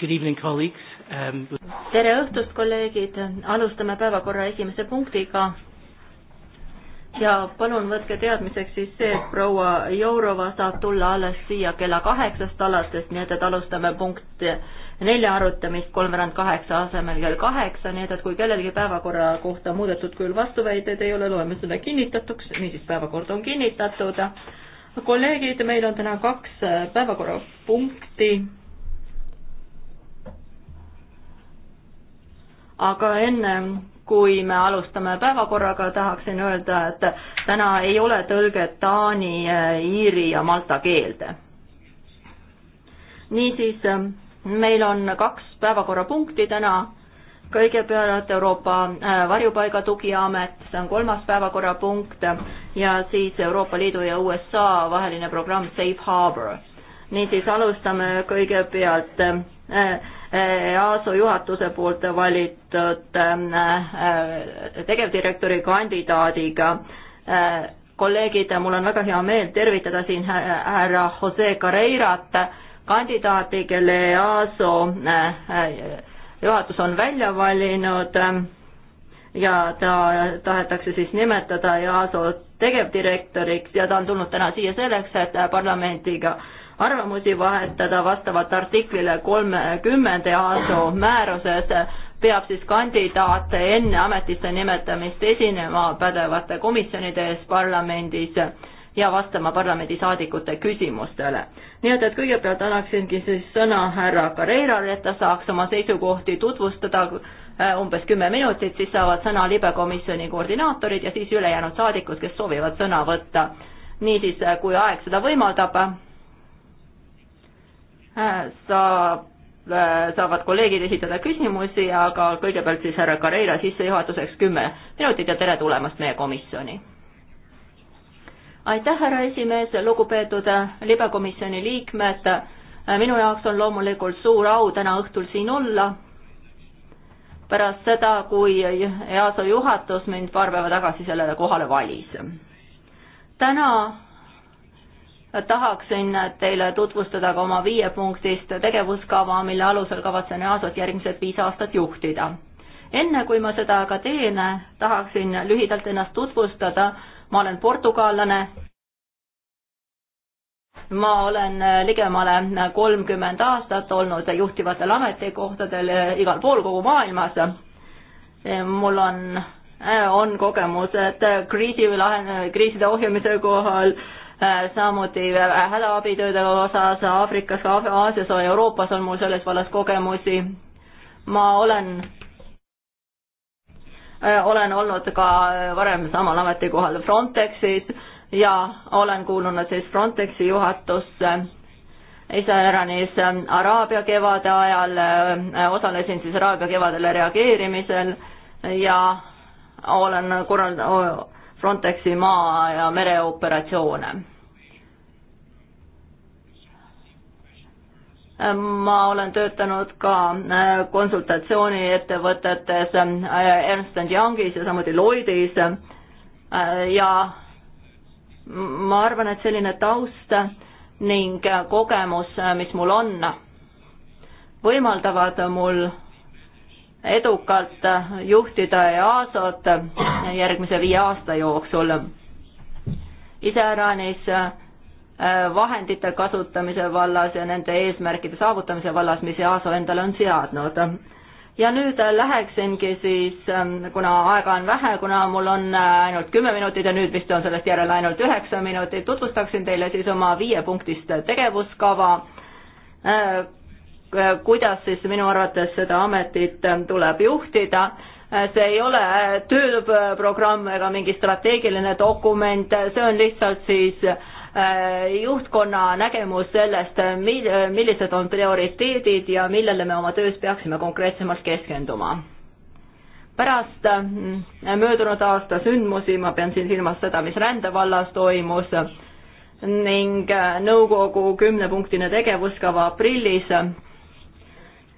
Good evening, colleagues. Um... tere õhtust, kolleegid, alustame päevakorra esimese punktiga. ja palun võtke teadmiseks siis see, et proua Jourova saab tulla alles siia kella kaheksast alates, nii et, et alustame punkt nelja arutamist kolmveerand kaheksa asemel kell kaheksa, nii et, et kui kellelgi päevakorra kohta muudetud kujul vastuväiteid ei ole, loeme selle kinnitatuks, niisiis päevakord on kinnitatud. kolleegid, meil on täna kaks päevakorrapunkti aga enne kui me alustame päevakorraga, tahaksin öelda, et täna ei ole tõlget taani, eh, iiri ja malta keelde. niisiis, eh, meil on kaks päevakorrapunkti täna, kõigepealt Euroopa eh, Varjupaiga Tugiamet, see on kolmas päevakorrapunkt, ja siis Euroopa Liidu ja USA vaheline programm Safe Harbor. niisiis, alustame kõigepealt äh, EASO juhatuse poolt valitud äh, tegevdirektori kandidaadiga. Äh, kolleegid, mul on väga hea meel tervitada siin härra Jose Carreirat, kandidaati, kelle EASO äh, juhatus on välja valinud ja ta tahetakse siis nimetada EASO tegevdirektoriks ja ta on tulnud täna siia selleks, et parlamendiga äh, arvamusi vahetada vastavalt artiklile kolmekümmend EASO määruses, peab siis kandidaat enne ametisse nimetamist esinema pädevate komisjonide ees parlamendis ja vastama parlamendisaadikute küsimustele. nii et, et kõigepealt annaksingi siis sõna härra Carreirale, et ta saaks oma seisukohti tutvustada äh, umbes kümme minutit, siis saavad sõna libekomisjoni koordinaatorid ja siis ülejäänud saadikud, kes soovivad sõna võtta. niisiis, äh, kui aeg seda võimaldab, saab, äh, saavad kolleegid esitada küsimusi, aga kõigepealt siis härra Carreira sissejuhatuseks kümme minutit ja tere tulemast meie komisjoni. aitäh, härra esimees, lugupeetud äh, libekomisjoni liikmed, äh, minu jaoks on loomulikult suur au täna õhtul siin olla pärast seda, kui EASO juhatus mind paar päeva tagasi sellele kohale valis. täna tahaksin teile tutvustada ka oma viiepunktist tegevuskava, mille alusel kavatsen EASO-t järgmised viis aastat juhtida. enne kui ma seda aga teen, tahaksin lühidalt ennast tutvustada, ma olen portugallane, ma olen ligemale kolmkümmend aastat olnud juhtivatel ametikohtadel igal pool kogu maailmas. mul on, on kogemused kriisi lahen-, kriiside ohjamise kohal äh,, Äh, samuti hädaabitööde osas Aafrikas, Aasias, Euroopas on mul selles vallas kogemusi. ma olen, äh, olen olnud ka äh, varem samal ametikohal Frontexis ja olen kuulunud siis Frontexi juhatusse iseäranis Araabia kevade ajal, osalesin siis Araabia kevadele reageerimisel ja olen korraldanud Frontexi maa- ja mereoperatsioone ma olen töötanud ka äh, konsultatsiooniettevõtetes äh, Ernst Youngis ja samuti Lloydis äh, ja ma arvan, et selline taust ning kogemus, mis mul on, võimaldavad mul edukalt juhtida EASO-t järgmise viie aasta jooksul. iseäranis äh, Äh, vahendite kasutamise vallas ja nende eesmärkide saavutamise vallas, mis EASO endale on seadnud. ja nüüd läheksingi siis, ähm, kuna aega on vähe, kuna mul on äh, ainult kümme minutit ja nüüd vist on sellest järele ainult üheksa minutit, tutvustaksin teile siis oma viiepunktist tegevuskava, äh, kuidas siis minu arvates seda ametit ähm, tuleb juhtida see ei ole tööprogramm ega mingi strateegiline dokument, see on lihtsalt siis Äh, juhtkonna nägemus sellest, mil-, millised on prioriteedid ja millele me oma töös peaksime konkreetsemalt keskenduma. pärast mm, möödunud aasta sündmusi, ma pean siin silmas seda, mis rändevallas toimus, ning äh, nõukogu kümnepunktine tegevuskava aprillis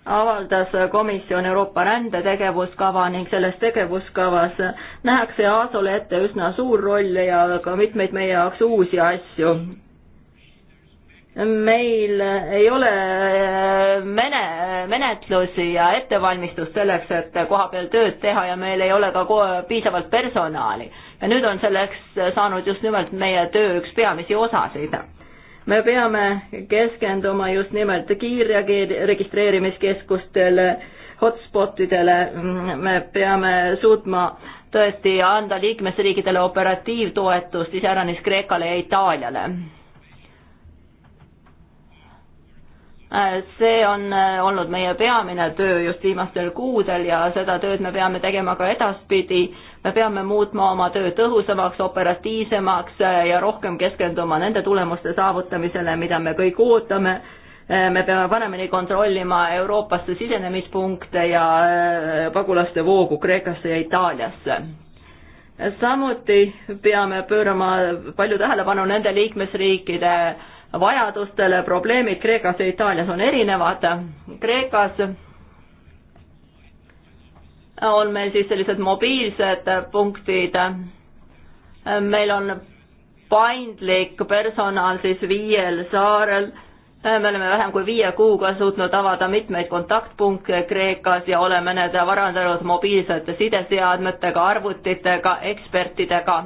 avaldas komisjon Euroopa rändetegevuskava ning selles tegevuskavas nähakse Aasole ette üsna suur roll ja ka mitmeid meie jaoks uusi asju. meil ei ole äh, mene-, menetlusi ja ettevalmistust selleks, et kohapeal tööd teha ja meil ei ole ka piisavalt personali. ja nüüd on selleks saanud just nimelt meie töö üks peamisi osasid me peame keskenduma just nimelt kiirregistreerimiskeskustele, hotspotidele, me peame suutma tõesti anda liikmesriikidele operatiivtoetust iseäranis Kreekale ja Itaaliale see on olnud meie peamine töö just viimastel kuudel ja seda tööd me peame tegema ka edaspidi me peame muutma oma töö tõhusamaks, operatiivsemaks äh, ja rohkem keskenduma nende tulemuste saavutamisele, mida me kõik ootame. Äh, me peame paremini kontrollima Euroopasse sisenemispunkte ja äh, pagulaste voogu Kreekasse ja Itaaliasse samuti peame pöörama palju tähelepanu nende liikmesriikide vajadustele, probleemid Kreekas ja Itaalias on erinevad. Kreekas on meil siis sellised mobiilsed punktid. meil on paindlik personal siis viiel saarel. me oleme vähem kui viie kuuga suutnud avada mitmeid kontaktpunkte Kreekas ja oleme need varandanud mobiilsete sideseadmetega, arvutitega, ekspertidega.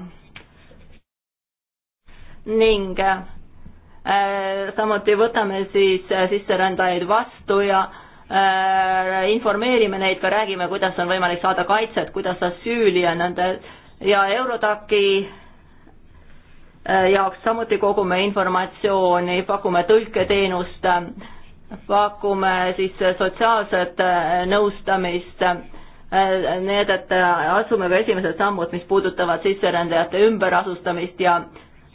ning eh, samuti võtame siis sisserändajaid vastu ja Äh, informeerime neid ka, räägime, kuidas on võimalik saada kaitset, kuidas asüüli ja nende ja Eurotaki äh, jaoks samuti kogume informatsiooni, pakume tõlketeenust, pakume siis sotsiaalset äh, nõustamist, need, et asume ka esimesed sammud, mis puudutavad sisserändajate ümberasustamist ja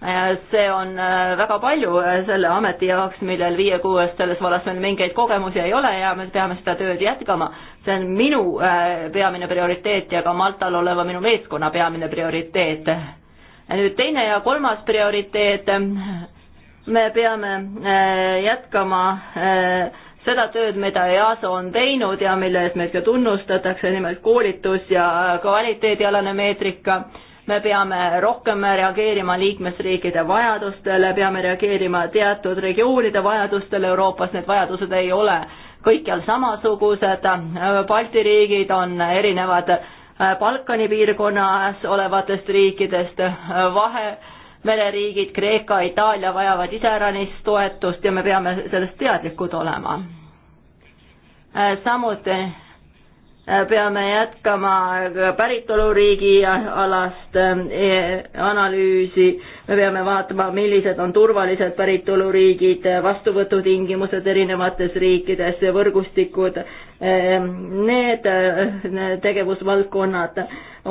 Äh, see on äh, väga palju äh, selle ameti jaoks, millel viie-kuuest selles vallas meil mingeid kogemusi ei ole ja me peame seda tööd jätkama. see on minu peamine prioriteet ja ka Maltal oleva minu meeskonna peamine prioriteet. nüüd teine ja kolmas prioriteet, me peame jätkama seda tööd, mida EASO on teinud ja mille eest meid ka tunnustatakse, nimelt koolitus ja kvaliteedialane meetrika me peame rohkem reageerima liikmesriikide vajadustele, peame reageerima teatud regioonide vajadustele Euroopas, need vajadused ei ole kõikjal samasugused, Balti riigid on erinevad Balkani piirkonnas olevatest riikidest, Vahemereriigid, Kreeka, Itaalia vajavad iseäranis toetust ja me peame sellest teadlikud olema. samuti Äh, peame jätkama päritoluriigi alast äh, analüüsi, me peame vaatama, millised on turvalised päritoluriigid, vastuvõtutingimused erinevates riikides, võrgustikud, äh, need tegevusvaldkonnad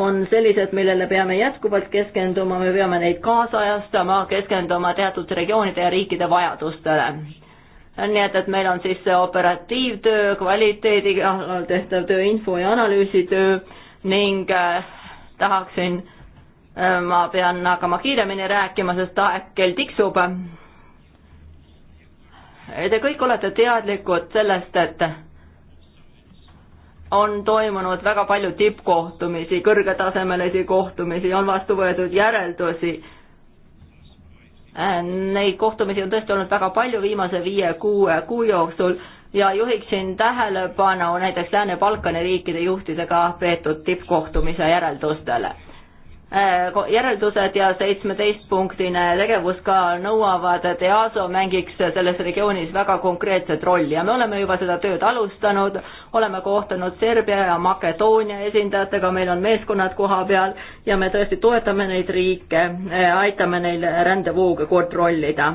on sellised, millele peame jätkuvalt keskenduma, me peame neid kaasajastama, keskenduma teatud regioonide ja riikide vajadustele nii et, et meil on siis see operatiivtöö, kvaliteediga noh, tehtav töö, info- ja analüüsitöö ning äh, tahaksin, äh, ma pean hakkama kiiremini rääkima, sest aeg kell tiksub. Äh, te kõik olete teadlikud sellest, et on toimunud väga palju tippkohtumisi, kõrgetasemelisi kohtumisi, on vastu võetud järeldusi Äh, neid kohtumisi on tõesti olnud väga palju viimase viie-kuue kuu jooksul ja juhiksin tähelepanu näiteks Lääne-Balkani riikide juhtidega peetud tippkohtumise järeldustele. Äh, järeldused ja seitsmeteistpunktine tegevus ka nõuavad, et EASO mängiks selles regioonis väga konkreetset rolli ja me oleme juba seda tööd alustanud, oleme kohtunud Serbia ja Makedoonia esindajatega, meil on meeskonnad koha peal ja me tõesti toetame neid riike, äh, aitame neil rändevooge kontrollida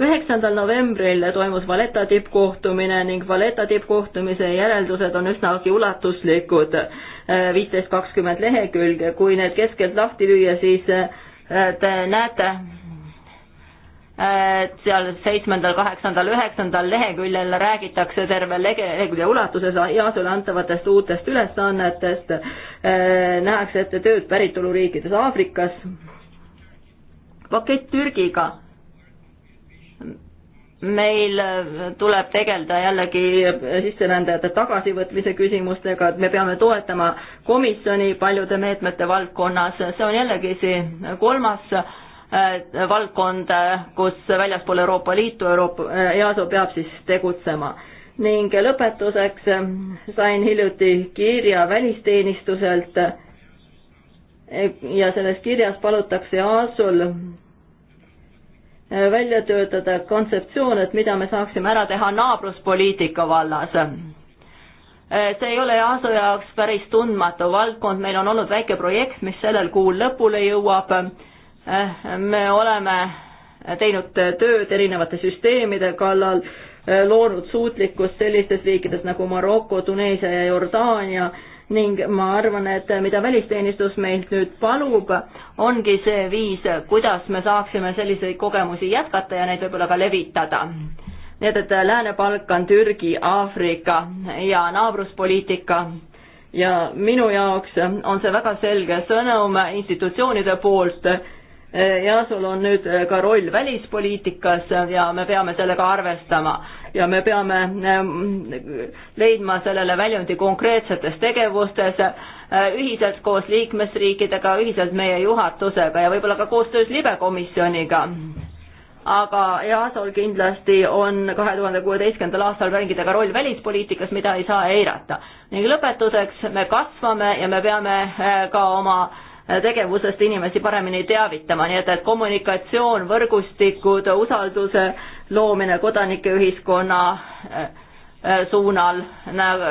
üheksandal novembril toimus Valeta tippkohtumine ning Valeta tippkohtumise järeldused on üsnagi ulatuslikud, äh, viisteist kakskümmend lehekülge, kui need keskelt lahti lüüa, siis äh, te näete, et äh, seal seitsmendal, kaheksandal, üheksandal leheküljel räägitakse terve lehekülje ulatuses EASO-le antavatest uutest ülesannetest, nähakse ette tööd päritoluriikides Aafrikas, pakett Türgiga meil äh, tuleb tegeleda jällegi äh, sisserändajate tagasivõtmise küsimustega, et me peame toetama komisjoni paljude meetmete valdkonnas, see on jällegi see kolmas äh, valdkond, kus väljaspool Euroopa Liitu Euroopa, EASO peab siis tegutsema. ning lõpetuseks sain hiljuti kirja välisteenistuselt ja selles kirjas palutakse EASO-l välja töötada kontseptsioon, et mida me saaksime ära teha naabruspoliitika vallas. see ei ole EASO jaoks päris tundmatu valdkond, meil on olnud väike projekt, mis sellel kuul lõpule jõuab. me oleme teinud tööd erinevate süsteemide kallal, loonud suutlikkust sellistes riikides nagu Maroko, Tuneesia ja Jordaania ning ma arvan, et mida välisteenistus meilt nüüd palub, ongi see viis, kuidas me saaksime selliseid kogemusi jätkata ja neid võib-olla ka levitada. nii et, et Lääne-Balkan, Türgi, Aafrika ja naabruspoliitika ja minu jaoks on see väga selge sõnum institutsioonide poolt, EASO-l on nüüd ka roll välispoliitikas ja me peame sellega arvestama ja me peame ähm, leidma sellele väljundi konkreetsetes tegevustes, äh, ühiselt koos liikmesriikidega, ühiselt meie juhatusega ja võib-olla ka koostöös libekomisjoniga aga EASO-l kindlasti on kahe tuhande kuueteistkümnendal aastal mängida ka roll välispoliitikas, mida ei saa eirata. ning lõpetuseks, me kasvame ja me peame äh, ka oma äh, tegevusest inimesi paremini teavitama, nii et, et kommunikatsioon, võrgustikud, usalduse loomine kodanikeühiskonna äh, äh, suunal nagu,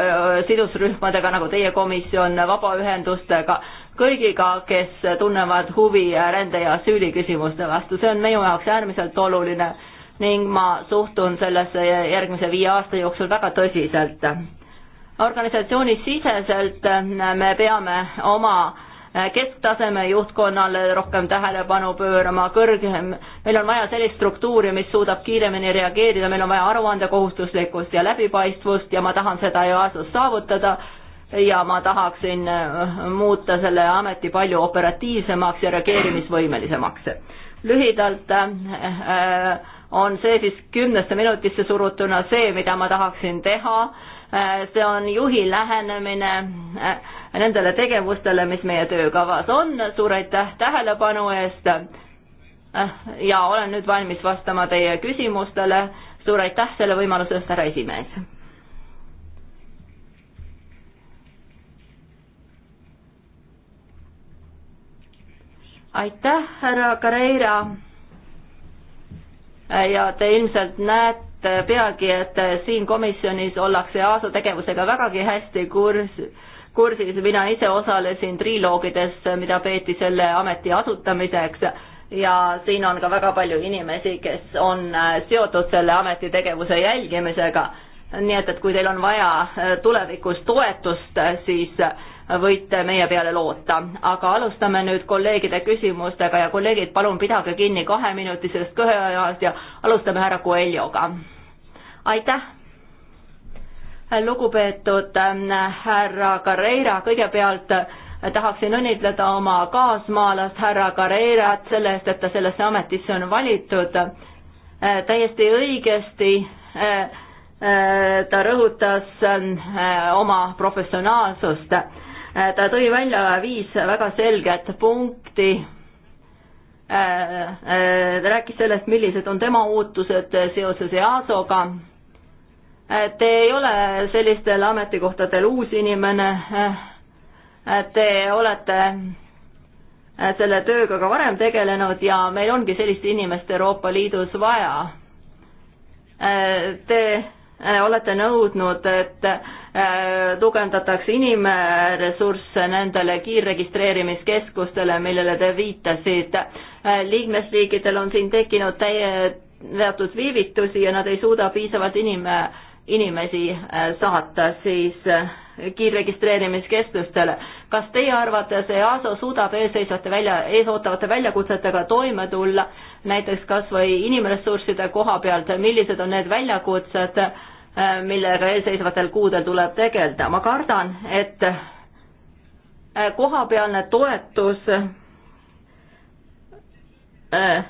sidusrühmadega nagu teie komisjon, vabaühendustega, kõigiga, kes tunnevad huvi rände ja asüüliküsimuste vastu, see on minu jaoks äärmiselt oluline ning ma suhtun sellesse järgmise viie aasta jooksul väga tõsiselt. organisatsiooni siseselt me peame oma Äh, kesktaseme juhtkonnale rohkem tähelepanu pöörama, kõrgem, meil on vaja sellist struktuuri, mis suudab kiiremini reageerida, meil on vaja aruandekohustuslikkust ja läbipaistvust ja ma tahan seda reaalsust saavutada ja ma tahaksin äh, muuta selle ameti palju operatiivsemaks ja reageerimisvõimelisemaks. lühidalt äh, äh, on see siis kümnesse minutisse surutuna see, mida ma tahaksin teha, see on juhi lähenemine äh,, nendele tegevustele, mis meie töökavas on, suur aitäh tähelepanu eest ah, ja olen nüüd valmis vastama teie küsimustele, suur aitäh selle võimaluse eest, härra esimees. aitäh, härra Carreira ja te ilmselt näete, peagi, et siin komisjonis ollakse EASO tegevusega vägagi hästi kursis kursis, mina ise osalesin triloogides, mida peeti selle ameti asutamiseks ja siin on ka väga palju inimesi, kes on äh, seotud selle ameti tegevuse jälgimisega. nii et, et kui teil on vaja äh, tulevikus toetust, äh, siis võite meie peale loota, aga alustame nüüd kolleegide küsimustega ja kolleegid, palun pidage kinni kaheminutisest kõheajast ja alustame härra Coelhoga. aitäh lugupeetud ähm, härra Carreira, kõigepealt äh, tahaksin õnnitleda oma kaasmaalast härra Carreirat selle eest, et ta sellesse ametisse on valitud. Äh, täiesti õigesti äh, ta rõhutas ähm, oma professionaalsust. ta tõi välja viis väga selget punkti. ta rääkis sellest, millised on tema ootused seoses EASO-ga Te ei ole sellistel ametikohtadel uus inimene, te olete selle tööga ka varem tegelenud ja meil ongi sellist inimest Euroopa Liidus vaja. Te olete nõudnud, et tugevdatakse inimressursse nendele kiirregistreerimiskeskustele, millele te viitasite. liikmesriikidel on siin tekkinud täie teatud viivitusi ja nad ei suuda piisavalt inim-, inimesi äh, saata siis äh, kiirregistreerimiskeskustele. kas teie arvates EASO suudab eesseisvate välja, eesootavate väljakutsetega toime tulla, näiteks kas või inimressursside koha pealt, millised on need väljakutsed, äh, millega eelseisvatel kuudel tuleb tegeleda? ma kardan, et kohapealne toetus äh,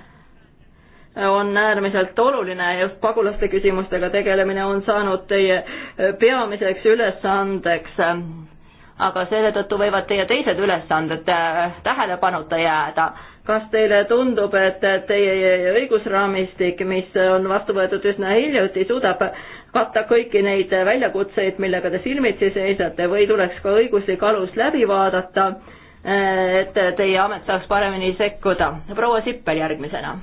on äärmiselt oluline, just pagulaste küsimustega tegelemine on saanud teie eh, peamiseks ülesandeks. aga selle tõttu võivad teie teised ülesanded eh, tähelepanuta jääda. kas teile tundub, et teie õigusraamistik, mis on vastu võetud üsna hiljuti, suudab katta kõiki neid väljakutseid, millega te silmitsi seisate või tuleks ka õiguslik alus läbi vaadata, eh, et teie amet saaks paremini sekkuda? proua Sipper järgmisena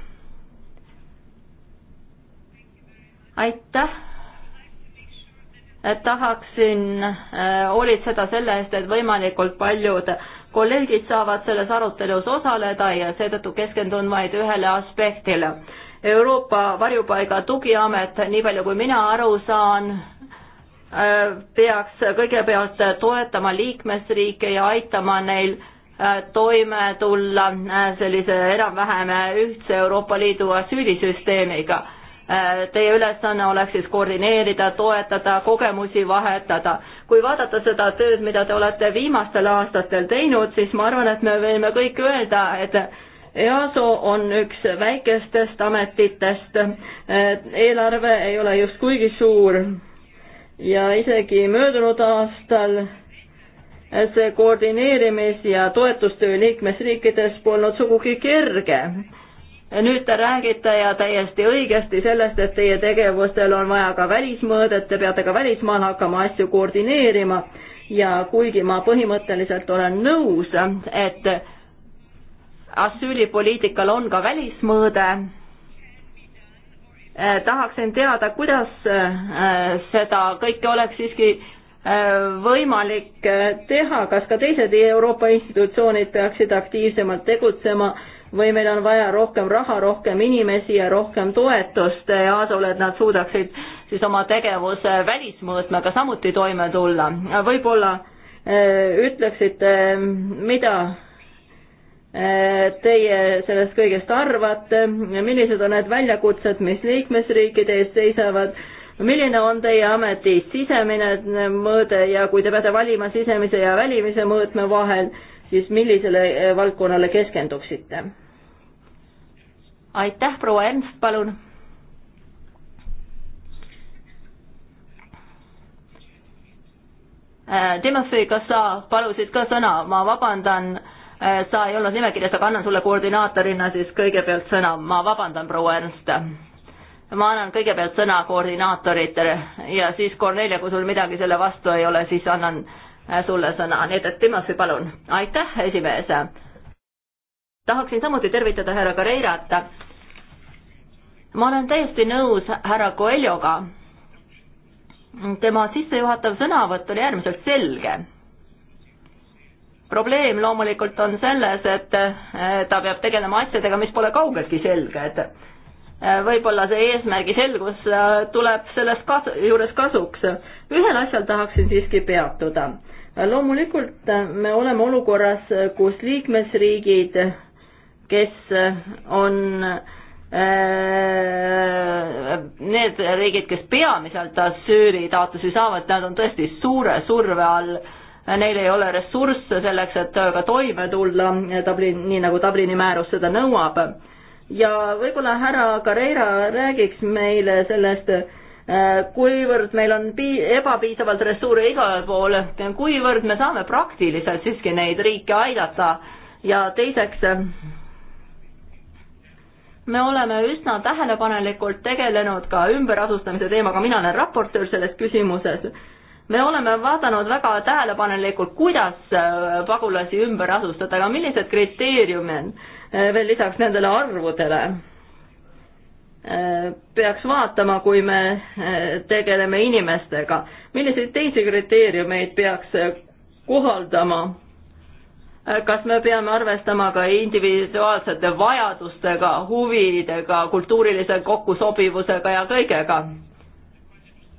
aitäh! tahaksin äh, hoolitseda selle eest, et võimalikult paljud kolleegid saavad selles arutelus osaleda ja seetõttu keskendun vaid ühele aspektile. Euroopa Varjupaiga Tugiamet, nii palju kui mina aru saan, äh, peaks kõigepealt toetama liikmesriike ja aitama neil äh, toime tulla sellise enam-vähem ühtse Euroopa Liidu asüülisüsteemiga. Äh, teie ülesanne oleks siis koordineerida, toetada, kogemusi vahetada. kui vaadata seda tööd, mida te olete viimastel aastatel teinud, siis ma arvan, et me võime kõik öelda, et EASO on üks väikestest ametitest, äh, eelarve ei ole just kuigi suur ja isegi möödunud aastal see koordineerimis- ja toetustöö liikmesriikides polnud sugugi kerge nüüd te räägite ja täiesti õigesti sellest, et teie tegevustel on vaja ka välismõõdet, te peate ka välismaal hakkama asju koordineerima ja kuigi ma põhimõtteliselt olen nõus, et asüülipoliitikal on ka välismõõde, eh, tahaksin teada, kuidas eh, seda kõike oleks siiski eh, võimalik teha, kas ka teised Euroopa institutsioonid peaksid aktiivsemalt tegutsema või meil on vaja rohkem raha, rohkem inimesi ja rohkem toetust EASO-le, eh, et nad suudaksid siis oma tegevuse välismõõtmega samuti toime tulla. võib-olla eh, ütleksite, mida eh, teie sellest kõigest arvate, millised on need väljakutsed, mis liikmesriikide ees seisavad, milline on teie ameti sisemine mõõde ja kui te peate valima sisemise ja välimise mõõtme vahel, siis millisele valdkonnale keskenduksite? aitäh, proua Ernst, palun. Äh, Timothy, kas sa palusid ka sõna, ma vabandan, äh, sa ei olnud nimekirjas, aga annan sulle koordinaatorina siis kõigepealt sõna, ma vabandan, proua Ernst. ma annan kõigepealt sõna koordinaatoritele ja siis Kornelia, kui sul midagi selle vastu ei ole, siis annan äh, sulle sõna, nii et, et Timothy, palun. aitäh, esimees tahaksin samuti tervitada härra Carreirat ma olen täiesti nõus härra Coelhoga. tema sissejuhatav sõnavõtt oli äärmiselt selge. probleem loomulikult on selles, et eh, ta peab tegelema asjadega, mis pole kaugeltki selged. Eh, võib-olla see eesmärgi selgus eh, tuleb selles kas-, juures kasuks. ühel asjal tahaksin siiski peatuda. loomulikult me oleme olukorras, kus liikmesriigid, kes on äh, Äh, need riigid, kes peamiselt asüüri taotlusi saavad, nad on tõesti suure surve all. Neil ei ole ressursse selleks, et ka toime tulla, Dublin, nii nagu Dublini määrus seda nõuab. ja võib-olla härra Carreira räägiks meile sellest, äh, kuivõrd meil on pii-, ebapiisavalt ressursse igal pool, kuivõrd me saame praktiliselt siiski neid riike aidata ja teiseks me oleme üsna tähelepanelikult tegelenud ka ümberasustamise teemaga, mina olen raportöör selles küsimuses. me oleme vaadanud väga tähelepanelikult, kuidas äh, pagulasi ümber asustada, aga millised kriteeriumid äh, veel lisaks nendele arvudele äh, peaks vaatama, kui me tegeleme inimestega, milliseid teisi kriteeriumeid peaks kohaldama Äh, kas me peame arvestama ka individuaalsete vajadustega, huvidega, kultuurilise kokkusobivusega ja kõigega?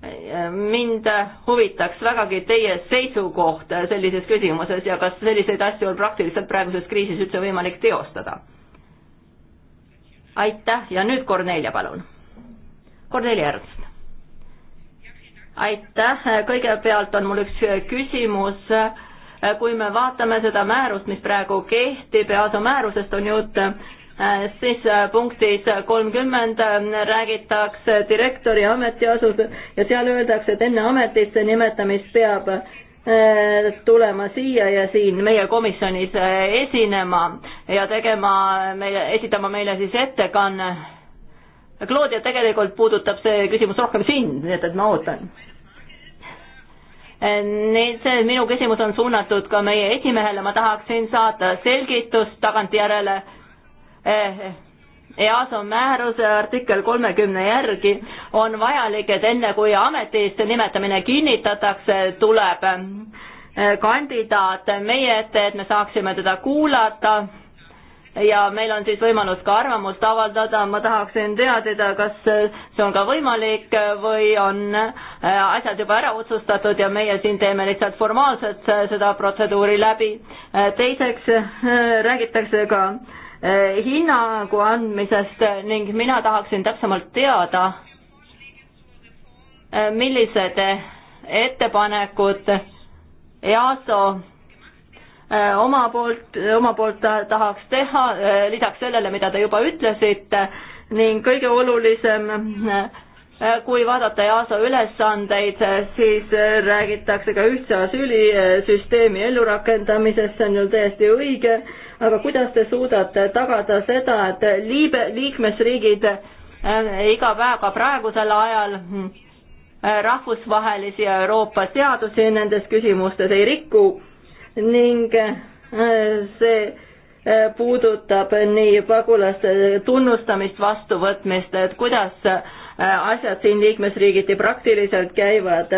Äh, mind huvitaks vägagi teie seisukoht sellises küsimuses ja kas selliseid asju on praktiliselt praeguses kriisis üldse võimalik teostada? aitäh ja nüüd Kornelia, palun. Kornelia Ernst. aitäh, kõigepealt on mul üks küsimus äh, Äh, kui me vaatame seda määrust, mis praegu kehtib, EASO määrusest on jutt, äh, siis äh, punktis kolmkümmend räägitakse direktori ametiasus- ja seal öeldakse, et enne ametisse nimetamist peab tulema siia ja siin meie komisjonis esinema ja tegema meile, esitama meile siis ettekanne. Claudia, tegelikult puudutab see küsimus rohkem sind, nii et, et ma ootan Need, see minu küsimus on suunatud ka meie esimehele, ma tahaksin saada selgitust tagantjärele eh, EASO määruse artikkel kolmekümne järgi on vajalik, et enne kui ametisse nimetamine kinnitatakse, tuleb eh, kandidaat meie ette, et me saaksime teda kuulata ja meil on siis võimalus ka arvamust avaldada, ma tahaksin teada, kas see on ka võimalik või on äh, asjad juba ära otsustatud ja meie siin teeme lihtsalt formaalselt seda protseduuri läbi. Äh, teiseks äh, räägitakse ka hinnangu andmisest ning mina tahaksin täpsemalt teada, millised ettepanekud EASO Äh, oma poolt, oma poolt tahaks teha, äh, lisaks sellele, mida te juba ütlesite ning kõige olulisem, äh, kui vaadata EASA ülesandeid, siis räägitakse ka ühtse asüülisüsteemi ellurakendamisest, see on ju täiesti õige, aga kuidas te suudate tagada seda, et liibe, liikmesriigid iga päev ka praegusel ajal rahvusvahelisi ja Euroopa seadusi nendes küsimustes ei riku ning äh, see äh, puudutab nii pagulaste tunnustamist, vastuvõtmist, et kuidas äh, asjad siin liikmesriigiti praktiliselt käivad.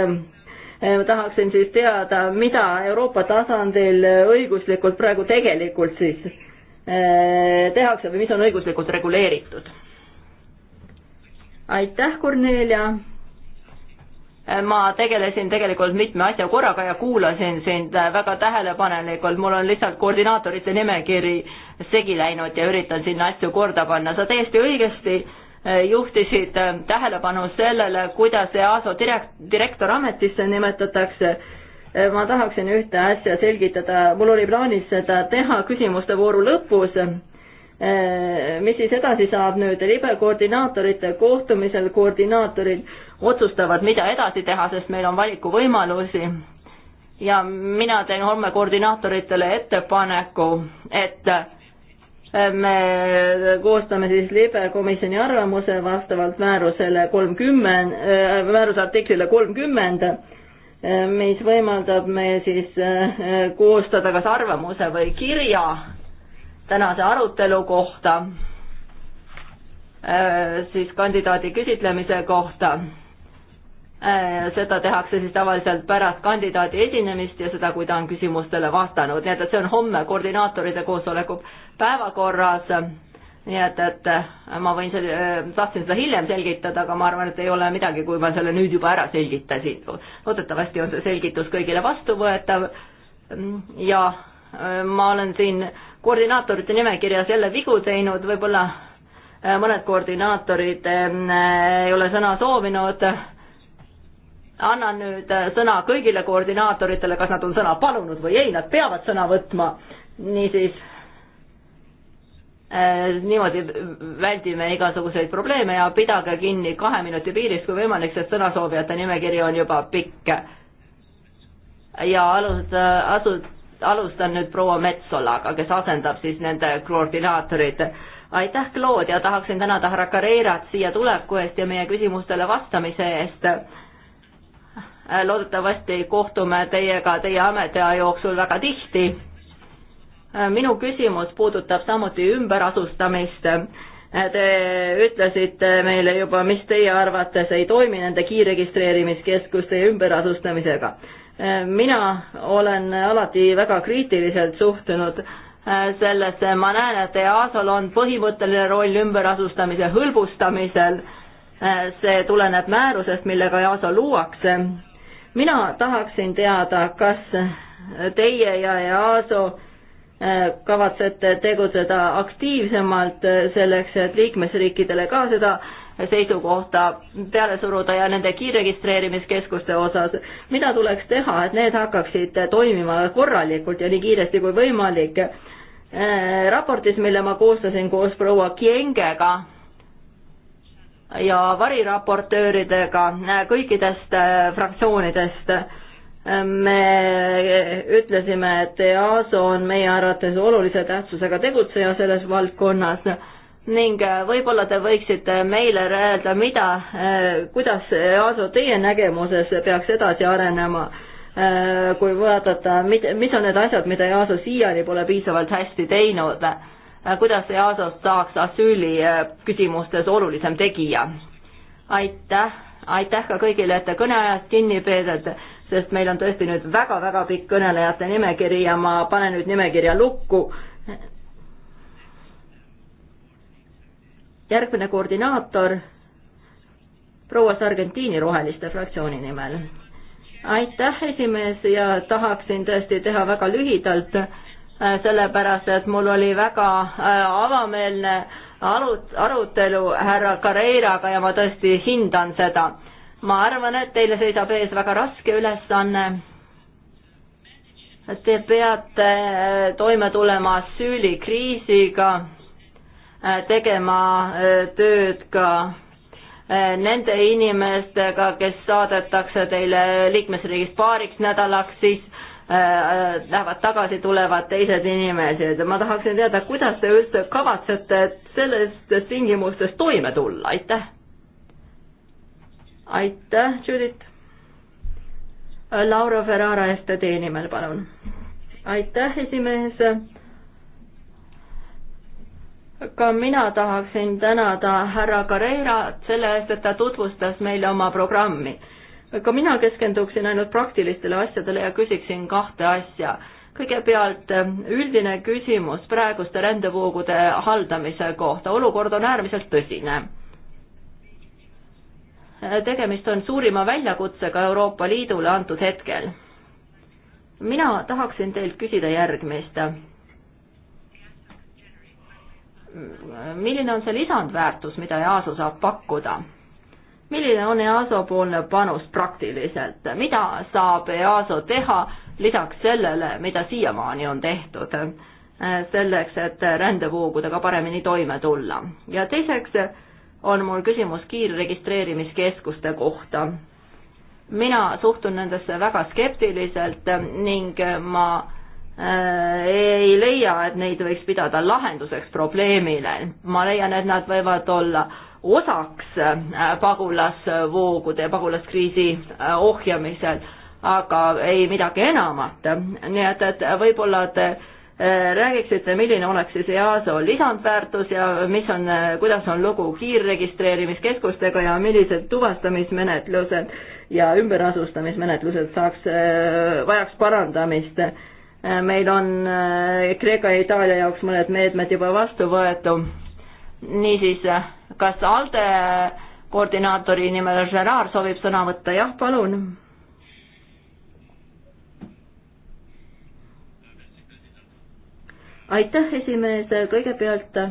tahaksin siis teada, mida Euroopa tasandil õiguslikult praegu tegelikult siis tehakse või mis on õiguslikult reguleeritud? aitäh, Kornelia ma tegelesin tegelikult mitme asja korraga ja kuulasin sind väga tähelepanelikult, mul on lihtsalt koordinaatorite nimekiri segi läinud ja üritan sinna asju korda panna, sa täiesti õigesti äh, juhtisid äh, tähelepanu sellele, kuidas EASO direkt-, direktor ametisse nimetatakse, äh, ma tahaksin ühte asja selgitada, mul oli plaanis seda teha küsimuste vooru lõpus, mis siis edasi saab nüüd, libe koordinaatorite kohtumisel koordinaatorid otsustavad, mida edasi teha, sest meil on valikuvõimalusi. ja mina teen homme koordinaatoritele ettepaneku, et eh, me koostame siis libe komisjoni arvamuse vastavalt määrusele kolmkümmend, eh, määruse artiklile kolmkümmend, eh, mis võimaldab meil siis koostada kas arvamuse või kirja tänase arutelu kohta, siis kandidaadi küsitlemise kohta Äh, seda tehakse siis tavaliselt pärast kandidaadi esinemist ja seda, kui ta on küsimustele vastanud, nii et, et see on homme koordinaatoride koosoleku päevakorras. nii et, et äh, ma võin selle, äh, tahtsin seda hiljem selgitada, aga ma arvan, et ei ole midagi, kui ma selle nüüd juba ära selgitasin. loodetavasti on see selgitus kõigile vastuvõetav. ja ma olen siin koordinaatorite nimekirjas jälle vigu teinud, võib-olla mõned koordinaatorid ei ole sõna soovinud annan nüüd äh, sõna kõigile koordinaatoritele, kas nad on sõna palunud või ei, nad peavad sõna võtma. niisiis äh,, niimoodi väldime igasuguseid probleeme ja pidage kinni kahe minuti piirist, kui võimalik, sest sõnasoovijate nimekiri on juba pikk. ja alus, äh, asu-, alustan nüüd proua Metsolaga, kes asendab siis nende koordinaatorid. aitäh, Claude, ja tahaksin tänada härra Carreirat siia tuleku eest ja meie küsimustele vastamise eest Äh, loodetavasti kohtume teiega teie ametiaja jooksul väga tihti. Äh, minu küsimus puudutab samuti ümberasustamist. Äh, te ütlesite meile juba, mis teie arvates ei toimi nende kiirregistreerimiskeskuste ja ümberasustamisega. mina olen alati väga kriitiliselt suhtunud sellesse, ma näen, et EASO-l on põhimõtteline roll ümberasustamise hõlbustamisel, see tuleneb määrusest, millega EASO luuakse mina tahaksin teada, kas teie ja EASO äh, kavatsete tegutseda aktiivsemalt äh, selleks, et liikmesriikidele ka seda seisukohta peale suruda ja nende kiirregistreerimiskeskuste osas, mida tuleks teha, et need hakkaksid toimima korralikult ja nii kiiresti kui võimalik. Äh, raportis, mille ma koostasin koos proua Kiengega, ja variraportööridega kõikidest äh, fraktsioonidest. me ütlesime, et EASO on meie arvates olulise tähtsusega tegutseja selles valdkonnas ning äh, võib-olla te võiksite meile öelda, mida, äh, kuidas EASO teie nägemuses peaks edasi arenema, kui vaadata, mis on need asjad, mida EASO siiani pole piisavalt hästi teinud Äh, kuidas EASO-st saaks asüüli äh, küsimustes olulisem tegija. aitäh, aitäh ka kõigile, et te kõneajast kinni peedate, sest meil on tõesti nüüd väga-väga pikk kõnelejate nimekiri ja ma panen nüüd nimekirja lukku. järgmine koordinaator, proua Sargentini Roheliste fraktsiooni nimel. aitäh, esimees, ja tahaksin tõesti teha väga lühidalt Äh, sellepärast et mul oli väga äh, avameelne arut-, arutelu härra Carreiraga ja ma tõesti hindan seda. ma arvan, et teile seisab ees väga raske ülesanne. Te peate äh, toime tulema asüülikriisiga, tegema tööd ka nende inimestega, kes saadetakse teile liikmesriigist paariks nädalaks, siis Äh, äh, lähevad tagasi, tulevad teised inimesed. ma tahaksin teada, kuidas te üldse kavatsete selles tingimustes toime tulla, aitäh. aitäh, Judith. Äh, Laura Ferrara STD nimel, palun. aitäh, esimees. ka mina tahaksin tänada härra Carreirat selle eest, et ta tutvustas meile oma programmi ka mina keskenduksin ainult praktilistele asjadele ja küsiksin kahte asja. kõigepealt ähm, üldine küsimus praeguste rändevoogude haldamise kohta, olukord on äärmiselt tõsine. Äh, tegemist on suurima väljakutsega Euroopa Liidule antud hetkel. mina tahaksin teilt küsida järgmist. milline on see lisandväärtus, mida EASO saab pakkuda? milline on EASO poolne panus praktiliselt, mida saab EASO teha lisaks sellele, mida siiamaani on tehtud, äh, selleks, et rändevoogudega paremini toime tulla. ja teiseks on mul küsimus kiirregistreerimiskeskuste kohta. mina suhtun nendesse väga skeptiliselt ning ma äh, ei leia, et neid võiks pidada lahenduseks probleemile. ma leian, et nad võivad olla äh, osaks äh, pagulasvoogude ja pagulaskriisi äh, ohjamisel, aga ei midagi enamat. nii et, et võib-olla te äh, räägiksite, milline oleks siis EASO lisandväärtus ja mis on, kuidas on lugu kiirregistreerimiskeskustega ja millised tuvastamismenetlused ja ümberasustamismenetlused saaks, vajaks parandamist meil on Kreeka ja Itaalia jaoks mõned meetmed juba vastu võetud. niisiis kas ALDE koordinaatori nimel Gerard soovib sõna võtta, jah, palun. aitäh, esimees, kõigepealt äh,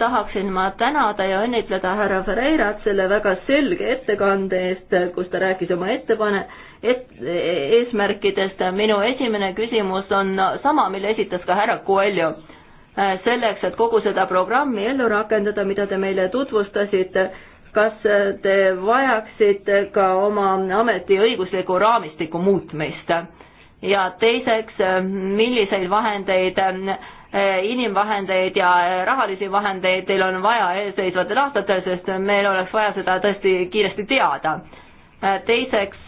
tahaksin ma tänada ja õnnitleda härra Ferreirat selle väga selge ettekande eest, kus ta rääkis oma ettepane-, et-, eesmärkidest. minu esimene küsimus on sama, mille esitas ka härra Coelho Äh, selleks, et kogu seda programmi ellu rakendada, mida te meile tutvustasite, kas äh, te vajaksite ka oma ameti õigusliku raamistiku muutmist? ja teiseks, äh, milliseid vahendeid, inimvahendeid ja rahalisi vahendeid teil on vaja eelseisvatel aastatel, sest meil oleks vaja seda tõesti kiiresti teada. teiseks,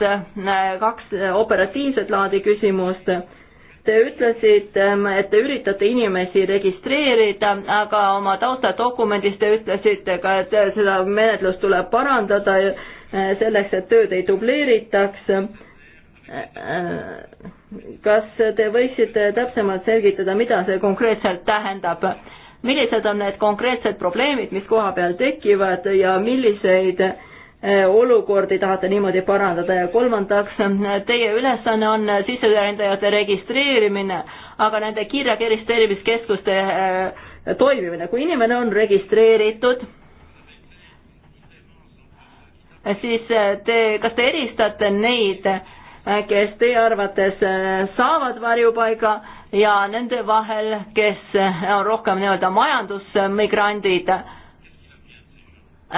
kaks operatiivset laadi küsimust Te ütlesite, et te üritate inimesi registreerida, aga oma taustadokumendis te ütlesite ka, et seda menetlust tuleb parandada selleks, et tööd ei dubleeritaks kas te võiksite täpsemalt selgitada, mida see konkreetselt tähendab? millised on need konkreetsed probleemid, mis koha peal tekivad ja milliseid Eh, olukordi tahate niimoodi parandada ja kolmandaks, teie ülesanne on sisserändajate registreerimine, aga nende kiirreageerimiskeskuste eh, toimimine, kui inimene on registreeritud, siis eh, te, kas te eristate neid, kes teie arvates saavad varjupaiga ja nende vahel, kes on rohkem nii-öelda majandusmigrandid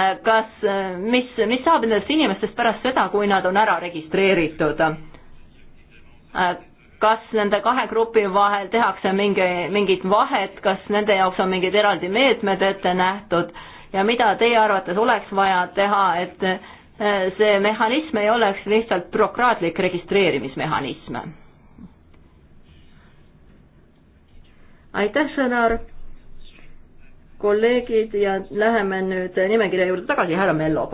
Äh, kas, äh, mis, mis saab nendest inimestest pärast seda, kui nad on ära registreeritud? Äh, kas nende kahe grupi vahel tehakse mingi, mingit vahet, kas nende jaoks on mingid eraldi meetmed ette nähtud ja mida teie arvates oleks vaja teha, et see mehhanism ei oleks lihtsalt bürokraatlik registreerimismehhanism? aitäh, Sõnar kolleegid ja läheme nüüd nimekirja juurde tagasi, härra Mello.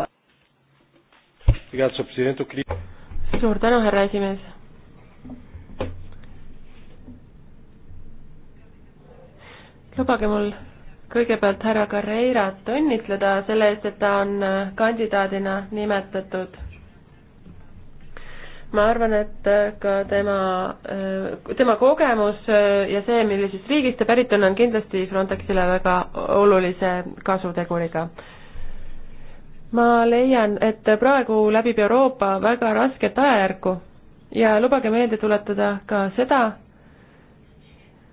suur tänu, härra esimees. lubage mul kõigepealt härra Carreirat õnnitleda selle eest, et ta on kandidaadina nimetatud ma arvan, et äh, ka tema, äh, tema kogemus äh, ja see, millisest riigist ta pärit on, on kindlasti Frontexile väga olulise kasuteguriga. ma leian, et praegu läbib Euroopa väga rasket ajajärku ja lubage meelde tuletada ka seda,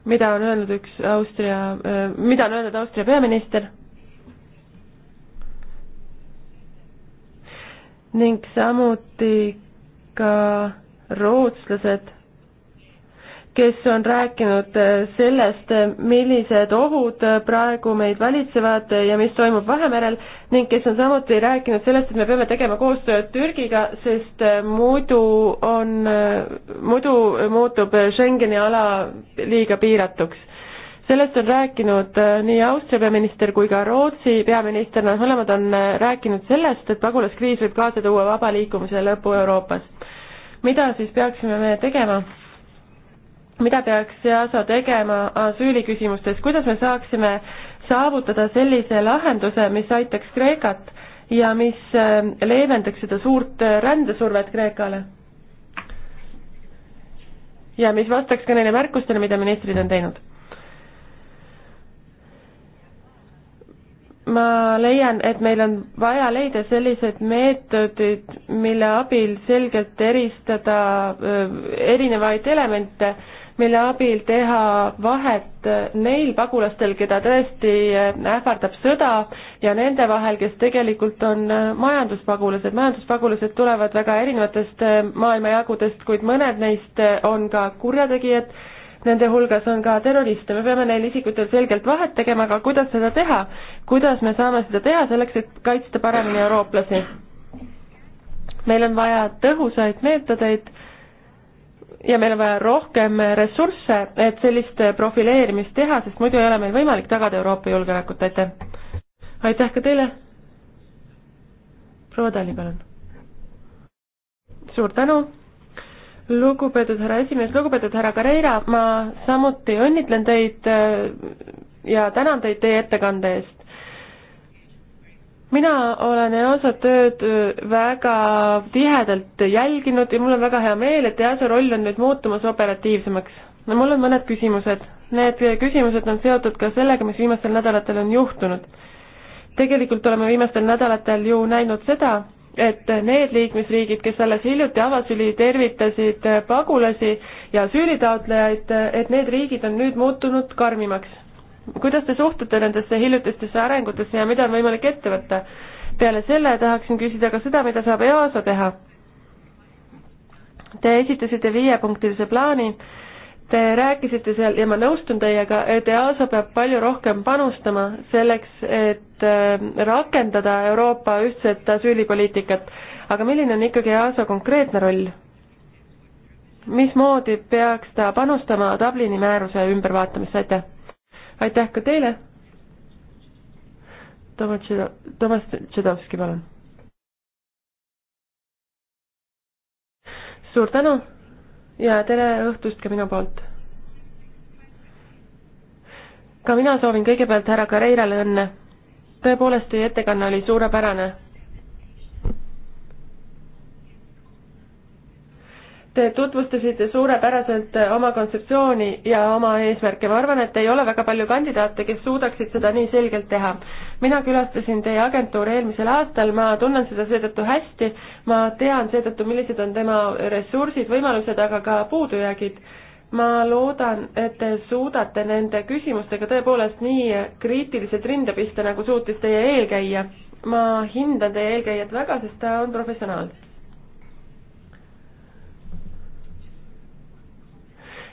mida on öelnud üks Austria, mida on öelnud Austria peaminister ning samuti ka rootslased, kes on rääkinud äh, sellest, äh, millised ohud äh, praegu meid valitsevad ja mis toimub Vahemerel ning kes on samuti rääkinud sellest, et me peame tegema koostööd Türgiga, sest muidu on, muidu muutub Schengeni ala liiga piiratuks sellest on rääkinud nii Austria peaminister kui ka Rootsi peaminister, nad mõlemad on rääkinud sellest, et pagulaskriis võib kaasa tuua vaba liikumise lõpu Euroopas mida siis peaksime me tegema? mida peaks EASO tegema asüüliküsimustes, kuidas me saaksime saavutada sellise lahenduse, mis aitaks Kreekat ja mis äh, leevendaks seda suurt äh, rändesurvet Kreekale? ja mis vastaks ka neile märkustele, mida ministrid on teinud ma leian, et meil on vaja leida sellised meetodid, mille abil selgelt eristada äh, erinevaid elemente, mille abil teha vahet neil pagulastel, keda tõesti äh, ähvardab sõda ja nende vahel, kes tegelikult on äh, majanduspagulased. majanduspagulased tulevad väga erinevatest maailmajagudest, kuid mõned neist on ka kurjategijad nende hulgas on ka terroriste, me peame neil isikutel selgelt vahet tegema, aga kuidas seda teha, kuidas me saame seda teha selleks, et kaitsta paremini eurooplasi? meil on vaja tõhusaid meetodeid ja meil on vaja rohkem ressursse, et sellist profileerimist teha, sest muidu ei ole meil võimalik tagada Euroopa julgeolekut, aitäh. aitäh ka teile. proua Tali, palun. suur tänu lugupeetud härra esimees, lugupeetud härra Carreira, ma samuti õnnitlen teid äh, ja tänan teid teie ettekande eest. mina olen EASA tööd äh, väga tihedalt jälginud ja mul on väga hea meel, et EASA roll on nüüd muutumas operatiivsemaks. no mul on mõned küsimused. Need küsimused on seotud ka sellega, mis viimastel nädalatel on juhtunud. tegelikult oleme viimastel nädalatel ju näinud seda, et need liikmesriigid, kes alles hiljuti avasüli tervitasid pagulasi ja süülitaotlejaid, et need riigid on nüüd muutunud karmimaks. kuidas te suhtute nendesse hiljutistesse arengutesse ja mida on võimalik ette võtta? peale selle tahaksin küsida ka seda, mida saab EASA teha. Te esitasite viiepunktilise plaani Te rääkisite seal ja ma nõustun teiega, et EASA peab palju rohkem panustama selleks, et äh, rakendada Euroopa ühtset asüülipoliitikat. aga milline on ikkagi EASA konkreetne roll? mismoodi peaks ta panustama Dublini määruse ümbervaatamisse, aitäh! aitäh ka teile! Tomas Tšedo-, Tomas Tšedovski, palun! suur tänu! ja tere õhtust ka minu poolt. ka mina soovin kõigepealt härra Carreirale õnne. tõepoolest, teie ettekanne oli suurepärane Te tutvustasite suurepäraselt oma kontseptsiooni ja oma eesmärke, ma arvan, et ei ole väga palju kandidaate, kes suudaksid seda nii selgelt teha. mina külastasin teie agentuuri eelmisel aastal, ma tunnen seda seetõttu hästi, ma tean seetõttu, millised on tema ressursid, võimalused, aga ka puudujäägid. ma loodan, et te suudate nende küsimustega tõepoolest nii kriitiliselt rinda pista, nagu suutis teie eelkäija. ma hindan teie eelkäijat väga, sest ta on professionaal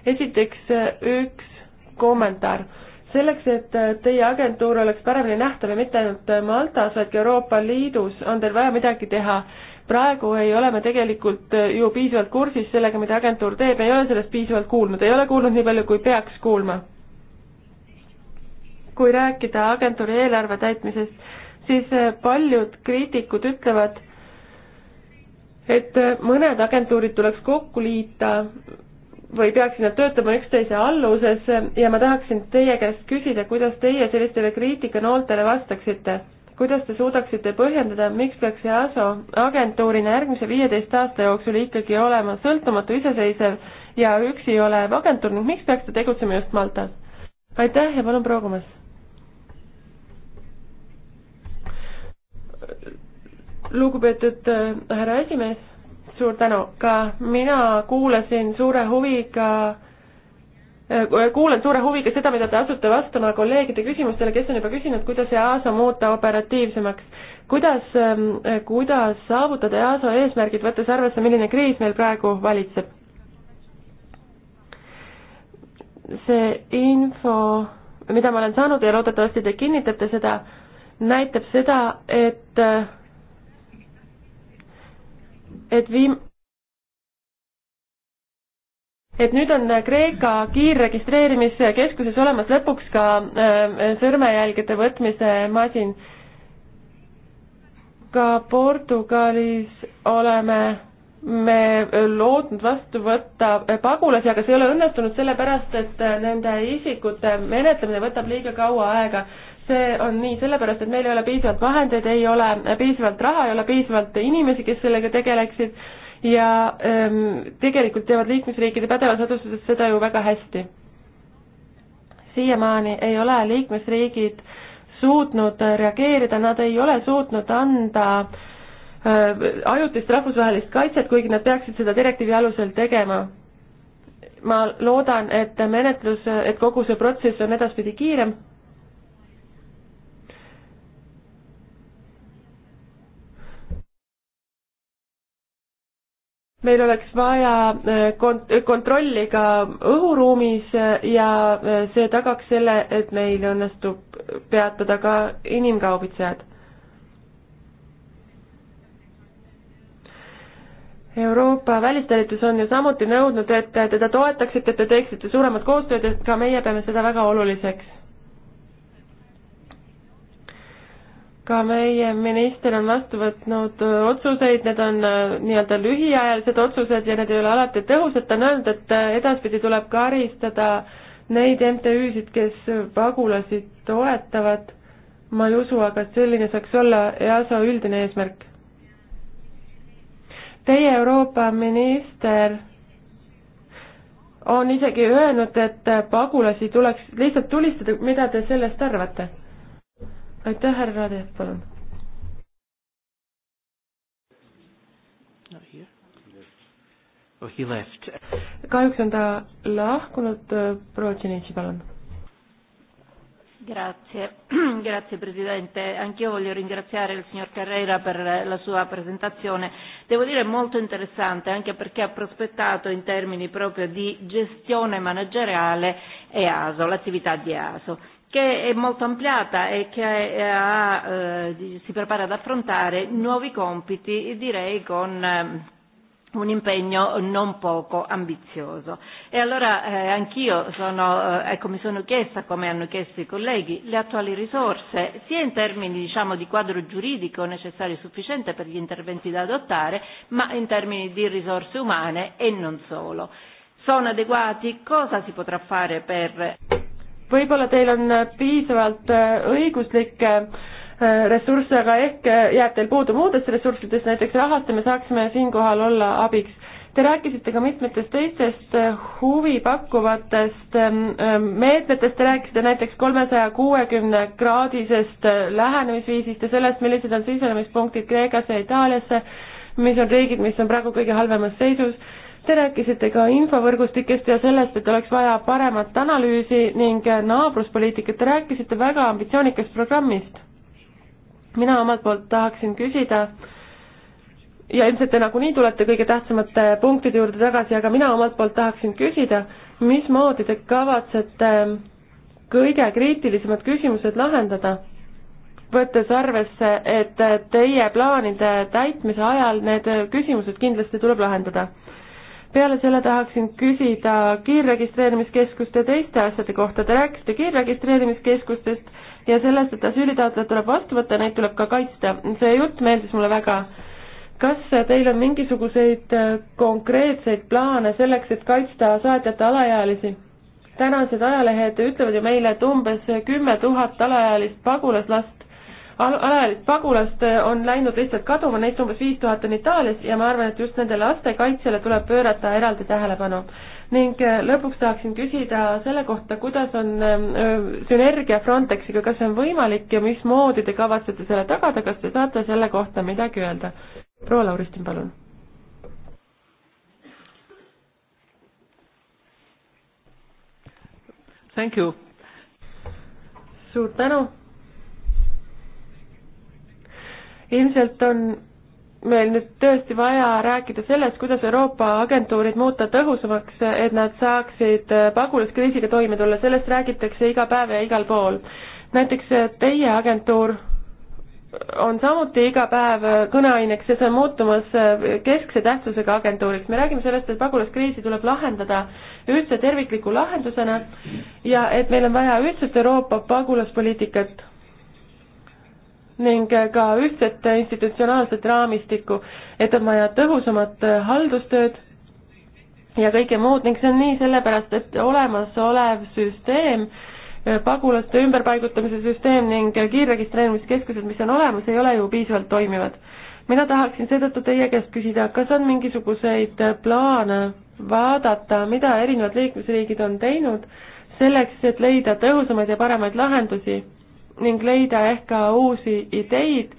esiteks üks kommentaar. selleks, et teie agentuur oleks paremini nähtav ja mitte ainult Maltas, vaid ka Euroopa Liidus, on teil vaja midagi teha. praegu ei ole me tegelikult ju piisavalt kursis sellega, mida agentuur teeb, ei ole sellest piisavalt kuulnud, ei ole kuulnud nii palju, kui peaks kuulma. kui rääkida agentuuri eelarve täitmisest, siis paljud kriitikud ütlevad, et mõned agentuurid tuleks kokku liita või peaksid nad töötama üksteise alluses ja ma tahaksin teie käest küsida, kuidas teie sellistele kriitikanooltele vastaksite? kuidas te suudaksite põhjendada, miks peaks EASO agentuurina järgmise viieteist aasta jooksul ikkagi olema sõltumatu, iseseisev ja üksi olev agentuur ning miks peaks ta tegutsema just Maltas? aitäh ja palun proovimas. lugupeetud äh, härra esimees suur tänu, ka mina kuulasin suure huviga äh, kuulen suure huviga seda, mida te asute vastama kolleegide küsimustele, kes on juba küsinud, kuidas EASO muuta operatiivsemaks. kuidas, ähm, kuidas saavutada EASO eesmärgid, võttes arvesse, milline kriis meil praegu valitseb? see info, mida ma olen saanud ja loodetavasti te kinnitate seda, näitab seda, et äh, et viim-, et nüüd on Kreeka kiirregistreerimiskeskuses olemas lõpuks ka äh, sõrmejälgede võtmise masin. ka Portugalis oleme me lootnud vastu võtta äh, pagulasi, aga see ei ole õnnestunud sellepärast, et äh, nende isikute menetlemine võtab liiga kaua aega see on nii sellepärast, et meil ei ole piisavalt vahendeid, ei ole piisavalt raha, ei ole piisavalt inimesi, kes sellega tegeleksid ja ähm, tegelikult teevad liikmesriikide pädevas asutuses seda ju väga hästi. siiamaani ei ole liikmesriigid suutnud reageerida, nad ei ole suutnud anda äh, ajutist rahvusvahelist kaitset, kuigi nad peaksid seda direktiivi alusel tegema ma loodan, et menetlus, et kogu see protsess on edaspidi kiirem meil oleks vaja äh, kont-, kontrolli ka õhuruumis äh, ja äh, see tagaks selle, et meil õnnestub peatada ka inimkaubitsejad. Euroopa välistalitus on ju samuti nõudnud, et teda toetaksite, et te teeksite suuremat koostööd, et ka meie peame seda väga oluliseks ka meie minister on vastu võtnud äh, otsuseid, need on äh, nii-öelda lühiajalised otsused ja need ei ole alati tõhusad, ta on öelnud, et äh, edaspidi tuleb karistada neid MTÜ-sid, kes pagulasi toetavad. ma ei usu, aga selline saaks olla EASO üldine eesmärk. Teie Euroopa minister on isegi öelnud, et pagulasi tuleks lihtsalt tulistada, mida te sellest arvate? aitäh, härra Radev, palun. Oh, kahjuks on ta lahkunud, proua Tšenitši, palun. Grazie, grazie Presidente. Anch'io voglio ringraziare il signor Carrera per la sua presentazione. Devo dire molto interessante anche perché ha prospettato in termini proprio di gestione manageriale EASO, l'attività di EASO che è molto ampliata e che eh, ha, eh, si prepara ad affrontare nuovi compiti, direi con eh, un impegno non poco ambizioso. E allora eh, anch'io sono, eh, ecco, mi sono chiesta, come hanno chiesto i colleghi, le attuali risorse, sia in termini diciamo, di quadro giuridico necessario e sufficiente per gli interventi da adottare, ma in termini di risorse umane e non solo. Sono adeguati? Cosa si potrà fare per võib-olla teil on äh, piisavalt äh, õiguslikke äh, ressursse, aga ehk jääb teil puudu muudest ressurssidest, näiteks rahast ja me saaksime siinkohal olla abiks. Te rääkisite ka mitmetest teistest huvipakkuvatest ähm, ähm, meetmetest, te rääkisite näiteks kolmesaja kuuekümne kraadisest lähenemisviisist ja sellest, millised on sisenemispunktid Kreekasse ja Itaaliasse, mis on riigid, mis on praegu kõige halvemas seisus Te rääkisite ka infovõrgustikest ja sellest, et oleks vaja paremat analüüsi ning naabruspoliitikat, te rääkisite väga ambitsioonikast programmist. mina omalt poolt tahaksin küsida ja ilmselt te nagunii tulete kõige tähtsamate punktide juurde tagasi, aga mina omalt poolt tahaksin küsida, mismoodi te kavatsete kõige kriitilisemad küsimused lahendada? võttes arvesse, et teie plaanide täitmise ajal need küsimused kindlasti tuleb lahendada peale selle tahaksin küsida kiirregistreerimiskeskuste teiste asjade kohta. Te rääkisite kiirregistreerimiskeskustest ja sellest, et asüülitaotlejad tuleb vastu võtta, neid tuleb ka kaitsta. see jutt meeldis mulle väga. kas teil on mingisuguseid äh, konkreetseid plaane selleks, et kaitsta saatjate alaealisi? tänased ajalehed ütlevad ju meile, et umbes kümme tuhat alaealist pagulaslast alaealist pagulast äh, on läinud lihtsalt kaduma, neid umbes viis tuhat on Itaalias ja ma arvan, et just nende laste kaitsele tuleb pöörata eraldi tähelepanu. ning äh, lõpuks tahaksin küsida selle kohta, kuidas on ähm, äh, sünergia Frontexiga, kas see on võimalik ja mismoodi te kavatsete selle tagada, kas te saate selle kohta midagi öelda? proua Lauristin, palun. Thank you. suur tänu ilmselt on meil nüüd tõesti vaja rääkida sellest, kuidas Euroopa agentuurid muuta tõhusamaks, et nad saaksid äh, pagulaskriisiga toime tulla, sellest räägitakse iga päev ja igal pool. näiteks äh, teie agentuur on samuti iga päev äh, kõneaineks ja see on muutumas keskse tähtsusega agentuuriks. me räägime sellest, et pagulaskriisi tuleb lahendada ühtse tervikliku lahendusena ja et meil on vaja ühtset Euroopa pagulaspoliitikat ning ka ühtset institutsionaalset raamistikku, et on vaja tõhusamat äh, haldustööd ja kõike muud ning see on nii sellepärast, et olemasolev süsteem, äh, pagulaste ümberpaigutamise süsteem ning äh, kiirregistreerimiskeskused, mis on olemas, ei ole ju piisavalt toimivad. mina tahaksin seetõttu teie käest küsida, kas on mingisuguseid plaane vaadata, mida erinevad liikmesriigid on teinud selleks, et leida tõhusamaid ja paremaid lahendusi ning leida ehk ka uusi ideid,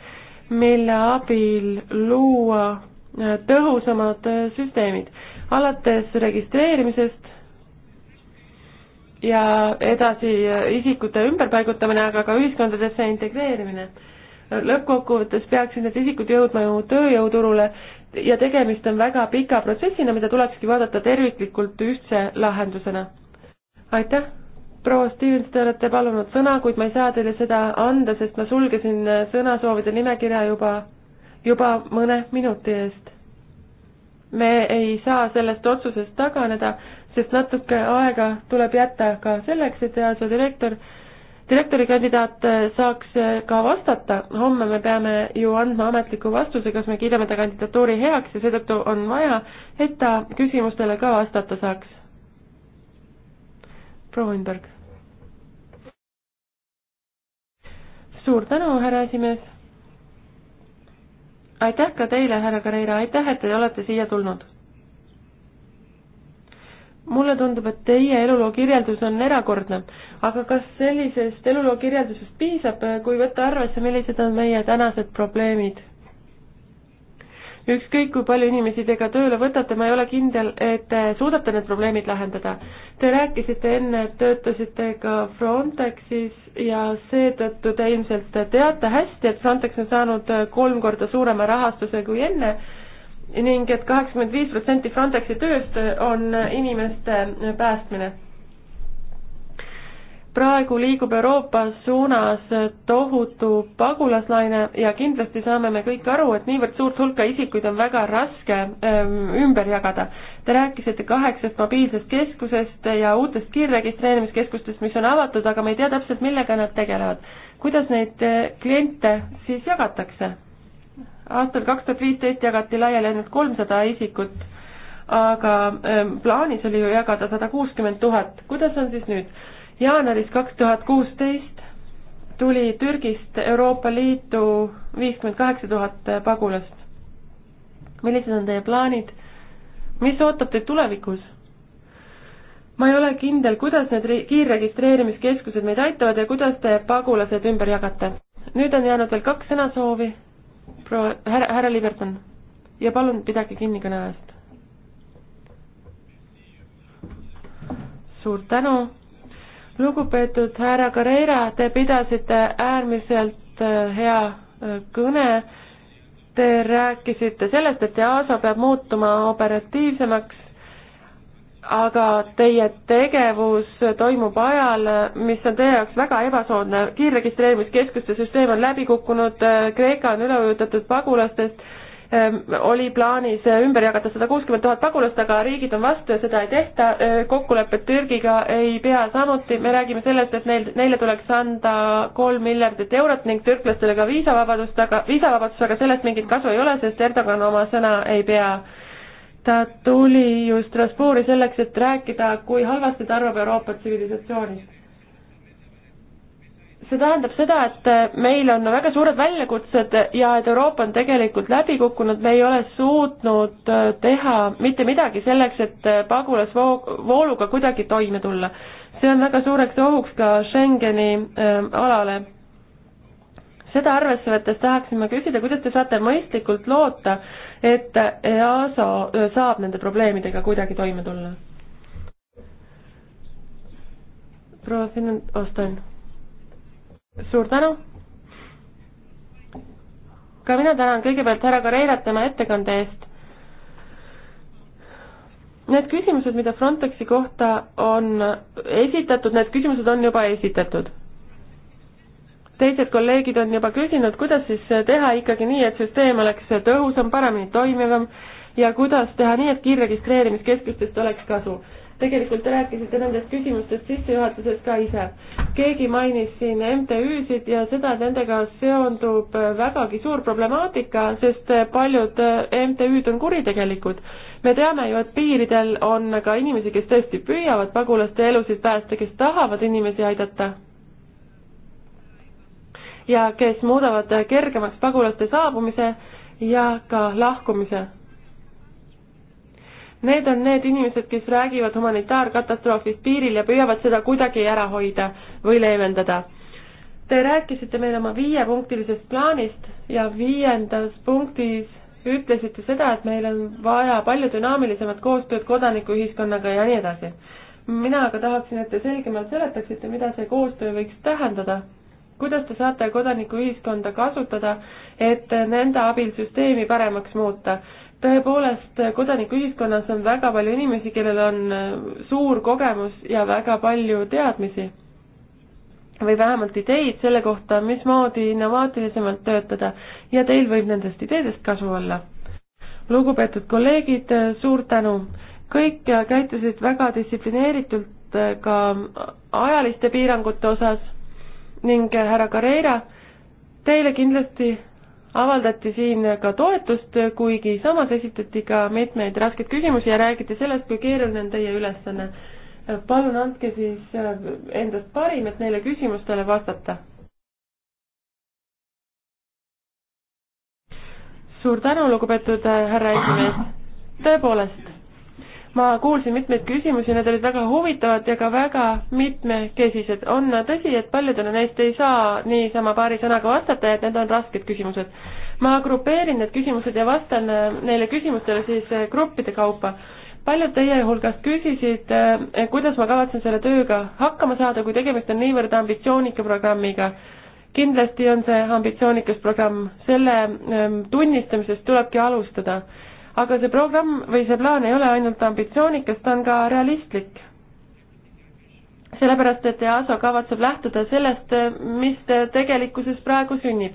mille abil luua äh, tõhusamad äh, süsteemid, alates registreerimisest ja edasi äh, isikute ümberpaigutamine, aga ka ühiskondadesse integreerimine. lõppkokkuvõttes peaksid need isikud jõudma ju tööjõuturule ja tegemist on väga pika protsessina, mida tulekski vaadata terviklikult ühtse lahendusena. aitäh! proua Stevens, te olete palunud sõna, kuid ma ei saa teile seda anda, sest ma sulgesin äh, sõnasoovide nimekirja juba, juba mõne minuti eest. me ei saa sellest otsusest taganeda, sest natuke aega tuleb jätta ka selleks, et EASO direktor, direktorikandidaat äh, saaks äh, ka vastata. homme me peame ju andma ametliku vastuse, kas me kiidame ta kandidatuuri heaks ja seetõttu on vaja, et ta küsimustele ka vastata saaks proua Ümberg. suur tänu, härra esimees. aitäh ka teile, härra Carreira, aitäh, et te olete siia tulnud. mulle tundub, et teie eluloo kirjeldus on erakordne, aga kas sellisest eluloo kirjeldusest piisab, kui võtta arvesse, millised on meie tänased probleemid? ükskõik kui palju inimesi te ka tööle võtate, ma ei ole kindel, et te äh, suudate need probleemid lahendada. Te rääkisite enne, et töötasite ka Frontexis ja seetõttu te ilmselt teate hästi, et Frontex on saanud äh, kolm korda suurema rahastuse kui enne ning et kaheksakümmend viis protsenti Frontexi tööst on äh, inimeste päästmine praegu liigub Euroopa suunas tohutu pagulaslaine ja kindlasti saame me kõik aru, et niivõrd suurt hulka isikuid on väga raske ähm, ümber jagada. Te rääkisite kaheksast mobiilsest keskusest ja uutest kiirregistreerimiskeskustest, mis on avatud, aga me ei tea täpselt, millega nad tegelevad. kuidas neid äh, kliente siis jagatakse? aastal kaks tuhat viisteist jagati laiali ainult kolmsada isikut aga ähm, plaanis oli ju jagada sada kuuskümmend tuhat, kuidas on siis nüüd? jaanuaris kaks tuhat kuusteist tuli Türgist Euroopa Liitu viiskümmend kaheksa tuhat pagulast. millised on teie plaanid? mis ootab teid tulevikus? ma ei ole kindel, kuidas need kiirregistreerimiskeskused meid aitavad ja kuidas te pagulased ümber jagate. nüüd on jäänud veel kaks sõnasoovi. proua, härra, härra Liberton ja palun pidage kinni kõne ajast. suur tänu lugupeetud härra Carreira, te pidasite äärmiselt äh, hea äh, kõne. Te rääkisite sellest, et EASA peab muutuma operatiivsemaks, aga teie tegevus toimub ajal, mis on teie jaoks väga ebasoodne. kiirregistreerimiskeskuste süsteem on läbi kukkunud, äh, Kreeka on üle ujutatud pagulastest Ehm, oli plaanis eh, ümber jagada sada kuuskümmend tuhat pagulast, aga riigid on vastu ja seda ei tehta, eh, kokkulepet Türgiga ei pea samuti, me räägime sellest, et neil, neile tuleks anda kolm miljardit eurot ning türklastele ka viisavabadust, aga viisavabadus, aga sellest mingit kasu ei ole, sest Erdogan oma sõna ei pea. ta tuli ju Strasbourgi selleks, et rääkida, kui halvasti ta arvab Euroopa tsivilisatsioonist see tähendab seda, et äh, meil on väga suured väljakutsed ja et Euroopa on tegelikult läbi kukkunud, me ei ole suutnud äh, teha mitte midagi selleks, et äh, pagulasvooluga kuidagi toime tulla. see on väga suureks ohuks ka Schengeni äh, alale. seda arvesse võttes tahaksime küsida, kuidas te saate mõistlikult loota, et EASO saab nende probleemidega kuidagi toime tulla? proua Finn-, Osten suur tänu! ka mina tänan kõigepealt härra Kareirat tema ettekande eest. Need küsimused, mida Frontexi kohta on esitatud, need küsimused on juba esitatud. teised kolleegid on juba küsinud, kuidas siis teha ikkagi nii, et süsteem oleks tõhusam, paremini toimivam ja kuidas teha nii, et kiirregistreerimiskeskustest oleks kasu tegelikult te rääkisite nendest küsimustest sissejuhatuses ka ise. keegi mainis siin MTÜ-sid ja seda, et nendega seondub vägagi suur problemaatika, sest paljud MTÜ-d on kuritegelikud. me teame ju, et piiridel on ka inimesi, kes tõesti püüavad pagulaste elusid päästa, kes tahavad inimesi aidata ja kes muudavad kergemaks pagulaste saabumise ja ka lahkumise Need on need inimesed, kes räägivad humanitaarkatastroofist piiril ja püüavad seda kuidagi ära hoida või leevendada. Te rääkisite meile oma viiepunktilisest plaanist ja viiendas punktis ütlesite seda, et meil on vaja palju dünaamilisemat koostööd kodanikuühiskonnaga ja nii edasi. mina aga tahaksin, et te selgemalt seletaksite, mida see koostöö võiks tähendada kuidas te saate kodanikuühiskonda kasutada, et nende abil süsteemi paremaks muuta tõepoolest, kodanikuühiskonnas on väga palju inimesi, kellel on äh, suur kogemus ja väga palju teadmisi või vähemalt ideid selle kohta, mismoodi innovaatilisemalt töötada ja teil võib nendest ideedest kasu olla. lugupeetud kolleegid, äh, suur tänu! kõik äh, käitusid väga distsiplineeritult ka ajaliste piirangute osas ning härra Carreira, teile kindlasti avaldati siin ka toetust, kuigi samas esitati ka mitmeid raskeid küsimusi ja räägiti sellest, kui keeruline on teie ülesanne. palun andke siis äh, endast parim, et neile küsimustele vastata. suur tänu, lugupeetud äh, härra esimees. tõepoolest ma kuulsin mitmeid küsimusi, need olid väga huvitavad ja ka väga mitmekesised. on tõsi, et paljudele neist ei saa niisama paari sõnaga vastata ja et need on rasked küsimused. ma grupeerin need küsimused ja vastan äh, neile küsimustele siis äh, gruppide kaupa. paljud teie hulgast küsisid, äh, kuidas ma kavatsen selle tööga hakkama saada, kui tegemist on niivõrd ambitsioonika programmiga kindlasti on see ambitsioonikas programm, selle ähm, tunnistamisest tulebki alustada aga see programm või see plaan ei ole ainult ambitsioonikas, ta on ka realistlik. sellepärast, et EASO kavatseb lähtuda sellest, mis tegelikkuses praegu sünnib.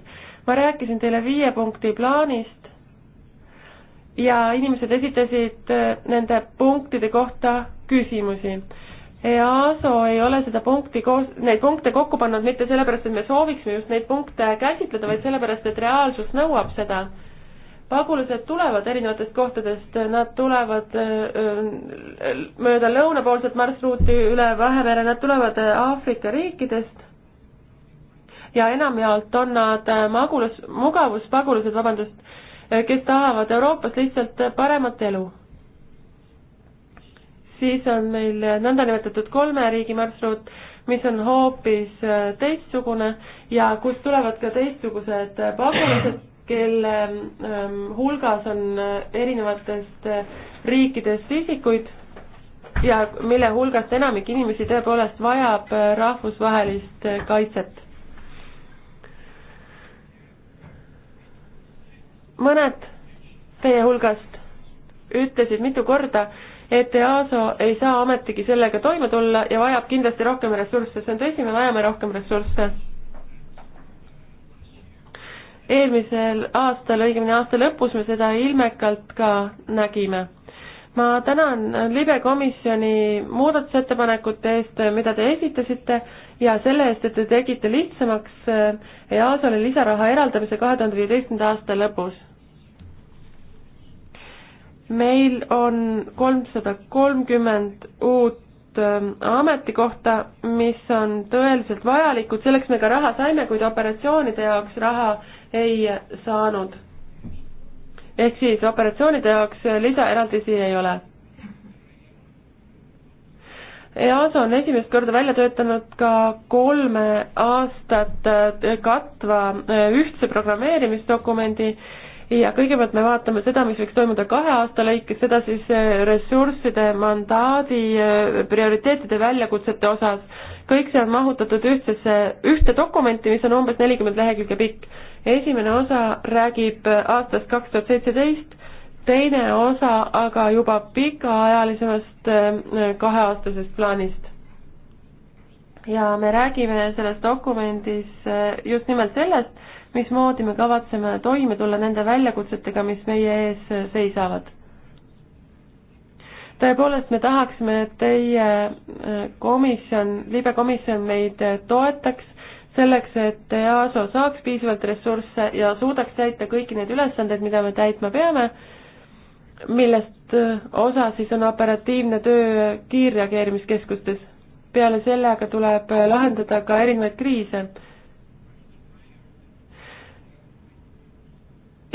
ma rääkisin teile viie punkti plaanist ja inimesed esitasid nende punktide kohta küsimusi. EASO ei ole seda punkti koos, neid punkte kokku pannud mitte sellepärast, et me sooviksime just neid punkte käsitleda, vaid sellepärast, et reaalsus nõuab seda pagulased tulevad erinevatest kohtadest, nad tulevad äh, äh, mööda lõunapoolset marsruuti üle Vahemere, nad tulevad äh, Aafrika riikidest ja enamjaolt on nad magulus, mugavuspagulased, vabandust, kes tahavad Euroopas lihtsalt paremat elu. siis on meil nõndanimetatud kolme riigi marsruut, mis on hoopis teistsugune ja kust tulevad ka teistsugused pagulased kelle ähm, hulgas on äh, erinevatest äh, riikidest isikuid ja mille hulgast enamik inimesi tõepoolest vajab äh, rahvusvahelist kaitset. mõned teie hulgast ütlesid mitu korda, et EASO ei saa ometigi sellega toime tulla ja vajab kindlasti rohkem ressursse, see on tõsi, me vajame rohkem ressursse eelmisel aastal, õigemini aasta lõpus me seda ilmekalt ka nägime. ma tänan libe komisjoni muudatusettepanekute eest, mida te esitasite ja selle eest, et te tegite lihtsamaks äh, EASO-le lisaraha eraldamise kahe tuhande viieteistkümnenda aasta lõpus. meil on kolmsada kolmkümmend uut ähm, ametikohta, mis on tõeliselt vajalikud, selleks me ka raha saime, kuid operatsioonide jaoks raha äh, ei saanud. ehk siis operatsioonide jaoks lisaeraldisi ei ole. EASO on esimest korda välja töötanud ka kolme aastat katva ühtse programmeerimisdokumendi ja kõigepealt me vaatame seda, mis võiks toimuda kahe aasta lõikes, seda siis ressursside, mandaadi, prioriteetide, väljakutsete osas kõik see on mahutatud ühtsesse, ühte dokumenti, mis on umbes nelikümmend lehekülge pikk esimene osa räägib aastast kaks tuhat seitseteist, teine osa aga juba pikaajalisemast äh, kaheaastasest plaanist. ja me räägime selles dokumendis äh, just nimelt sellest, mismoodi me kavatseme toime tulla nende väljakutsetega, mis meie ees äh, seisavad. tõepoolest, me tahaksime, et teie komisjon, libekomisjon meid toetaks selleks, et EASO saaks piisavalt ressursse ja suudaks täita kõiki neid ülesandeid, mida me täitma peame, millest äh, osa siis on operatiivne töö kiirreageerimiskeskustes. peale selle aga tuleb äh, lahendada ka erinevaid kriise.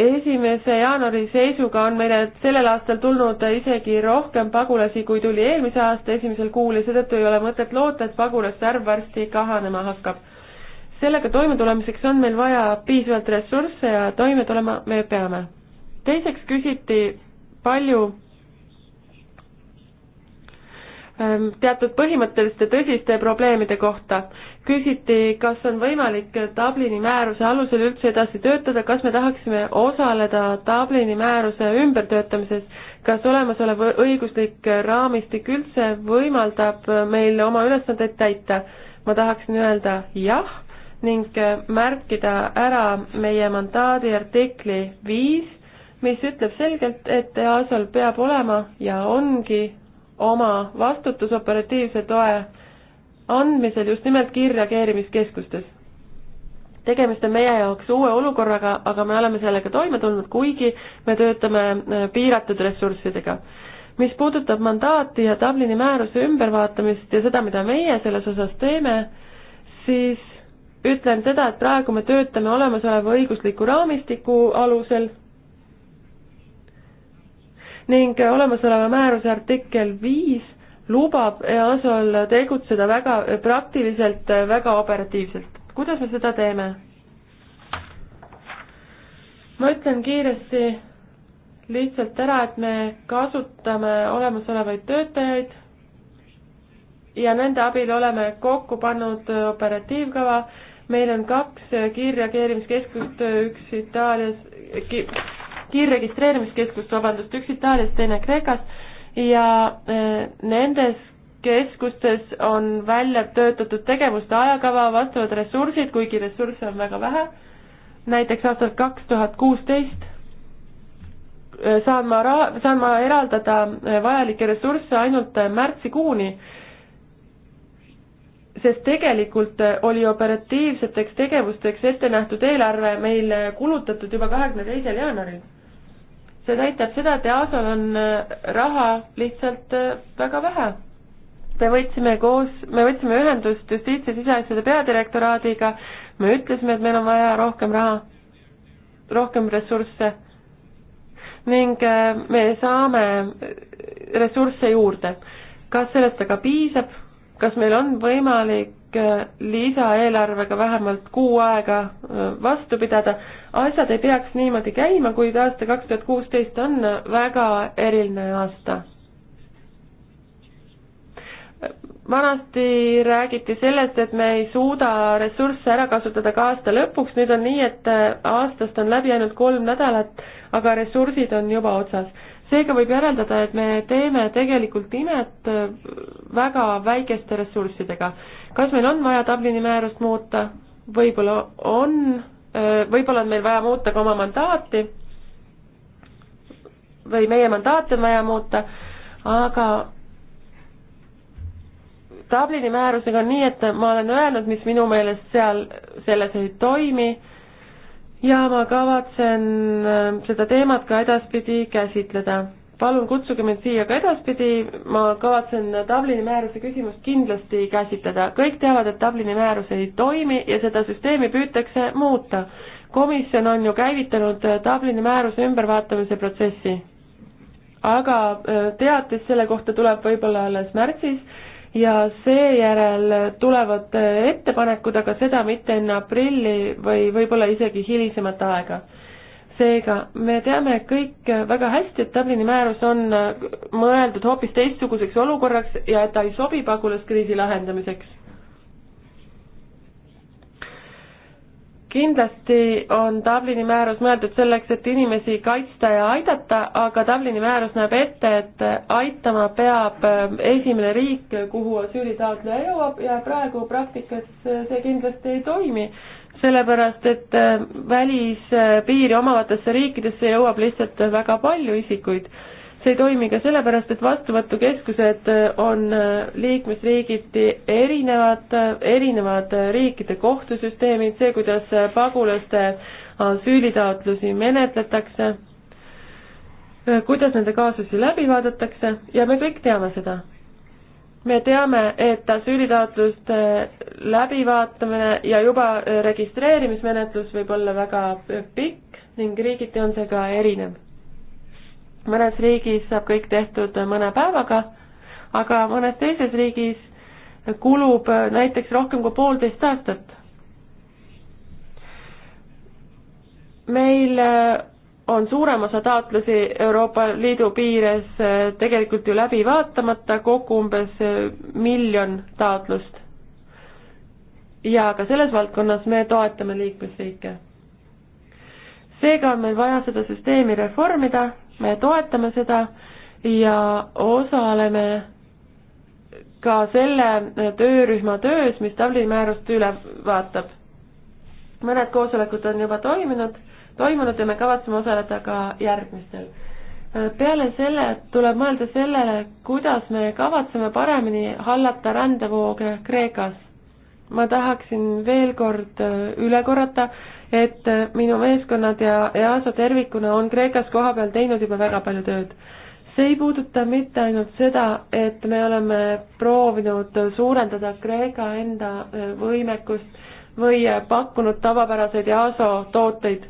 esimese jaanuari seisuga on meile sellel aastal tulnud isegi rohkem pagulasi, kui tuli eelmise aasta esimesel kuul ja seetõttu ei ole mõtet loota, et pagulaste arv varsti kahanema hakkab sellega toimetulemiseks on meil vaja piisavalt ressursse ja toime tulema me peame. teiseks küsiti palju ähm, teatud põhimõtteliste tõsiste probleemide kohta. küsiti, kas on võimalik Dublini määruse alusel üldse edasi töötada, kas me tahaksime osaleda Dublini määruse ümbertöötamises, kas olemasolev õiguslik raamistik üldse võimaldab meil oma ülesandeid täita? ma tahaksin öelda jah ning äh, märkida ära meie mandaadi artikli viis, mis ütleb selgelt, et EASA-l peab olema ja ongi oma vastutus operatiivse toe andmisel just nimelt kiirreageerimiskeskustes. tegemist on meie jaoks uue olukorraga, aga me oleme sellega toime tulnud, kuigi me töötame äh, piiratud ressurssidega. mis puudutab mandaati ja Dublini määruse ümbervaatamist ja seda, mida meie selles osas teeme, siis ütlen seda, et praegu me töötame olemasoleva õigusliku raamistiku alusel ning olemasoleva määruse artikkel viis lubab EASO-l tegutseda väga praktiliselt, väga operatiivselt. kuidas me seda teeme? ma ütlen kiiresti lihtsalt ära, et me kasutame olemasolevaid töötajaid ja nende abil oleme kokku pannud operatiivkava, meil on kaks äh, kiirreageerimiskeskust, äh, üks Itaalias äh, ki,, kiirregistreerimiskeskust, vabandust, üks Itaalias, teine Kreekas ja nendes keskustes on välja töötatud tegevuste ajakava, vastavad ressursid, kuigi ressursse on väga vähe, näiteks aastal kaks tuhat kuusteist saan ma ra-, saan ma eraldada vajalikke ressursse ainult märtsikuuni sest tegelikult äh, oli operatiivseteks tegevusteks ette nähtud eelarve meil kulutatud juba kahekümne teisel jaanuaril. see näitab seda, et EASO-l on äh, raha lihtsalt äh, väga vähe. me võtsime koos, me võtsime ühendust justiits- ja siseasjade peadirektoraadiga, me ütlesime, et meil on vaja rohkem raha, rohkem ressursse ning me saame ressursse juurde. kas sellest aga piisab? kas meil on võimalik äh, lisaeelarvega vähemalt kuu aega äh, vastu pidada, asjad ei peaks niimoodi käima, kuid aasta kaks tuhat kuusteist on äh, väga eriline aasta. vanasti räägiti sellest, et me ei suuda ressursse ära kasutada ka aasta lõpuks, nüüd on nii, et aastast on läbi ainult kolm nädalat, aga ressursid on juba otsas seega võib järeldada, et me teeme tegelikult imet äh, väga väikeste ressurssidega. kas meil on vaja Dublini määrust muuta? võib-olla on, äh, võib-olla on meil vaja muuta ka oma mandaati või meie mandaati on vaja muuta, aga Dublini määrusega on nii, et ma olen öelnud, mis minu meelest seal selles ei toimi ja ma kavatsen ähm, seda teemat ka edaspidi käsitleda. palun kutsuge mind siia ka edaspidi, ma kavatsen Dublini määruse küsimust kindlasti käsitleda. kõik teavad, et Dublini määrus ei toimi ja seda süsteemi püütakse muuta. komisjon on ju käivitanud äh, Dublini määruse ümbervaatamise protsessi. aga äh, teatis selle kohta tuleb võib-olla alles märtsis ja seejärel tulevad ettepanekud, aga seda mitte enne aprilli või võib-olla isegi hilisemat aega. seega me teame kõik väga hästi, et Dublini määrus on mõeldud hoopis teistsuguseks olukorraks ja et ta ei sobi pagulaskriisi lahendamiseks kindlasti on Dublini määrus mõeldud selleks, et inimesi kaitsta ja aidata, aga Dublini määrus näeb ette, et aitama peab ähm, esimene riik, kuhu asüülitaotleja jõuab ja praegu praktikas äh, see kindlasti ei toimi, sellepärast et äh, välispiiri omavatesse riikidesse jõuab lihtsalt väga palju isikuid see ei toimi ka sellepärast, et vastuvõtukeskused äh, on äh, liikmesriigiti erinevad, äh, erinevad riikide kohtusüsteemid, see, kuidas pagulaste asüülitaotlusi menetletakse, kuidas nende kaasusi läbi vaadatakse ja me kõik teame seda. me teame, et asüülitaotluste läbivaatamine ja juba registreerimismenetlus võib olla väga pikk ning riigiti on see ka erinev mõnes riigis saab kõik tehtud mõne päevaga, aga mõnes teises riigis kulub näiteks rohkem kui poolteist aastat. meil on suurem osa taotlusi Euroopa Liidu piires tegelikult ju läbi vaatamata, kokku umbes miljon taotlust. ja ka selles valdkonnas me toetame liikmesriike. seega on meil vaja seda süsteemi reformida me toetame seda ja osaleme ka selle töörühma töös, mis Dublini määrust üle vaatab. mõned koosolekud on juba toiminud, toimunud ja me kavatseme osaleda ka järgmistel. peale selle tuleb mõelda sellele, kuidas me kavatseme paremini hallata rändevooge Kreekas. ma tahaksin veel kord üle korrata, et minu meeskonnad ja EASA tervikuna on Kreekas kohapeal teinud juba väga palju tööd. see ei puuduta mitte ainult seda, et me oleme proovinud suurendada Kreeka enda eh, võimekust või pakkunud tavapäraseid EASO tooteid.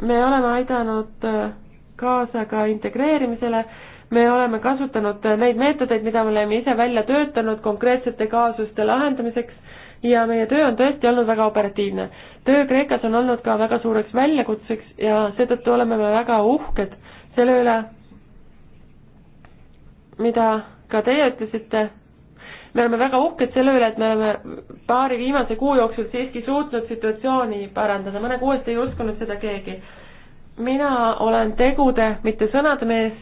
me oleme aidanud eh, kaasa ka integreerimisele, me oleme kasutanud neid meetodeid, mida me oleme ise välja töötanud konkreetsete kaasuste lahendamiseks ja meie töö on tõesti olnud väga operatiivne. töö Kreekas on olnud ka väga suureks väljakutseks ja seetõttu oleme me väga uhked selle üle, mida ka teie ütlesite, me oleme väga uhked selle üle, et me oleme paari viimase kuu jooksul siiski suutnud situatsiooni parandada, mõne nagu kuu eest ei uskunud seda keegi. mina olen tegude, mitte sõnade mees,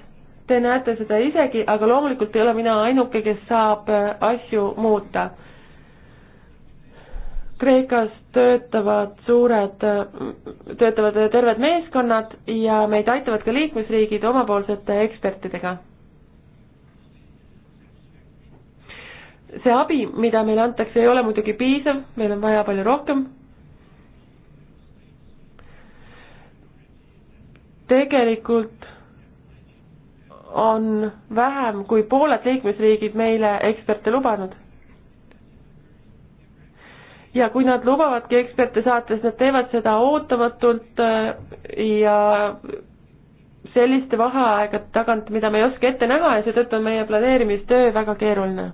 te näete seda isegi, aga loomulikult ei ole mina ainuke, kes saab äh, asju muuta Kreekas töötavad suured, töötavad terved meeskonnad ja meid aitavad ka liikmesriigid omapoolsete ekspertidega. see abi, mida meile antakse, ei ole muidugi piisav, meil on vaja palju rohkem. tegelikult on vähem kui pooled liikmesriigid meile eksperte lubanud ja kui nad lubavadki eksperte saata, siis nad teevad seda ootamatult äh, ja selliste vaheaegade tagant, mida me ei oska ette näha ja seetõttu on meie planeerimistöö väga keeruline.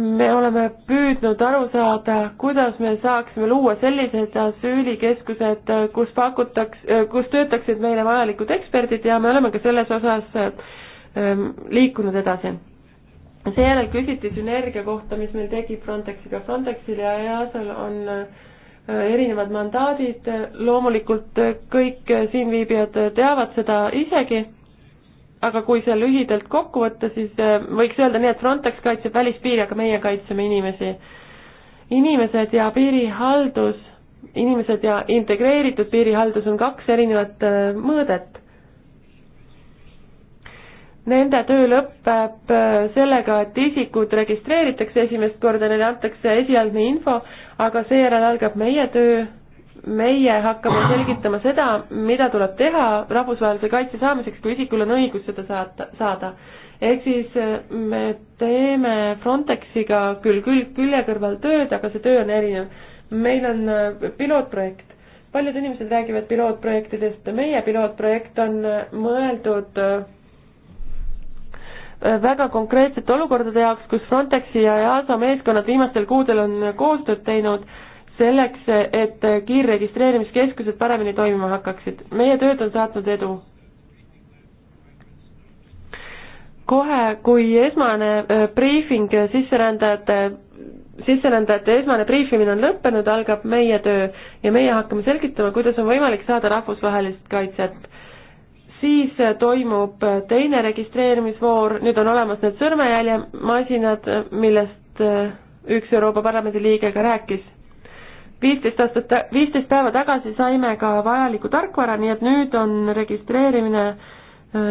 me oleme püüdnud aru saada, kuidas me saaksime luua sellised asüülikeskused, kus pakutaks, kus töötaksid meile vajalikud eksperdid ja me oleme ka selles osas ähm, liikunud edasi seejärel küsiti sünergia kohta, mis meil tekib Frontexiga. Frontexil ja EASA-l on äh, erinevad mandaadid, loomulikult äh, kõik äh, siinviibijad teavad seda isegi, aga kui see lühidalt kokku võtta, siis võiks öelda nii, et Frontex kaitseb välispiiri, aga meie kaitseme inimesi. inimesed ja piirihaldus, inimesed ja integreeritud piirihaldus on kaks erinevat mõõdet Nende töö lõpeb äh, sellega, et isikud registreeritakse esimest korda, neile antakse esialgne info, aga seejärel algab meie töö, meie hakkame selgitama seda, mida tuleb teha rahvusvahelise kaitse saamiseks, kui isikul on õigus seda saata, saada. ehk siis äh, me teeme Frontexiga küll külg külje kõrval tööd, aga see töö on erinev. meil on äh, pilootprojekt paljud inimesed räägivad pilootprojektidest, meie pilootprojekt on mõeldud Äh, väga konkreetsete olukordade jaoks, kus Frontexi ja EASA meeskonnad viimastel kuudel on koostööd teinud, selleks, et kiirregistreerimiskeskused paremini toimima hakkaksid. meie tööd on saatnud edu. kohe, kui esmane äh, briifing sisserändajate, sisserändajate esmane briifimine on lõppenud, algab meie töö ja meie hakkame selgitama, kuidas on võimalik saada rahvusvahelist kaitset siis toimub teine registreerimisvoor, nüüd on olemas need sõrmejäljemasinad, millest äh, üks Euroopa Parlamendi liige ka rääkis. viisteist aastat, viisteist päeva tagasi saime ka vajaliku tarkvara, nii et nüüd on registreerimine äh,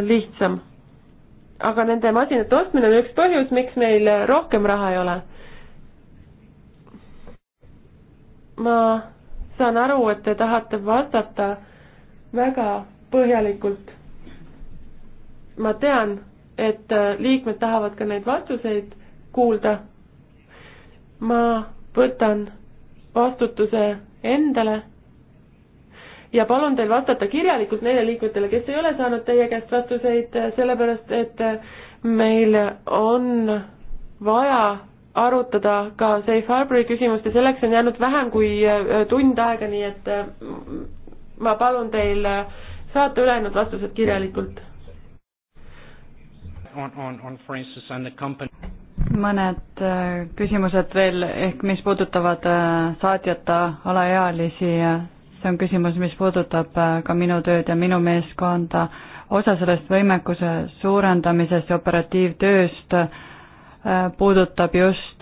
lihtsam. aga nende masinate ostmine on üks põhjus, miks meil rohkem raha ei ole. ma saan aru, et te tahate vastata väga põhjalikult ma tean, et äh, liikmed tahavad ka neid vastuseid kuulda. ma võtan vastutuse endale ja palun teil vastata kirjalikult neile liikmetele, kes ei ole saanud teie käest vastuseid, äh, sellepärast et äh, meil on vaja arutada ka Safe Harbori küsimust ja selleks on jäänud vähem kui tund aega, nii et ma palun teil saata ülejäänud vastused kirjalikult on, on, on for instance on the company mõned äh, küsimused veel, ehk mis puudutavad äh, saatjata alaealisi, see on küsimus, mis puudutab äh, ka minu tööd ja minu meeskonda. osa sellest võimekuse suurendamisest ja operatiivtööst puudutab just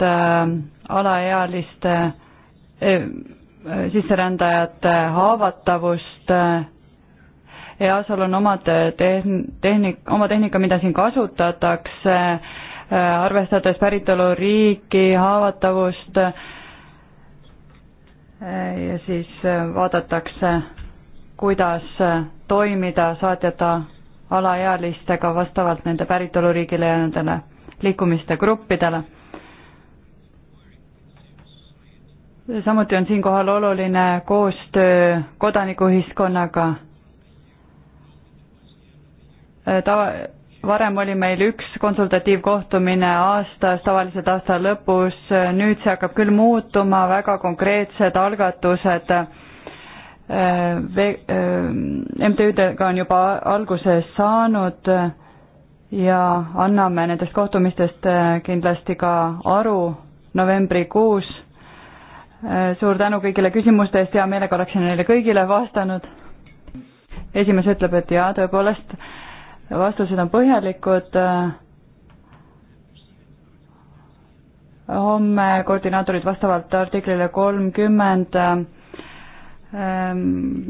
alaealiste sisserändajate haavatavust EASA-l on omad eh, tehn-, tehnik-, oma tehnika, mida siin kasutatakse, eh, arvestades päritoluriiki, haavatavust eh, ja siis vaadatakse, kuidas toimida saatjata alaealistega vastavalt nende päritoluriigile ja nendele liikumiste gruppidele. samuti on siinkohal oluline koostöö kodanikuühiskonnaga Äh, tava, varem oli meil üks konsultatiivkohtumine aastas, tavaliselt aasta lõpus, äh, nüüd see hakkab küll muutuma, väga konkreetsed algatused. Äh, MTÜ-dega on juba alguse saanud ja anname nendest kohtumistest kindlasti ka aru novembrikuus. suur tänu kõigile küsimuste eest, hea meelega oleksin neile kõigile vastanud. esimees ütleb, et jaa, tõepoolest vastused on põhjalikud. homme koordinaatorid vastavalt artiklile kolmkümmend, ehm,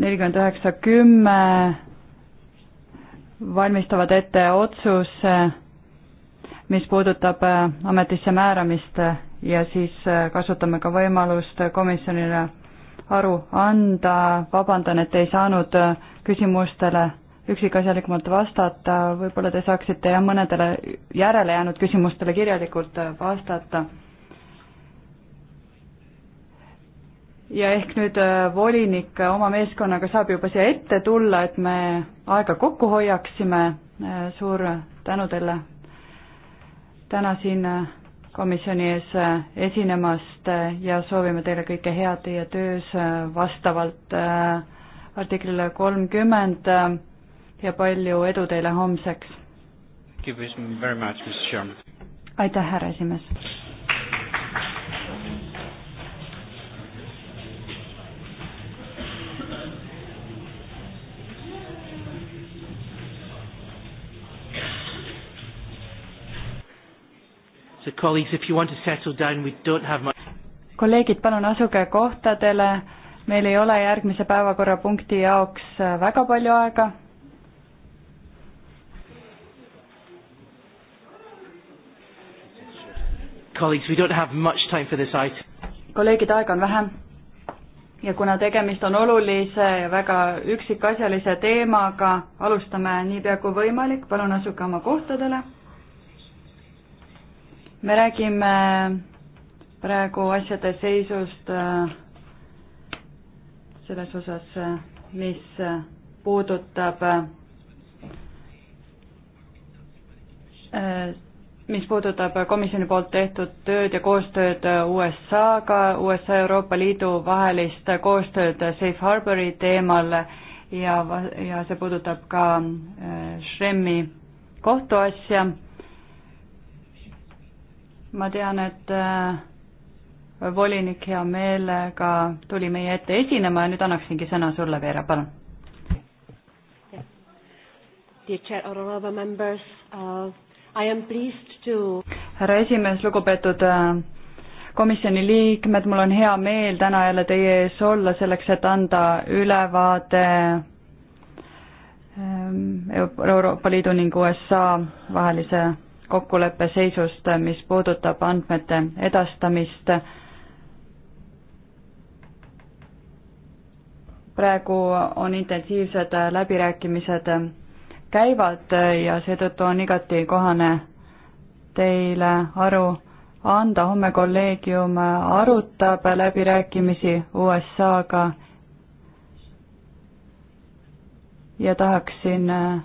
nelikümmend üheksa, kümme valmistavad ette otsuse, mis puudutab eh, ametisse määramist ja siis eh, kasutame ka võimalust komisjonile aru anda, vabandan, et ei saanud eh, küsimustele üksikasjalikumalt vastata, võib-olla te saaksite jah, mõnedele järele jäänud küsimustele kirjalikult äh, vastata. ja ehk nüüd äh, volinik äh, oma meeskonnaga saab juba siia ette tulla, et me aega kokku hoiaksime, suur tänu teile täna siin komisjoni ees esinemast ja soovime teile kõike head teie töös vastavalt artiklile kolmkümmend ja palju edu teile homseks! aitäh, härra esimees! So colleagues, if you want to settle down, we don't have much kolleegid, palun asuge kohtadele, meil ei ole järgmise päevakorrapunkti jaoks äh, väga palju aega Colleagues, we don't have much time for this item. kolleegid, aega on vähe. ja kuna tegemist on olulise ja väga üksikasjalise teemaga, alustame niipea kui võimalik, palun asuge oma kohtadele. me räägime praegu asjade seisust äh, selles osas, äh, mis äh, puudutab mis puudutab komisjoni poolt tehtud tööd ja koostööd USA-ga, USA Euroopa Liidu vahelist koostööd Safe Harbori teemal ja, ja see puudutab ka äh, Schremmi kohtuasja. ma tean, et äh, volinik hea meelega tuli meie ette esinema ja nüüd annaksingi sõna sulle, Veera, palun. Dear chair, honorable members uh,, To... härra esimees, lugupeetud äh, komisjoni liikmed, mul on hea meel täna jälle teie ees olla selleks, et anda ülevaade ähm, Euroopa Liidu ning USA vahelise kokkuleppe seisust, äh, mis puudutab andmete edastamist. praegu on intensiivsed äh, läbirääkimised käivad äh, ja seetõttu on igati kohane teile aru anda. homme kolleegium äh, arutab läbirääkimisi USA-ga ja tahaksin äh,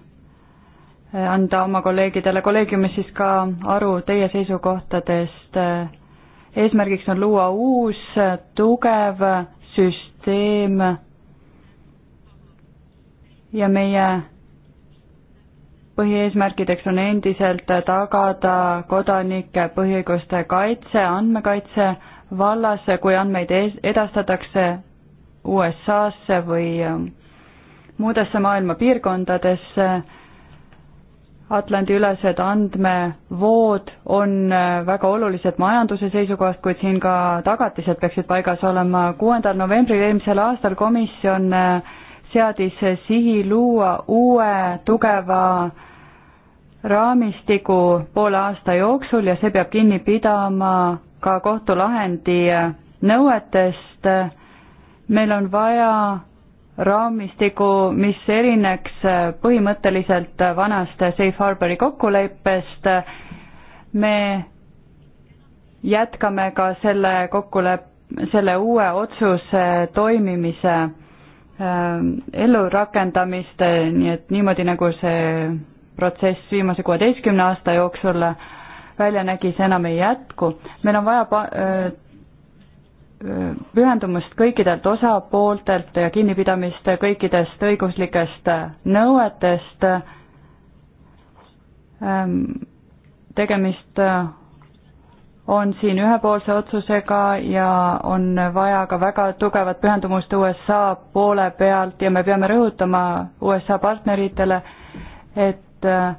anda oma kolleegidele kolleegiumis siis ka aru teie seisukohtadest. eesmärgiks on luua uus tugev süsteem ja meie põhieesmärkideks on endiselt tagada kodanike põhiõiguste kaitse andmekaitse vallas, kui andmeid edastatakse USA-sse või ähm, muudesse maailma piirkondadesse. Atlandi-ülesed andmevood on äh, väga olulised majanduse seisukohast, kuid siin ka tagatised peaksid paigas olema. kuuendal novembril eelmisel aastal komisjon äh, seadis sihi luua uue tugeva raamistiku poole aasta jooksul ja see peab kinni pidama ka kohtulahendi nõuetest. meil on vaja raamistiku, mis erineks põhimõtteliselt vanast Safe Harbori kokkuleppest. me jätkame ka selle kokkuleppe, selle uue otsuse toimimise Ähm, ellurakendamist, eh, nii et niimoodi, nagu see protsess viimase kuueteistkümne aasta jooksul eh, välja nägi, see enam ei jätku. meil on vaja eh, pühendumust kõikidelt osapooltelt ja kinnipidamist kõikidest õiguslikest nõuetest. Ehm, tegemist on siin ühepoolse otsusega ja on vaja ka väga tugevat pühendumust USA poole pealt ja me peame rõhutama USA partneritele, et äh,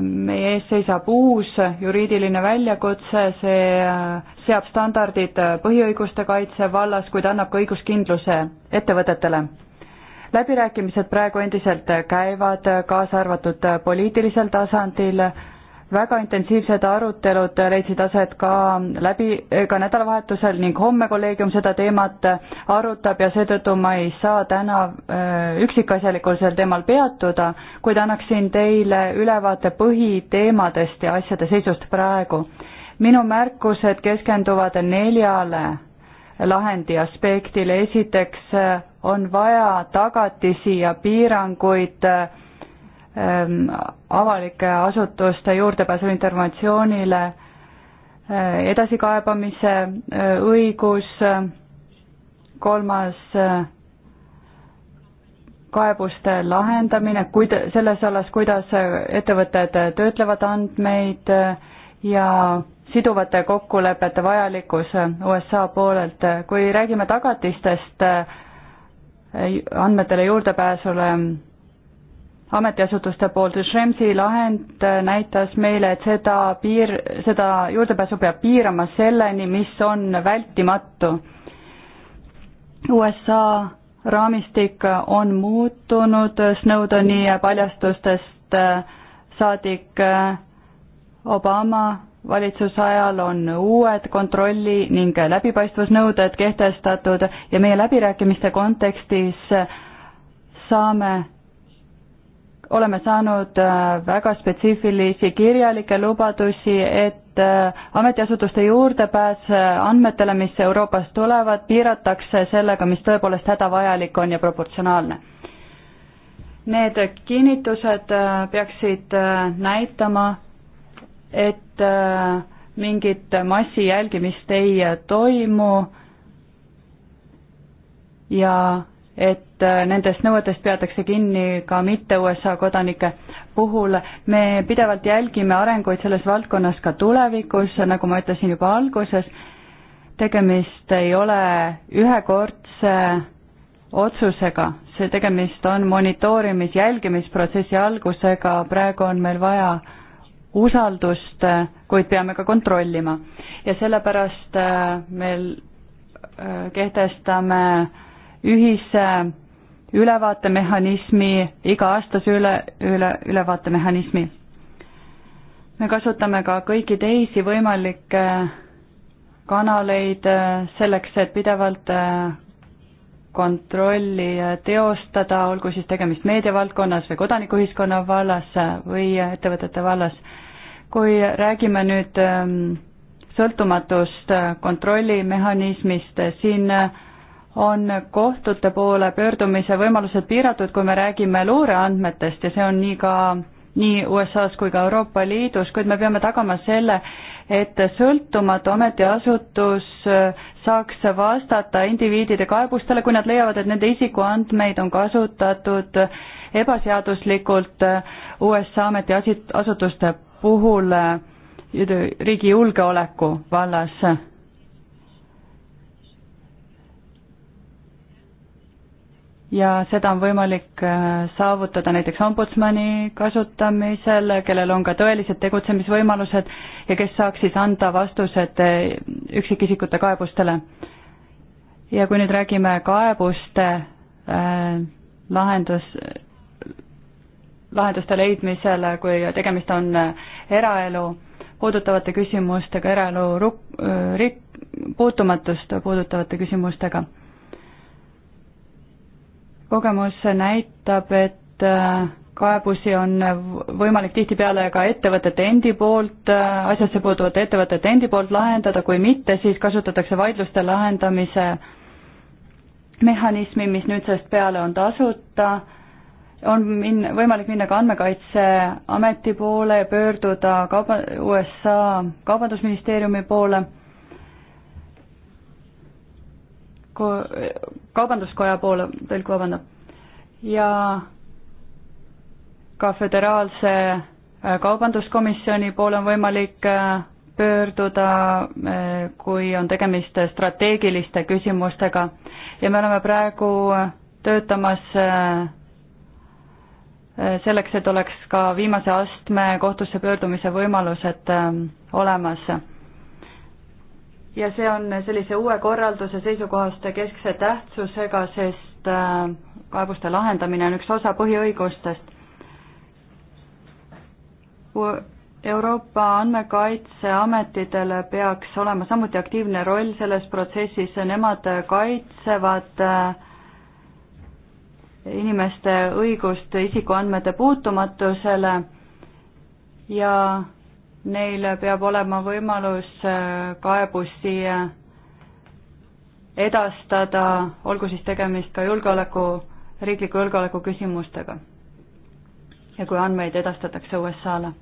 meie ees seisab uus juriidiline väljakutse, see äh, seab standardid põhiõiguste kaitse vallas, kuid annab ka õiguskindluse ettevõtetele. läbirääkimised praegu endiselt käivad, kaasa arvatud poliitilisel tasandil väga intensiivsed arutelud leidsid aset ka läbi, ka nädalavahetusel ning homme kolleegium seda teemat arutab ja seetõttu ma ei saa täna äh, üksikasjalikul sel teemal peatuda, kuid annaksin teile ülevaate põhiteemadest ja asjade seisust praegu. minu märkused keskenduvad neljale lahendi aspektile, esiteks äh, on vaja tagatisi ja piiranguid äh, Ähm, avalike asutuste juurdepääsu informatsioonile, äh, edasikaebamise äh, õigus, kolmas äh, kaebuste lahendamine, kuid selles alas, kuidas ettevõtted töötlevad andmeid ja siduvate kokkulepete vajalikkus USA poolelt. kui räägime tagatistest andmetele juurdepääsule ametiasutuste poolt. Schremsi lahend näitas meile, et seda piir, seda juurdepääsu peab piirama selleni, mis on vältimatu. USA raamistik on muutunud Snowdoni paljastustest saadik Obama valitsuse ajal on uued kontrolli ning läbipaistvusnõuded kehtestatud ja meie läbirääkimiste kontekstis saame oleme saanud äh, väga spetsiifilisi kirjalikke lubadusi, et äh, ametiasutuste juurdepääs äh, andmetele, mis Euroopast tulevad, piiratakse sellega, mis tõepoolest hädavajalik on ja proportsionaalne. Need kinnitused peaksid näitama, et mingit massijälgimist ei toimu ja et äh, nendest nõuetest peatakse kinni ka mitte USA kodanike puhul. me pidevalt jälgime arenguid selles valdkonnas ka tulevikus, nagu ma ütlesin juba alguses, tegemist ei ole ühekordse otsusega, see tegemist on monitoorimis, jälgimisprotsessi algusega, praegu on meil vaja usaldust, kuid peame ka kontrollima. ja sellepärast äh, meil äh, kehtestame äh, ühise ülevaatemehhanismi, iga-aastase üle, üle, ülevaatemehhanismi. me kasutame ka kõiki teisi võimalikke kanaleid äh, selleks, et pidevalt äh, kontrolli äh, teostada, olgu siis tegemist meediavaldkonnas või kodanikuühiskonna vallas või ettevõtete vallas. kui räägime nüüd ähm, sõltumatust kontrollimehhanismist, siin on kohtute poole pöördumise võimalused piiratud, kui me räägime luureandmetest ja see on nii ka nii USA-s kui ka Euroopa Liidus, kuid me peame tagama selle, et sõltumatu ametiasutus saaks vastata indiviidide kaebustele, kui nad leiavad, et nende isikuandmeid on kasutatud ebaseaduslikult USA ametiasutuste puhul riigi julgeoleku vallas ja seda on võimalik äh, saavutada näiteks ombudsmani kasutamisel, kellel on ka tõelised tegutsemisvõimalused ja kes saaks siis anda vastused äh, üksikisikute kaebustele. ja kui nüüd räägime kaebuste äh, lahendus, lahenduste leidmisel, kui tegemist on äh, eraelu puudutavate küsimustega, eraelu ruk-, rik-, puutumatust puudutavate küsimustega kogemus näitab, et äh, kaebusi on võimalik tihtipeale ka ettevõtete endi poolt, äh, asjasse puutuvate ettevõtete endi poolt lahendada, kui mitte, siis kasutatakse vaidluste lahendamise mehhanismi, mis nüüdsest peale on tasuta, on min-, võimalik minna ka Andmekaitseameti poole ja pöörduda kauba-, USA Kaubandusministeeriumi poole kaubanduskoja poole, tõlk vabandab, ja ka föderaalse äh, kaubanduskomisjoni poole on võimalik äh, pöörduda, äh, kui on tegemist strateegiliste küsimustega ja me oleme praegu töötamas selleks, et oleks ka viimase astme kohtusse pöördumise võimalused olemas ja see on sellise uue korralduse seisukohast keskse tähtsusega, sest äh, kaebuste lahendamine on üks osa põhiõigustest. Euroopa andmekaitseametitele peaks olema samuti aktiivne roll selles protsessis, nemad kaitsevad äh, inimeste õigust isikuandmete puutumatusele ja neil peab olema võimalus äh, kaebusi edastada, olgu siis tegemist ka julgeoleku, riikliku julgeoleku küsimustega. ja kui andmeid edastatakse USA-le.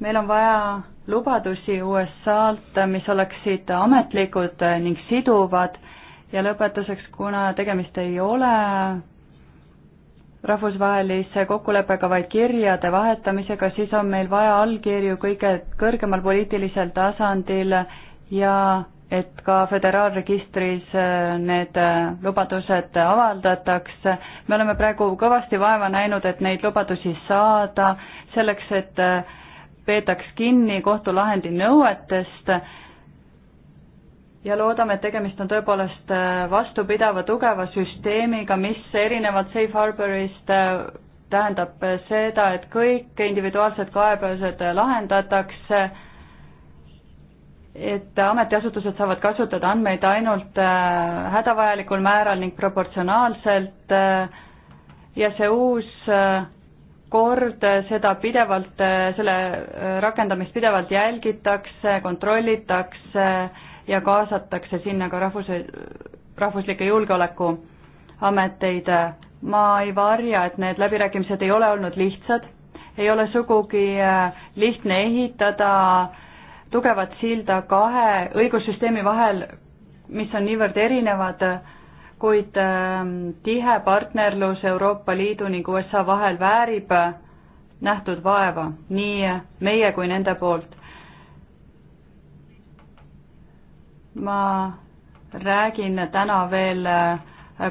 meil on vaja lubadusi USA-lt, mis oleksid ametlikud ning siduvad ja lõpetuseks, kuna tegemist ei ole rahvusvahelise kokkuleppega, vaid kirjade vahetamisega, siis on meil vaja allkirju kõige kõrgemal poliitilisel tasandil ja et ka föderaalregistris äh, need äh, lubadused avaldatakse. me oleme praegu kõvasti vaeva näinud, et neid lubadusi saada, selleks et äh, peetaks kinni kohtulahendi nõuetest ja loodame, et tegemist on tõepoolest äh, vastupidava tugeva süsteemiga, mis erinevalt Safe Harborist äh, tähendab äh, seda, et kõik individuaalsed kaebused lahendatakse, et ametiasutused saavad kasutada andmeid ainult hädavajalikul määral ning proportsionaalselt ja see uus kord, seda pidevalt, selle rakendamist pidevalt jälgitakse, kontrollitakse ja kaasatakse sinna ka rahvuse, rahvuslikke julgeolekuameteid. ma ei varja, et need läbirääkimised ei ole olnud lihtsad, ei ole sugugi äh, lihtne ehitada tugevat silda kahe õigussüsteemi vahel, mis on niivõrd erinevad, kuid ähm, tihe partnerlus Euroopa Liidu ning USA vahel väärib äh, nähtud vaeva, nii meie kui nende poolt. ma räägin täna veel äh,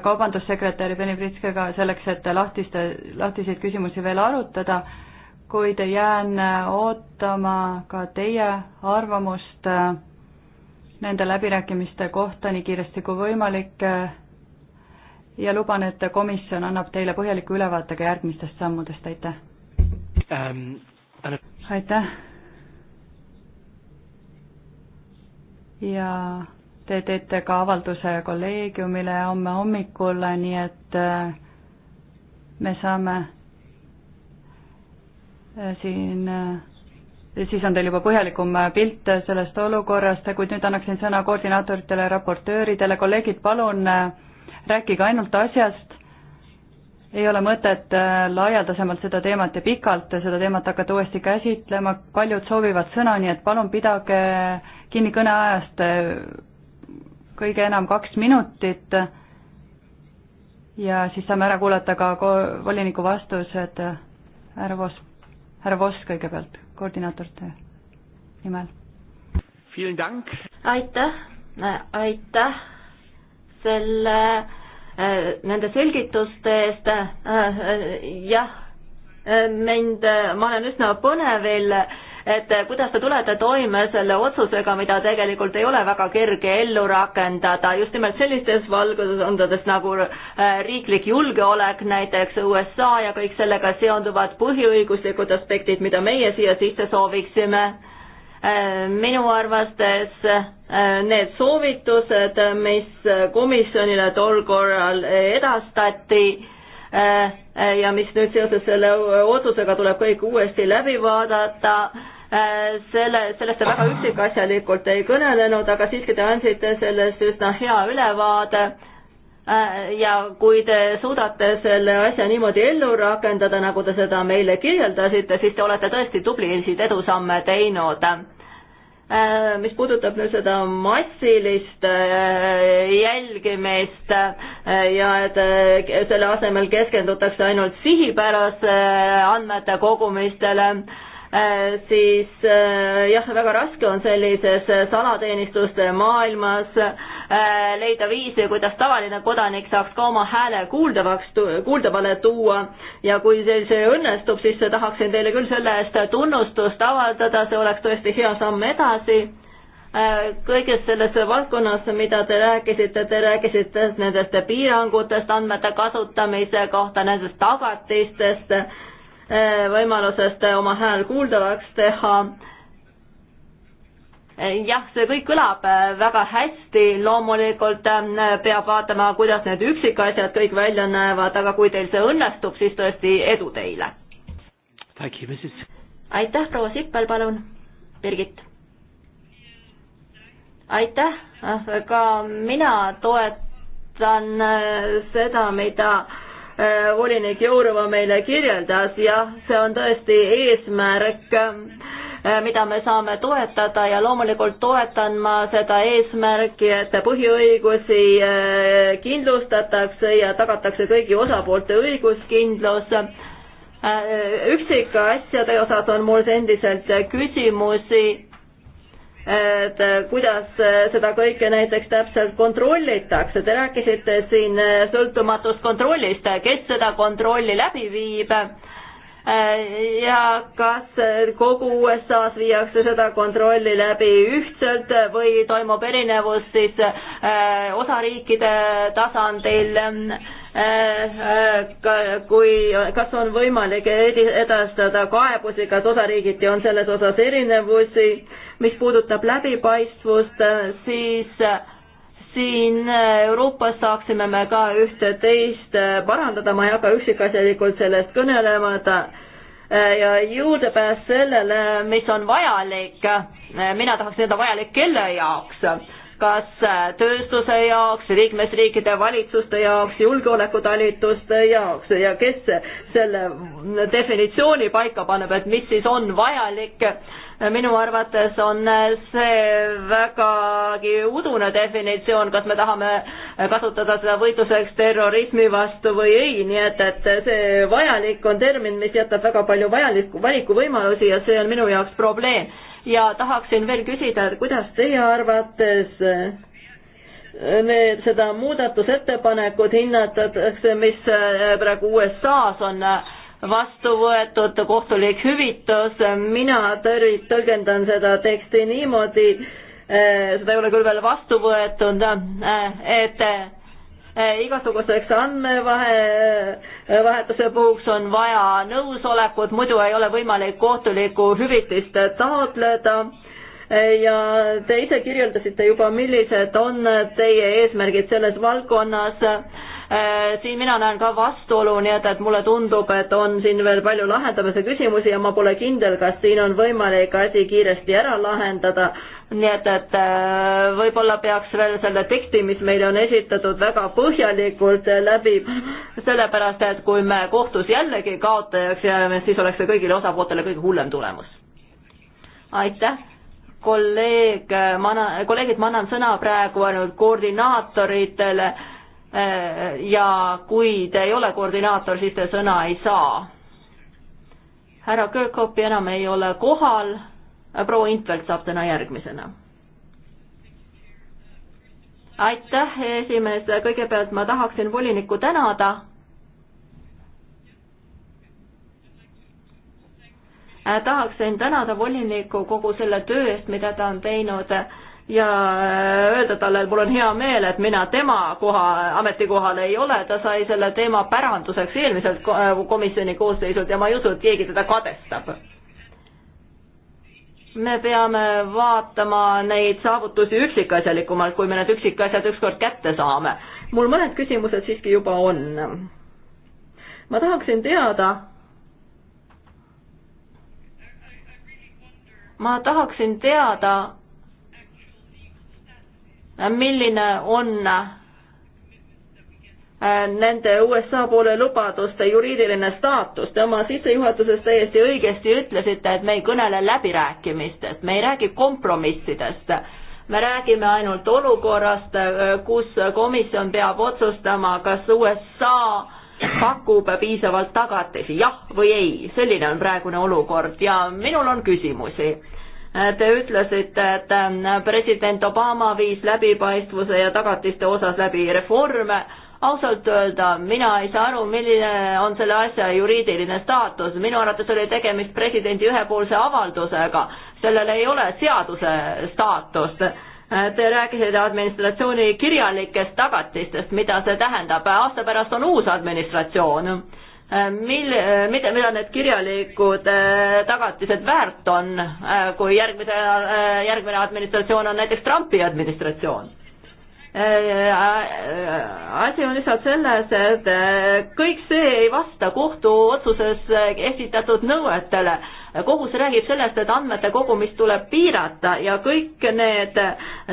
kaubandussekretär Beni Pritskega selleks, et lahtiste, lahtiseid küsimusi veel arutada, kuid jään äh, ootama ka teie arvamust äh, nende läbirääkimiste kohta nii kiiresti kui võimalik ja luban, et komisjon annab teile põhjaliku ülevaate ka järgmistest sammudest, aitäh um,! aitäh! ja te teete ka avalduse kolleegiumile homme hommikul, nii et äh, me saame äh, siin äh, siis on teil juba põhjalikum pilt sellest olukorrast, kuid nüüd annaksin sõna koordinaatoritele, raportööridele, kolleegid, palun rääkige ainult asjast, ei ole mõtet äh, laialdasemalt seda teemat ja pikalt seda teemat hakata uuesti käsitlema, paljud soovivad sõna, nii et palun pidage kinni kõneajast äh, kõige enam kaks minutit ja siis saame ära kuulata ka voliniku vastused äh, härra Voss, härra Voss kõigepealt koordinaatorite nimel. aitäh, aitäh selle Äh, nende selgituste eest. Äh, jah, äh, mind, ma olen üsna põnevil, et kuidas te tulete toime selle otsusega, mida tegelikult ei ole väga kerge ellu rakendada, just nimelt sellistes valgusandades nagu riiklik julgeolek, näiteks USA ja kõik sellega seonduvad põhiõiguslikud aspektid, mida meie siia sisse sooviksime minu arvates äh, need soovitused, mis komisjonile tol korral edastati äh, ja mis nüüd seoses selle otsusega tuleb kõik uuesti läbi vaadata, äh, selle, sellest te väga üksikasjalikult ei kõnelenud, aga siiski te andsite sellest üsna hea ülevaade Äh, ja kui te suudate selle asja niimoodi ellu rakendada, nagu te seda meile kirjeldasite, siis te olete tõesti tublisid edusamme teinud äh, mis puudutab nüüd seda massilist äh, jälgimist ja et selle asemel keskendutakse ainult sihipärase andmete kogumistele, siis jah, väga raske on sellises salateenistuste maailmas Äh, leida viise, kuidas tavaline kodanik saaks ka oma hääle kuuldavaks, kuuldavale tuua ja kui see, see õnnestub, siis tahaksin teile küll selle eest tunnustust avaldada, see oleks tõesti hea samm edasi äh, kõiges selles valdkonnas, mida te rääkisite, te rääkisite nendest piirangutest, andmete kasutamise kohta, nendest tagatistest, äh, võimalusest oma hääl kuuldavaks teha Äh, jah, see kõik kõlab äh, väga hästi, loomulikult ähm, peab vaatama, kuidas need üksikasjad kõik välja näevad, aga kui teil see õnnestub, siis tõesti edu teile. aitäh, proua Sippel, palun, Birgit. aitäh, ah, ka mina toetan äh, seda, mida volinik Jourova meile kirjeldas, jah, see on tõesti eesmärk ähm, Äh, mida me saame toetada ja loomulikult toetan ma seda eesmärki, et põhiõigusi äh, kindlustatakse ja tagatakse kõigi osapoolte õiguskindlus äh, üksikasjade osas on mul endiselt küsimusi, et kuidas seda kõike näiteks täpselt kontrollitakse, te rääkisite siin sõltumatust kontrollist, kes seda kontrolli läbi viib Äh, ja kas äh, kogu USA-s viiakse seda kontrolli läbi ühtselt või toimub erinevus siis äh, osariikide tasandil? kui, kas on võimalik edastada kaebusi, kas osariigiti on selles osas erinevusi, mis puudutab läbipaistvust, siis siin äh, Euroopas saaksime me ka ühte-teist äh, parandada, ma ei hakka üksikasjalikult sellest kõnelema, äh, ja juurdepääs sellele, mis on vajalik, mina tahaks teada, vajalik kelle jaoks, kas tööstuse jaoks, liikmesriikide valitsuste jaoks, julgeolekutalituste jaoks ja kes selle definitsiooni paika paneb, et mis siis on vajalik minu arvates on see vägagi udune definitsioon, kas me tahame kasutada seda võitluseks terrorismi vastu või ei, nii et, et see vajalik on termin, mis jätab väga palju vajalikku, valikuvõimalusi ja see on minu jaoks probleem. ja tahaksin veel küsida, et kuidas teie arvates need, seda muudatusettepanekut hinnatakse, mis praegu USA-s on äh, vastu võetud kohtulik hüvitus, mina tõl-, tõlgendan seda teksti niimoodi, eh, seda ei ole küll veel vastu võetud, eh, et eh, igasuguseks andmevahe, vahetuse puhuks on vaja nõusolekut, muidu ei ole võimalik kohtulikku hüvitist taotleda ja te ise kirjeldasite juba, millised on teie eesmärgid selles valdkonnas Äh, siin mina näen ka vastuolu, nii et, et mulle tundub, et on siin veel palju lahendamise küsimusi ja ma pole kindel, kas siin on võimalik asi kiiresti ära lahendada. nii et, et äh, võib-olla peaks veel selle teksti, mis meile on esitatud, väga põhjalikult läbi, sellepärast et kui me kohtus jällegi kaotajaks jääme, siis oleks see kõigile osapooltele kõige hullem tulemus. aitäh kolleeg, äh, ma annan, kolleegid, ma annan sõna praegu ainult koordinaatoritele Äh, ja kui te ei ole koordinaator, siis te sõna ei saa. härra Köökopi enam ei ole kohal, proua Intvelt saab täna järgmisena. aitäh, esimees, kõigepealt ma tahaksin volinikku tänada. Äh, tahaksin tänada volinikku kogu selle töö eest, mida ta on teinud ja äh, öelda talle, et mul on hea meel, et mina tema koha, ametikohal ei ole, ta sai selle teema päranduseks eelmiselt äh, komisjoni koosseisult ja ma ei usu, et keegi teda kadestab. me peame vaatama neid saavutusi üksikasjalikumalt, kui me need üksikasjad ükskord kätte saame. mul mõned küsimused siiski juba on. ma tahaksin teada, ma tahaksin teada, Äh, milline on äh, nende USA poole lubaduste juriidiline staatus. Te oma sissejuhatuses täiesti õigesti ütlesite, et me ei kõnele läbirääkimistest, me ei räägi kompromissidest. me räägime ainult olukorrast, äh, kus komisjon peab otsustama, kas USA pakub piisavalt tagatisi, jah või ei, selline on praegune olukord ja minul on küsimusi Äh, te ütlesite, et äh, president Obama viis läbipaistvuse ja tagatiste osas läbi reforme. ausalt öelda, mina ei saa aru, milline on selle asja juriidiline staatus. minu arvates oli tegemist presidendi ühepoolse avaldusega. sellel ei ole seaduse staatust äh, Te rääkisite administratsiooni kirjalikest tagatistest, mida see tähendab. aasta pärast on uus administratsioon Äh, mil-, äh, mida, mida need kirjalikud äh, tagatised väärt on, kui järgmise, järgmine administratsioon on näiteks Trumpi administratsioon? asi on lihtsalt selles, et kõik see ei vasta kohtuotsuses esitatud nõuetele. kohus räägib sellest, et andmete kogumist tuleb piirata ja kõik need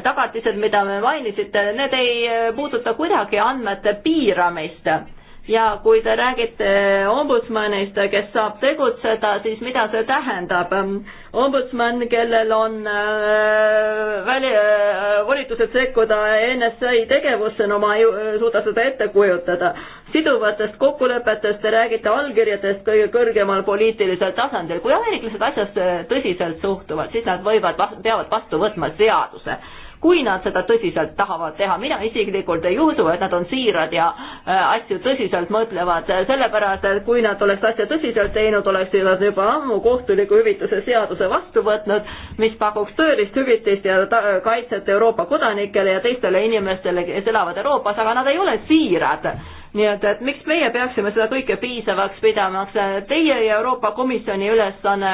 tagatised, mida me mainisite, need ei puuduta kuidagi andmete piiramist ja kui te räägite ombudsmanist, kes saab tegutseda, siis mida see tähendab? ombudsman, kellel on äh, väli äh,, volitused sekkuda NSA tegevusse, no ma ei suuda seda ette kujutada. siduvatest kokkulepetest te räägite allkirjadest kõige kõrgemal poliitilisel tasandil. kui ameeriklased asjasse tõsiselt suhtuvad, siis nad võivad, peavad vastu võtma seaduse kui nad seda tõsiselt tahavad teha. mina isiklikult ei usu, et nad on siirad ja äh, asju tõsiselt mõtlevad, äh, sellepärast et kui nad oleks asja tõsiselt teinud, oleksid nad juba ammu kohtuliku hüvitise seaduse vastu võtnud, mis pakuks tõelist hüvitist ja kaitset Euroopa kodanikele ja teistele inimestele, kes elavad Euroopas, aga nad ei ole siirad nii et, et miks meie peaksime seda kõike piisavaks pidama, teie ja Euroopa Komisjoni ülesanne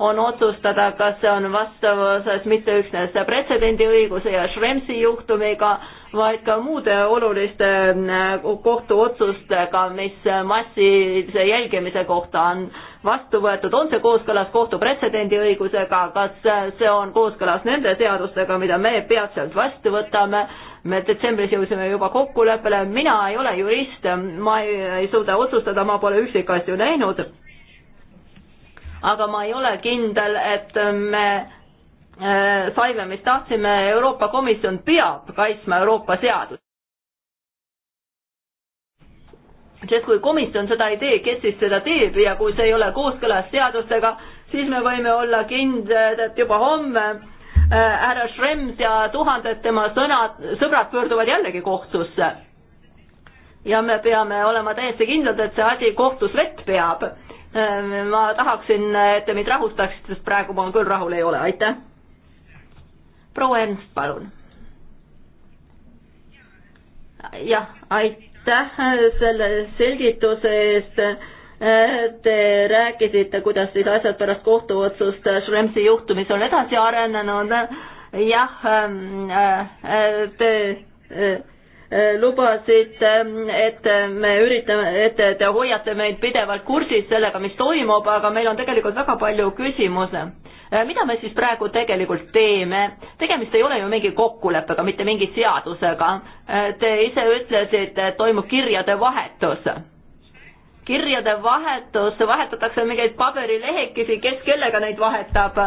on otsustada, kas see on vastavuses mitte üksnes pretsedendiõiguse ja Šremsi juhtumiga, vaid ka muude oluliste äh, kohtuotsustega, mis massilise jälgimise kohta on vastu võetud, on see kooskõlas kohtu pretsedendiõigusega, kas see on kooskõlas nende seadustega, mida me peatselt vastu võtame, me detsembris jõudsime juba kokkuleppele, mina ei ole jurist, ma ei, ei suuda otsustada, ma pole üksikasju näinud aga ma ei ole kindel, et me äh, saime, mis tahtsime, Euroopa Komisjon peab kaitsma Euroopa seadust. sest kui komisjon seda ei tee, kes siis seda teeb ja kui see ei ole kooskõlas seadustega, siis me võime olla kindlad, et juba homme äh, härra Schrems ja tuhanded tema sõnad, sõbrad pöörduvad jällegi kohtusse. ja me peame olema täiesti kindlad, et see asi kohtus vett peab Ehm, ma tahaksin, et te mind rahustaksite, sest praegu ma küll rahul ei ole, aitäh. proua Ernst, palun. jah, aitäh selle selgituse eest. Ehm, te rääkisite, kuidas siis asjad pärast kohtuotsust Schremsi juhtumis on edasi arenenud. jah, ehm, te Äh, lubasid, ähm, et me üritame, et te hoiate meid pidevalt kursis sellega, mis toimub, aga meil on tegelikult väga palju küsimusi. Äh, mida me siis praegu tegelikult teeme? tegemist ei ole ju mingi kokkuleppega, mitte mingi seadusega. Äh, te ise ütlesite, et toimub kirjade vahetus kirjade vahetus, vahetatakse mingeid paberilehekesi, kes kellega neid vahetab.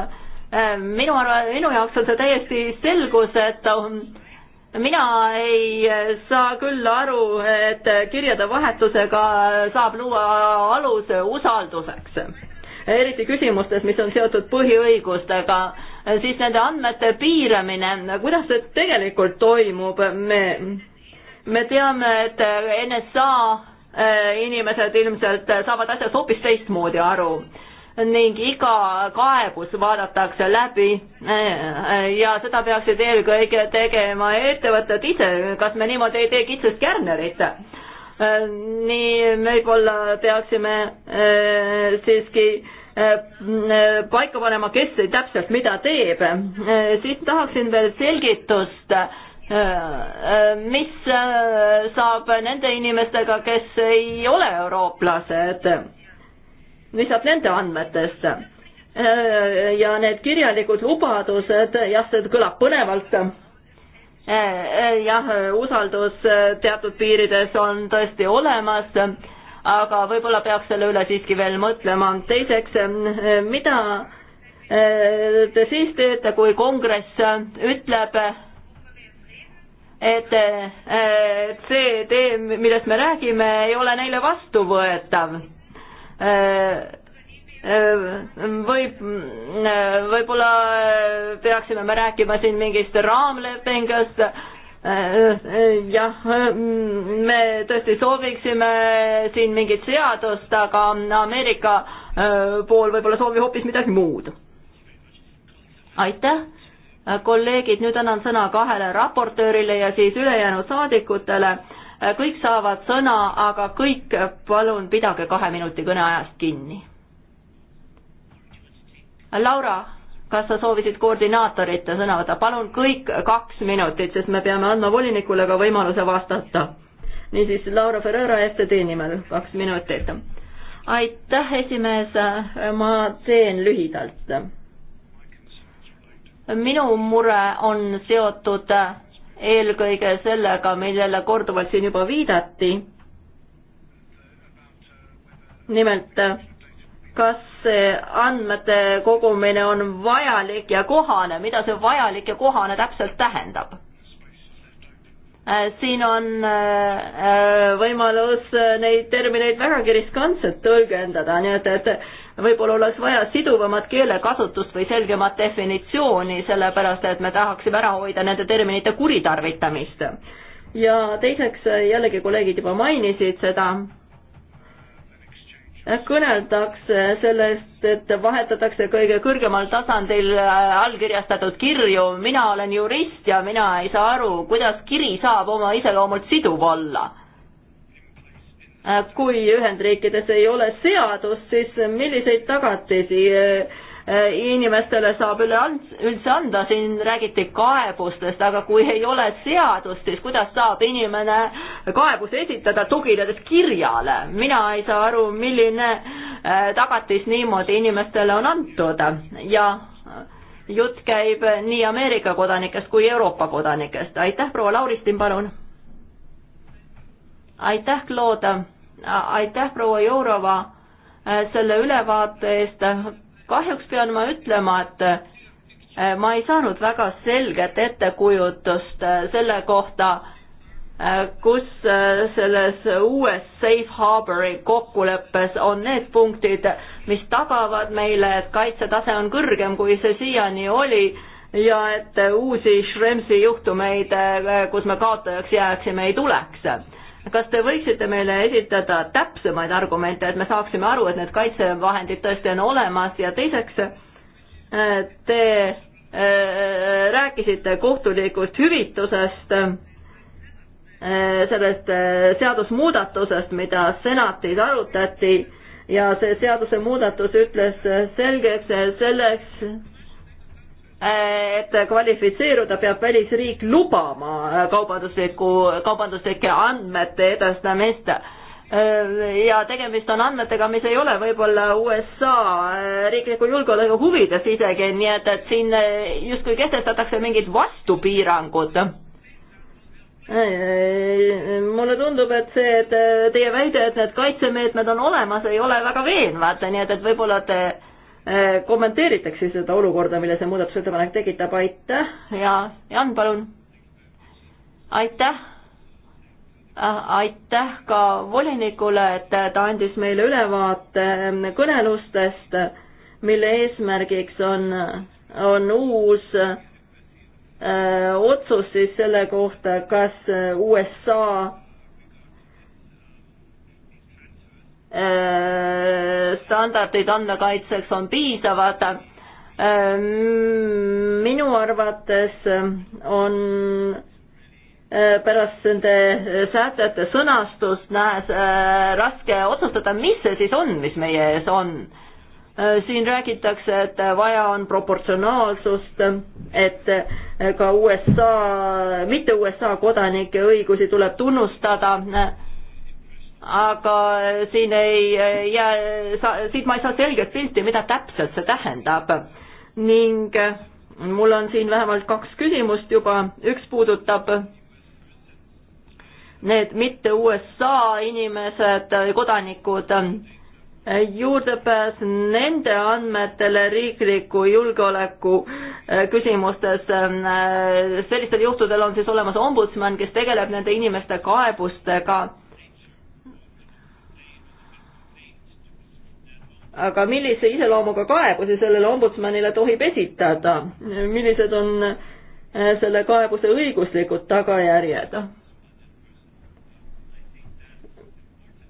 minu arva-, minu jaoks on see täiesti selgusetu ähm, mina ei eh, saa küll aru, et kirjade vahetusega saab luua aluse usalduseks, eriti küsimustes, mis on seotud põhiõigustega, siis nende andmete piiramine, kuidas see tegelikult toimub, me, me teame, et NSA eh, inimesed ilmselt saavad asjast hoopis teistmoodi aru ning iga kaebus vaadatakse läbi ja seda peaksid eelkõige tegema ettevõtted ise, kas me niimoodi ei tee kitsast kärnerit? nii võib-olla peaksime eh, siiski eh, paika panema, kes täpselt mida teeb. Eh, siis tahaksin veel selgitust, mis saab nende inimestega, kes ei ole eurooplased lihtsalt nende andmetest. Äh, ja need kirjalikud lubadused, jah, see kõlab põnevalt. Äh, äh, jah, usaldus teatud piirides on tõesti olemas, aga võib-olla peaks selle üle siiski veel mõtlema. teiseks, mida te siis teete, kui kongress ütleb, et see tee, millest me räägime, ei ole neile vastuvõetav võib, võib-olla peaksime me rääkima siin mingist raamlepingust, jah, me tõesti sooviksime siin mingit seadust, aga Ameerika pool võib-olla soovib hoopis midagi muud. aitäh, kolleegid, nüüd annan sõna kahele raportöörile ja siis ülejäänud saadikutele Äh, kõik saavad sõna, aga kõik palun pidage kahe minuti kõneajast kinni. Laura, kas sa soovisid koordinaatorite sõna võtta, palun kõik kaks minutit, sest me peame andma volinikule ka võimaluse vastata. niisiis, Laura Ferreira FTD nimel kaks minutit. aitäh, esimees, ma teen lühidalt minu mure on seotud eelkõige sellega, millele korduvalt siin juba viidati. nimelt, kas see andmete kogumine on vajalik ja kohane, mida see vajalik ja kohane täpselt tähendab? siin on äh, võimalus neid termineid vägagi riskantselt tõlgendada, nii et, et võib-olla oleks vaja siduvamat keelekasutust või selgemat definitsiooni, sellepärast et me tahaksime ära hoida nende terminite kuritarvitamist. ja teiseks, jällegi kolleegid juba mainisid seda, kõneldakse sellest, et vahetatakse kõige kõrgemal tasandil äh, allkirjastatud kirju, mina olen jurist ja mina ei saa aru, kuidas kiri saab oma iseloomult siduv olla Äh, kui Ühendriikides ei ole seadust, siis milliseid tagatisi äh, äh, inimestele saab üleüldse anda, siin räägiti kaebustest, aga kui ei ole seadust, siis kuidas saab inimene kaebuse esitada, tuginedes kirjale? mina ei saa aru, milline tagatis niimoodi inimestele on antud ja jutt käib nii Ameerika kodanikest kui Euroopa kodanikest. aitäh, proua Lauristin, palun! aitäh, Claude! aitäh, proua Jourova, äh, selle ülevaate eest. kahjuks pean ma ütlema, et äh, ma ei saanud väga selget ettekujutust äh, selle kohta, kus selles uues safe harbori kokkuleppes on need punktid, mis tagavad meile, et kaitsetase on kõrgem, kui see siiani oli ja et uusi Schrems'i juhtumeid, kus me kaotajaks jääksime, ei tuleks kas te võiksite meile esitada täpsemaid argumente, et me saaksime aru, et need kaitsevahendid tõesti on olemas ja teiseks äh, te äh, rääkisite kohtulikust hüvitusest, äh, sellest seadusmuudatusest, mida senatis arutati ja see seadusemuudatus ütles selgeks, et selleks et kvalifitseeruda, peab välisriik lubama äh, kaubandusliku, kaubanduslike andmete edastamist. Äh, ja tegemist on andmetega, mis ei ole võib-olla USA äh, riikliku julgeoleku huvides isegi, nii et, et siin justkui kehtestatakse mingid vastupiirangud mulle tundub, et see, et teie väide, et need kaitsemeetmed on olemas, ei ole väga veenvad, nii et, et võib-olla te Äh, kommenteeritakse seda olukorda, mille see muudatusettepanek tekitab, aitäh ja Jan, palun. aitäh. Äh, aitäh ka volinikule, et ta andis meile ülevaate ähm, kõnelustest, mille eesmärgiks on, on uus öö, äh, otsus siis selle kohta, kas USA Äh, standardid andmekaitseks on piisavad. Äh, minu arvates on äh, pärast nende sätete sõnastust nähes raske otsustada, mis see siis on, mis meie ees on. siin räägitakse, et vaja on proportsionaalsust, et ka USA, mitte USA kodanike õigusi tuleb tunnustada aga siin ei jää, siit ma ei saa selget pilti, mida täpselt see tähendab. ning mul on siin vähemalt kaks küsimust juba, üks puudutab need mitte USA inimesed, kodanikud, juurdepääs nende andmetele riikliku julgeoleku küsimustes, sellistel juhtudel on siis olemas ombudsman, kes tegeleb nende inimeste kaebustega aga millise iseloomuga kaebusi sellele ombudsmanile tohib esitada, millised on äh, selle kaebuse õiguslikud tagajärjed?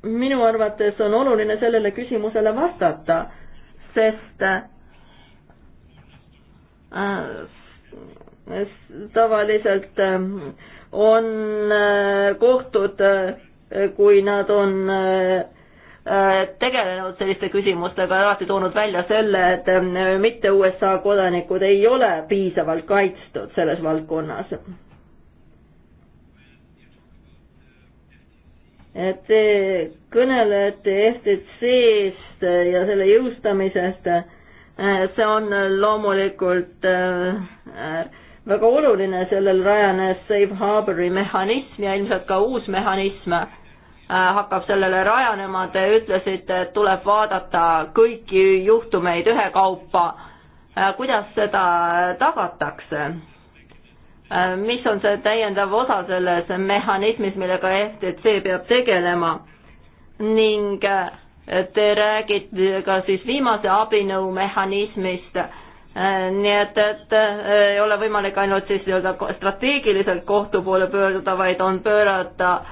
minu arvates on oluline sellele küsimusele vastata, sest äh, tavaliselt äh, on kohtud, kui nad on äh, Äh, tegelenud selliste küsimustega ja alati toonud välja selle, et ähm, mitte USA kodanikud ei ole piisavalt kaitstud selles valdkonnas. et te kõnelete FTC-st ja selle jõustamisest, äh, see on loomulikult äh, väga oluline, sellel rajanes safe harbori mehhanism ja ilmselt ka uus mehhanism Äh, hakkab sellele rajanema, te ütlesite, et tuleb vaadata kõiki juhtumeid ühekaupa. Äh, kuidas seda tagatakse? Äh, mis on see täiendav osa selles mehhanismis, millega FTC peab tegelema ning te räägite ka siis viimase abinõu mehhanismist, nii et, et ei ole võimalik ainult siis nii-öelda strateegiliselt kohtu poole pöörduda, vaid on pöörata äh,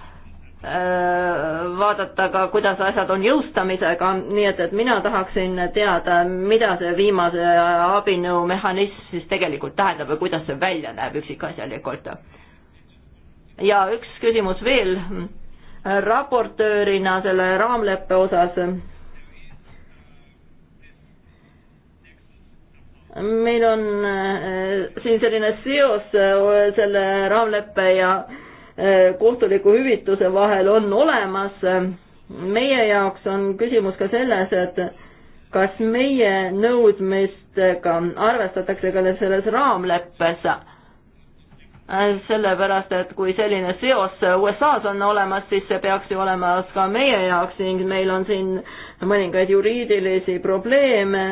Äh, vaadata ka, kuidas asjad on jõustamisega, nii et, et mina tahaksin teada, mida see viimase abinõu mehhanism siis tegelikult tähendab või kuidas see välja näeb üksikasjalikult. ja üks küsimus veel, raportöörina selle raamleppe osas meil on äh, siin selline seos äh, selle raamleppe ja äh, Äh, kohtuliku hüvituse vahel on olemas. meie jaoks on küsimus ka selles, et kas meie nõudmistega arvestatakse ka selles raamleppes, äh, sellepärast et kui selline seos USA-s on olemas, siis see peaks ju olema ka meie jaoks ning meil on siin mõningaid juriidilisi probleeme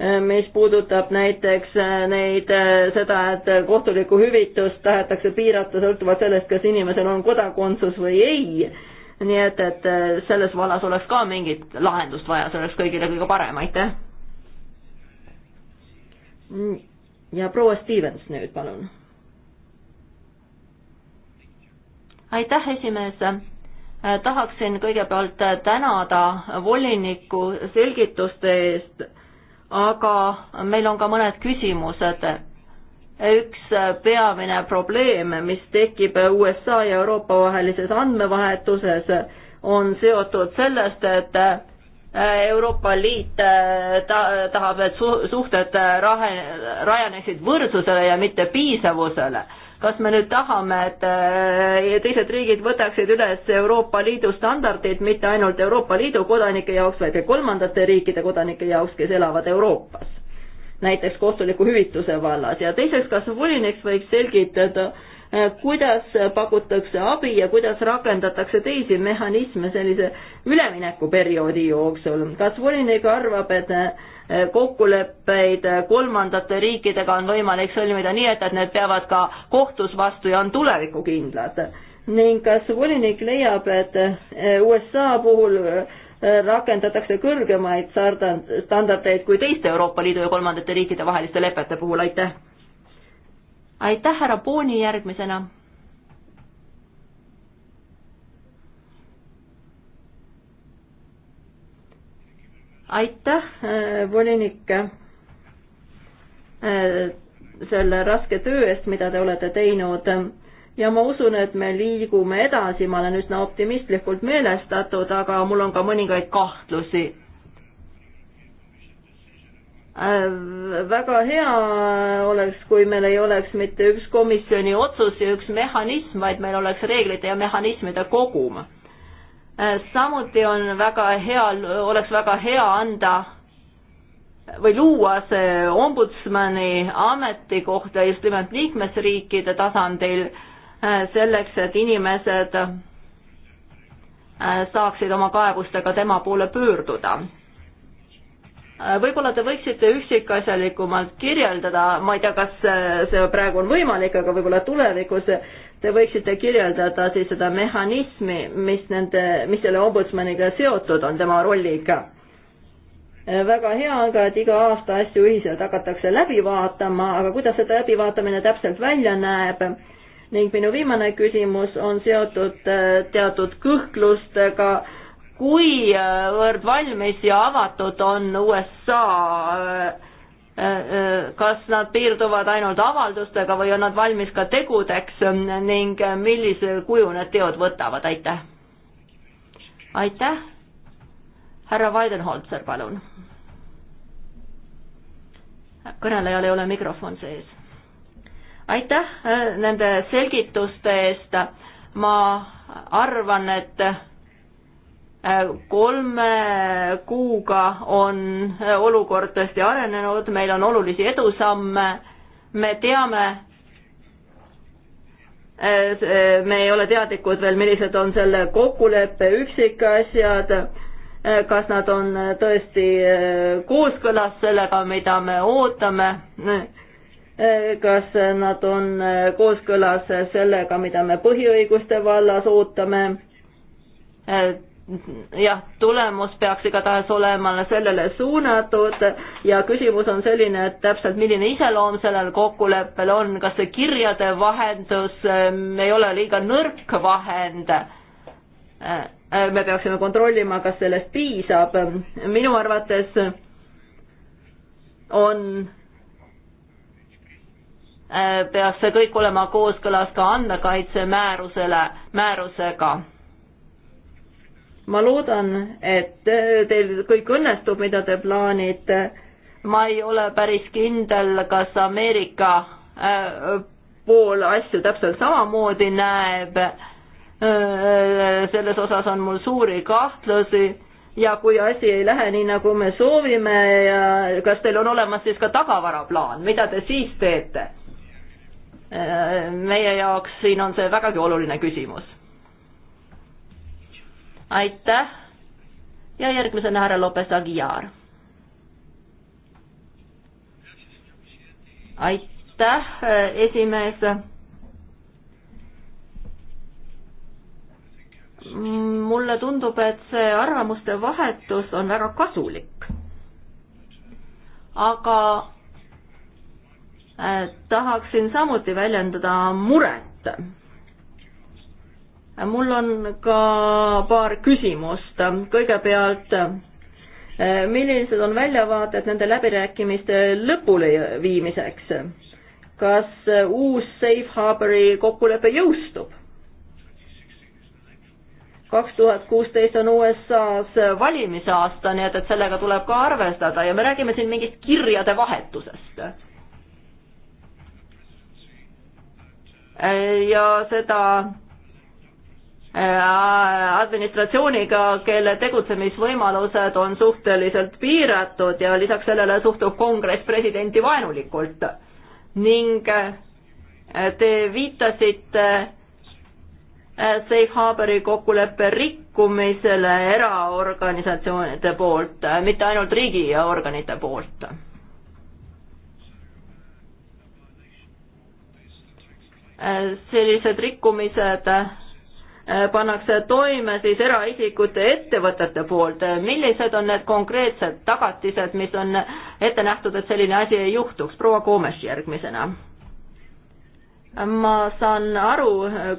Äh, mis puudutab näiteks äh, neid, äh, seda, et kohtulikku hüvitust tahetakse piirata sõltuvalt sellest, kas inimesel on kodakondsus või ei. nii et, et selles vallas oleks ka mingit lahendust vaja, see oleks kõigile kõige parem, aitäh. Mm, ja proua Stevens nüüd, palun. aitäh, esimees tahaksin kõigepealt tänada voliniku selgituste eest aga meil on ka mõned küsimused. üks peamine probleem, mis tekib USA ja Euroopa vahelises andmevahetuses, on seotud sellest, et Euroopa Liit eh, ta-, tahab, et su-, suhted rahe-, rajaneksid võrdsusele ja mitte piisavusele kas me nüüd tahame, et äh, teised riigid võtaksid üles Euroopa Liidu standardid mitte ainult Euroopa Liidu kodanike jaoks, vaid ka kolmandate riikide kodanike jaoks, kes elavad Euroopas? näiteks kohtuliku hüvituse vallas ja teiseks, kas volinik võiks selgitada äh, Äh, kuidas pakutakse abi ja kuidas rakendatakse teisi mehhanisme sellise üleminekuperioodi jooksul. kas volinik arvab, et äh, kokkuleppeid äh, kolmandate riikidega on võimalik sõlmida nii, et, et need peavad ka kohtus vastu ja on tulevikukindlad? ning kas volinik leiab, et USA puhul rakendatakse kõrgemaid standardeid kui teiste Euroopa Liidu ja kolmandate riikide vaheliste lepete puhul, aitäh! aitäh, härra Pooni järgmisena. aitäh, äh, volinik, äh, selle raske töö eest, mida te olete teinud ja ma usun, et me liigume edasi, ma olen üsna optimistlikult meelestatud, aga mul on ka mõningaid kahtlusi Äh, väga hea oleks, kui meil ei oleks mitte üks komisjoni otsus ja üks mehhanism, vaid meil oleks reeglite ja mehhanismide kogum. Äh, samuti on väga hea, oleks väga hea anda või luua see ombudsmani ametikoht just nimelt liikmesriikide tasandil äh, selleks, et inimesed saaksid oma kaebustega tema poole pöörduda Äh, võib-olla te võiksite üksikasjalikumalt kirjeldada, ma ei tea, kas äh, see praegu on võimalik, aga võib-olla tulevikus te võiksite kirjeldada siis seda mehhanismi, mis nende, mis selle ombudsmaniga seotud on, tema rolliga. Äh, väga hea on ka, et iga aasta asju ühiselt hakatakse läbi vaatama, aga kuidas seda läbivaatamine täpselt välja näeb ning minu viimane küsimus on seotud teatud kõhklustega kuivõrd äh, valmis ja avatud on USA äh, äh, kas nad piirduvad ainult avaldustega või on nad valmis ka tegudeks ning millise kuju need teod võtavad, aitäh. aitäh. härra Weidenholzer, palun. kõnelejal ei ole mikrofon sees. aitäh nende selgituste eest. ma arvan, et Äh, kolme kuuga on äh, olukord tõesti arenenud, meil on olulisi edusamme, me teame, äh, me ei ole teadlikud veel, millised on selle kokkuleppe üksikasjad, kas nad on tõesti kooskõlas sellega, mida me ootame, kas nad on kooskõlas sellega, mida me põhiõiguste vallas ootame, jah, tulemus peaks igatahes olema sellele suunatud ja küsimus on selline, et täpselt milline iseloom sellel kokkuleppel on, kas see kirjade vahendus ähm, ei ole liiga nõrk vahend? Äh, me peaksime kontrollima, kas sellest piisab. minu arvates on, äh, peaks see kõik olema kooskõlas ka andmekaitsemäärusele, määrusega ma loodan, et teil kõik õnnestub, mida te plaanite. ma ei ole päris kindel, kas Ameerika äh, pool asju täpselt samamoodi näeb. Äh, selles osas on mul suuri kahtlusi ja kui asi ei lähe nii, nagu me soovime ja kas teil on olemas siis ka tagavaraplaan, mida te siis teete? Äh, meie jaoks siin on see vägagi oluline küsimus aitäh ja järgmisena härra Lopes Aguiar. aitäh, esimees. mulle tundub, et see arvamuste vahetus on väga kasulik. aga eh, tahaksin samuti väljendada muret Äh, mul on ka paar küsimust. kõigepealt, äh, millised on väljavaated nende läbirääkimiste lõpuleviimiseks? kas äh, uus safe harbori kokkulepe jõustub? kaks tuhat kuusteist on USA-s valimisaasta, nii et, et sellega tuleb ka arvestada ja me räägime siin mingist kirjade vahetusest ja seda Äh, administratsiooniga, kelle tegutsemisvõimalused on suhteliselt piiratud ja lisaks sellele suhtub kongress presidenti vaenulikult. ning äh, te viitasite äh, Safe Harbori kokkuleppe rikkumisele eraorganisatsioonide poolt, mitte ainult riigiorganite poolt sellised rikkumised Äh, pannakse toime siis eraisikute ettevõtete poolt, millised on need konkreetsed tagatised, mis on ette nähtud, et selline asi ei juhtuks, proua Koomes järgmisena. ma saan aru,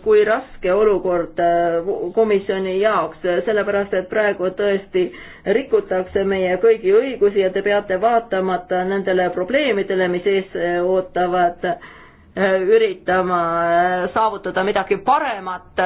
kui raske olukord äh, komisjoni jaoks, sellepärast et praegu tõesti rikutakse meie kõigi õigusi ja te peate vaatamata nendele probleemidele, mis ees äh, ootavad, üritama saavutada midagi paremat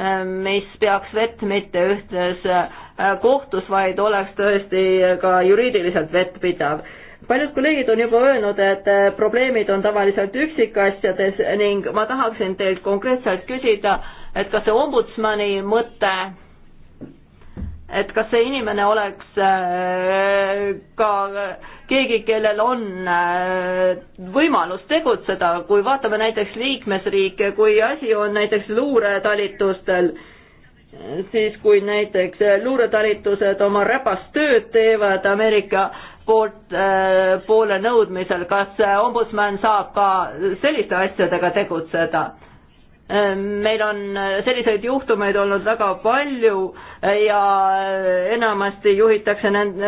Äh, mis peaks vett mitte ühtnes äh, kohtus, vaid oleks tõesti ka juriidiliselt vettpidav. paljud kolleegid on juba öelnud, et äh, probleemid on tavaliselt üksikasjades ning ma tahaksin teilt konkreetselt küsida, et kas see ombudsmani mõte et kas see inimene oleks äh, ka keegi, kellel on äh, võimalus tegutseda, kui vaatame näiteks liikmesriike, kui asi on näiteks luuretalitustel, siis kui näiteks luuretalitused oma räpast tööd teevad Ameerika poolt, äh, poole nõudmisel, kas ombudsman saab ka selliste asjadega tegutseda? meil on äh, selliseid juhtumeid olnud väga palju äh, ja äh, enamasti juhitakse nend-,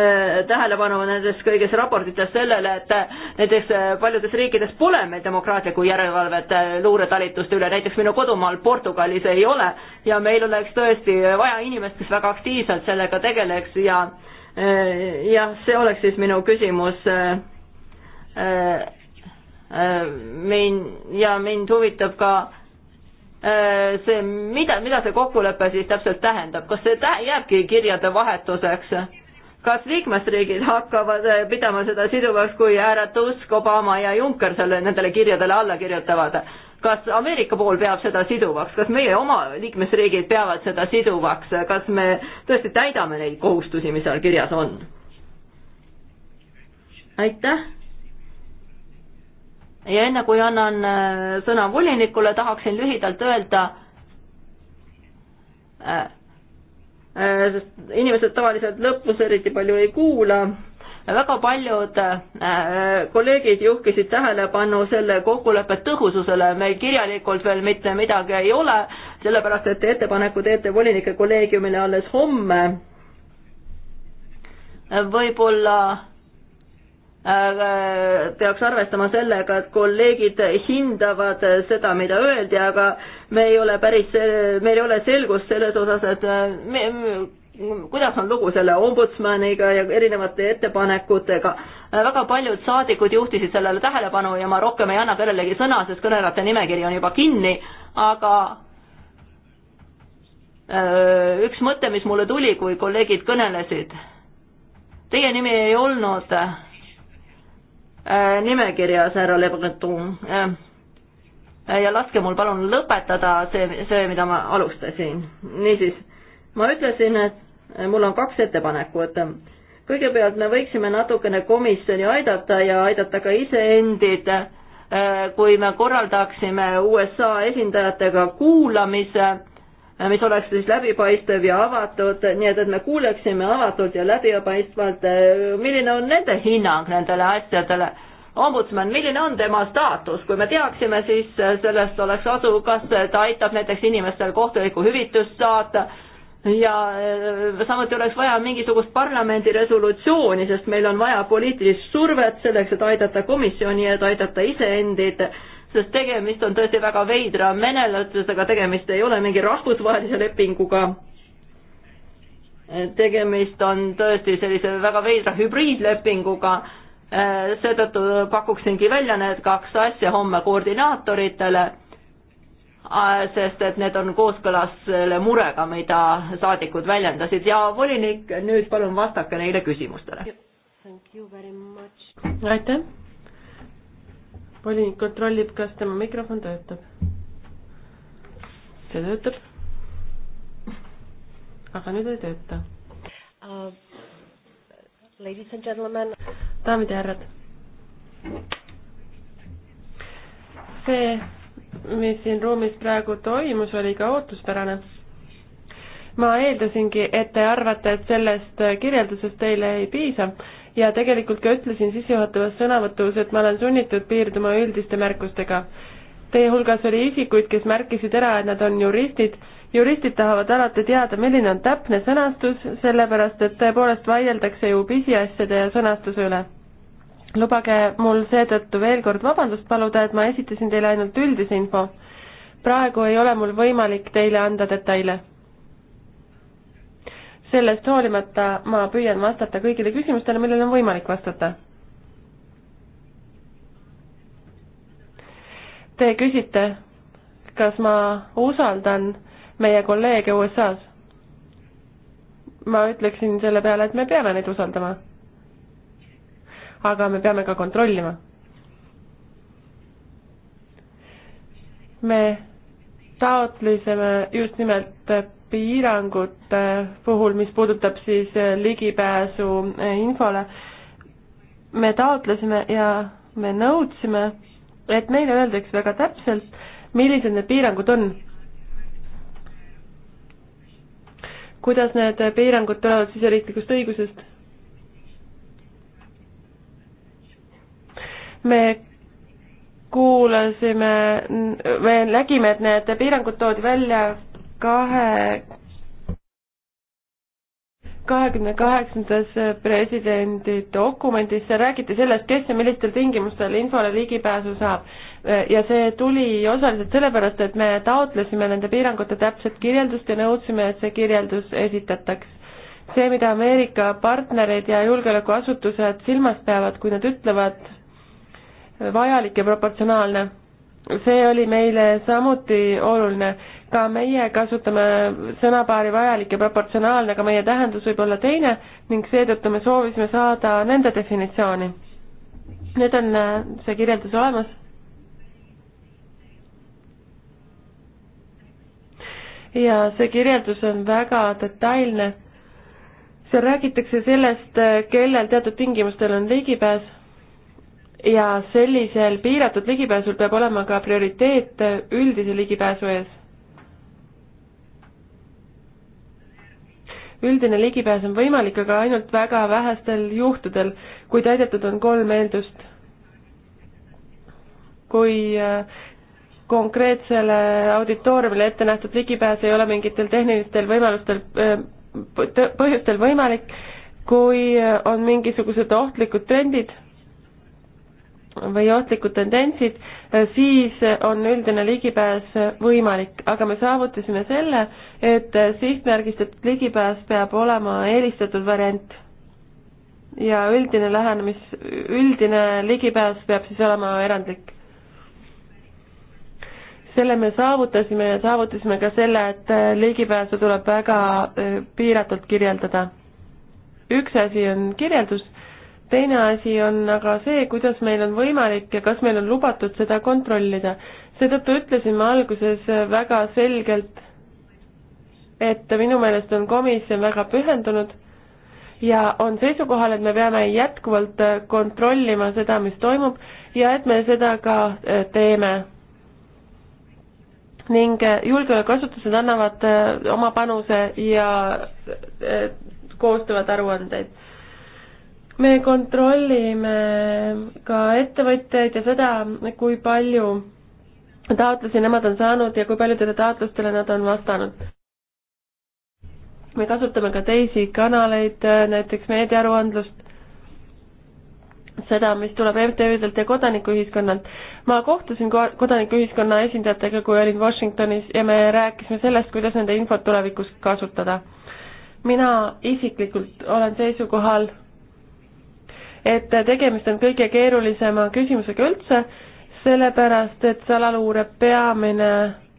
tähelepanu nendes kõiges raportites sellele, et näiteks paljudes riikides pole meil demokraatlikku järelevalvet luuretalituste üle, näiteks minu kodumaal Portugalis ei ole ja meil oleks tõesti vaja inimest, kes väga aktiivselt sellega tegeleks ja jah, see oleks siis minu küsimus min- ja mind huvitab ka Äh, see, mida, mida see kokkulepe siis täpselt tähendab, kas see tä-, jääbki kirjade vahetuseks? kas liikmesriigid hakkavad äh, pidama seda siduvaks, kui härrad Tusk, Obama ja Juncker selle, nendele kirjadele alla kirjutavad? kas Ameerika pool peab seda siduvaks, kas meie oma liikmesriigid peavad seda siduvaks, kas me tõesti täidame neid kohustusi, mis seal kirjas on? aitäh ja enne kui annan äh, sõna volinikule, tahaksin lühidalt öelda äh, äh,, sest inimesed tavaliselt lõpus eriti palju ei kuula, väga paljud äh, kolleegid juhkisid tähelepanu selle kokkuleppe tõhususele, meil kirjalikult veel mitte midagi ei ole, sellepärast et ettepaneku teete volinike kolleegiumile alles homme. võib-olla Äh, äh, peaks arvestama sellega, et kolleegid hindavad äh, seda, mida öeldi, aga me ei ole päris, meil ei ole selgust selles osas, et me, kuidas on lugu selle ombudsmaniga ja erinevate ettepanekutega. väga paljud saadikud juhtisid sellele tähelepanu ja ma rohkem ei anna kellelegi sõna, sest kõnelejate nimekiri on juba kinni, aga üks mõte, mis mulle tuli, kui kolleegid kõnelesid, teie nimi ei olnud äh, Äh, nimekirjas, härra Le Breton. Äh, äh, ja laske mul palun lõpetada see, see, mida ma alustasin. niisiis, ma ütlesin, et mul on kaks ettepanekut. kõigepealt me võiksime natukene komisjoni aidata ja aidata ka iseendid, kui me korraldaksime USA esindajatega kuulamise Äh, mis oleks siis läbipaistev ja avatud, nii et, et me kuuleksime avatult ja läbipaistvalt, äh, milline on nende hinnang nendele asjadele. ombudsman, milline on tema staatus, kui me teaksime, siis äh, sellest oleks kasu, kas ta aitab näiteks inimestel kohtulikku hüvitust saada ja samuti oleks vaja mingisugust parlamendi resolutsiooni, sest meil on vaja poliitilist survet selleks, et aidata komisjoni, et aidata iseendid sest tegemist on tõesti väga veidra menetlusega, tegemist ei ole mingi rahvusvahelise lepinguga. tegemist on tõesti sellise väga veidra hübriidlepinguga. seetõttu pakuksingi välja need kaks asja homme koordinaatoritele, sest et need on kooskõlas selle murega, mida saadikud väljendasid ja volinik, nüüd palun vastake neile küsimustele. aitäh volinik kontrollib, kas tema mikrofon töötab. see töötab. aga nüüd ei tööta uh,. Ladies and gentlemen. daamid ja härrad. see, mis siin ruumis praegu toimus, oli ka ootuspärane ma eeldasingi, et te arvate, et sellest kirjeldusest teile ei piisa ja tegelikult ka ütlesin sissejuhatavas sõnavõtus, et ma olen sunnitud piirduma üldiste märkustega. Teie hulgas oli isikuid, kes märkisid ära, et nad on juristid. juristid tahavad alati teada, milline on täpne sõnastus, sellepärast et tõepoolest vaieldakse ju pisiasjade ja sõnastuse üle. lubage mul seetõttu veel kord vabandust paluda, et ma esitasin teile ainult üldise info. praegu ei ole mul võimalik teile anda detaile sellest hoolimata ma püüan vastata kõigile küsimustele, millele on võimalik vastata. Te küsite, kas ma usaldan meie kolleege USA-s? ma ütleksin selle peale, et me peame neid usaldama. aga me peame ka kontrollima. me taotlesime just nimelt piirangute puhul, mis puudutab siis eh, ligipääsu eh, infole, me taotlesime ja me nõudsime, et meile öeldakse väga täpselt, millised need piirangud on kuidas need piirangud tulevad siseriiklikust õigusest? me kuulasime, me nägime, et need piirangud toodi välja kahe, kahekümne kaheksandas presidendi dokumendis räägiti sellest, kes ja millistel tingimustel infole ligipääsu saab. ja see tuli osaliselt sellepärast, et me taotlesime nende piirangute täpset kirjeldust ja nõudsime, et see kirjeldus esitataks see, mida Ameerika partnerid ja julgeolekuasutused silmas peavad, kui nad ütlevad vajalik ja proportsionaalne, see oli meile samuti oluline ka meie kasutame sõnapaari vajalik ja proportsionaalne, aga meie tähendus võib olla teine ning seetõttu me soovisime saada nende definitsiooni. nüüd on äh, see kirjeldus olemas. ja see kirjeldus on väga detailne. seal räägitakse sellest, äh, kellel teatud tingimustel on ligipääs ja sellisel piiratud ligipääsul peab olema ka prioriteet üldise ligipääsu ees üldine ligipääs on võimalik, aga ainult väga vähestel juhtudel, kui täidetud on kolm eeldust. kui äh, konkreetsele auditooriumile ette nähtud ligipääs ei ole mingitel tehnilistel võimalustel, äh, põhjustel võimalik, kui äh, on mingisugused ohtlikud trendid või ohtlikud tendentsid, eh, siis on üldine ligipääs eh, võimalik, aga me saavutasime selle, et eh, sihtmärgistatud ligipääs peab olema eelistatud variant. ja üldine lähenemis, üldine ligipääs peab siis olema erandlik. selle me saavutasime ja saavutasime ka selle, et ligipääsu tuleb väga piiratult kirjeldada. üks asi on kirjeldus teine asi on aga see, kuidas meil on võimalik ja kas meil on lubatud seda kontrollida. seetõttu ütlesin ma alguses väga selgelt, et minu meelest on komisjon väga pühendunud ja on seisukohal, et me peame jätkuvalt kontrollima seda, mis toimub ja et me seda ka äh, teeme. ning äh, julgeolekuasutused annavad äh, oma panuse ja koostavad aruandeid me kontrollime ka ettevõtjaid ja seda, kui palju taotlusi nemad on saanud ja kui paljudele taotlustele nad on vastanud. me kasutame ka teisi kanaleid, näiteks meediaaruandlust, seda, mis tuleb MTÜ-delt ja kodanikuühiskonnalt. ma kohtusin kodanikuühiskonna esindajatega, kui olin Washingtonis ja me rääkisime sellest, kuidas nende infot tulevikus kasutada. mina isiklikult olen seisukohal, et tegemist on kõige keerulisema küsimusega üldse, sellepärast et salaluure peamine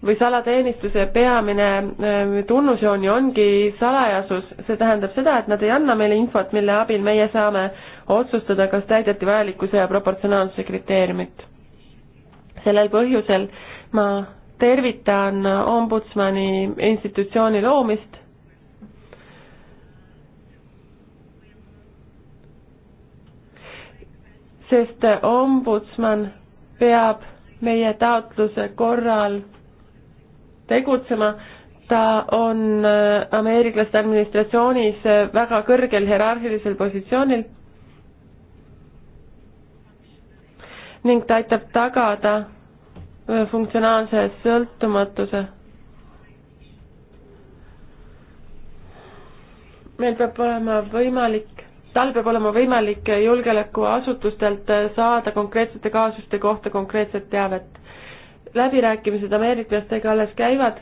või salateenistuse peamine ähm, tunnusjooni ongi salajasus, see tähendab seda, et nad ei anna meile infot, mille abil meie saame otsustada, kas täideti vajalikkuse ja proportsionaalsuse kriteeriumit. sellel põhjusel ma tervitan ombudsmani institutsiooni loomist sest ombudsman peab meie taotluse korral tegutsema, ta on äh, ameeriklaste administratsioonis äh, väga kõrgel hierarhilisel positsioonil ning ta aitab tagada äh, funktsionaalse sõltumatuse. meil peab olema võimalik tal peab olema võimalik julgeolekuasutustelt saada konkreetsete kaasuste kohta konkreetset teavet. läbirääkimised ameeriklastega alles käivad,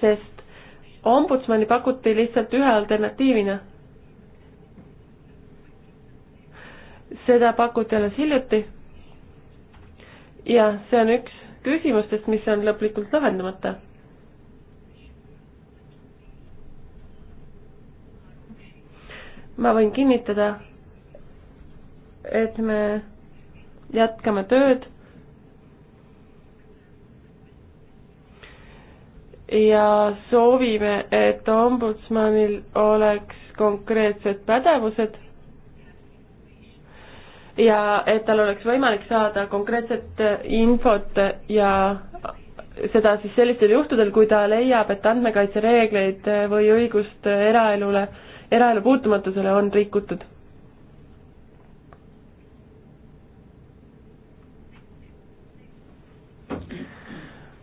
sest ombudsmani pakuti lihtsalt ühe alternatiivina. seda pakuti alles hiljuti ja see on üks küsimustest, mis on lõplikult lahendamata ma võin kinnitada, et me jätkame tööd ja soovime, et ombudsmanil oleks konkreetsed pädevused ja et tal oleks võimalik saada konkreetset infot ja seda siis sellistel juhtudel, kui ta leiab, et andmekaitsereegleid või õigust eraelule eraelu puutumatusele on rikutud.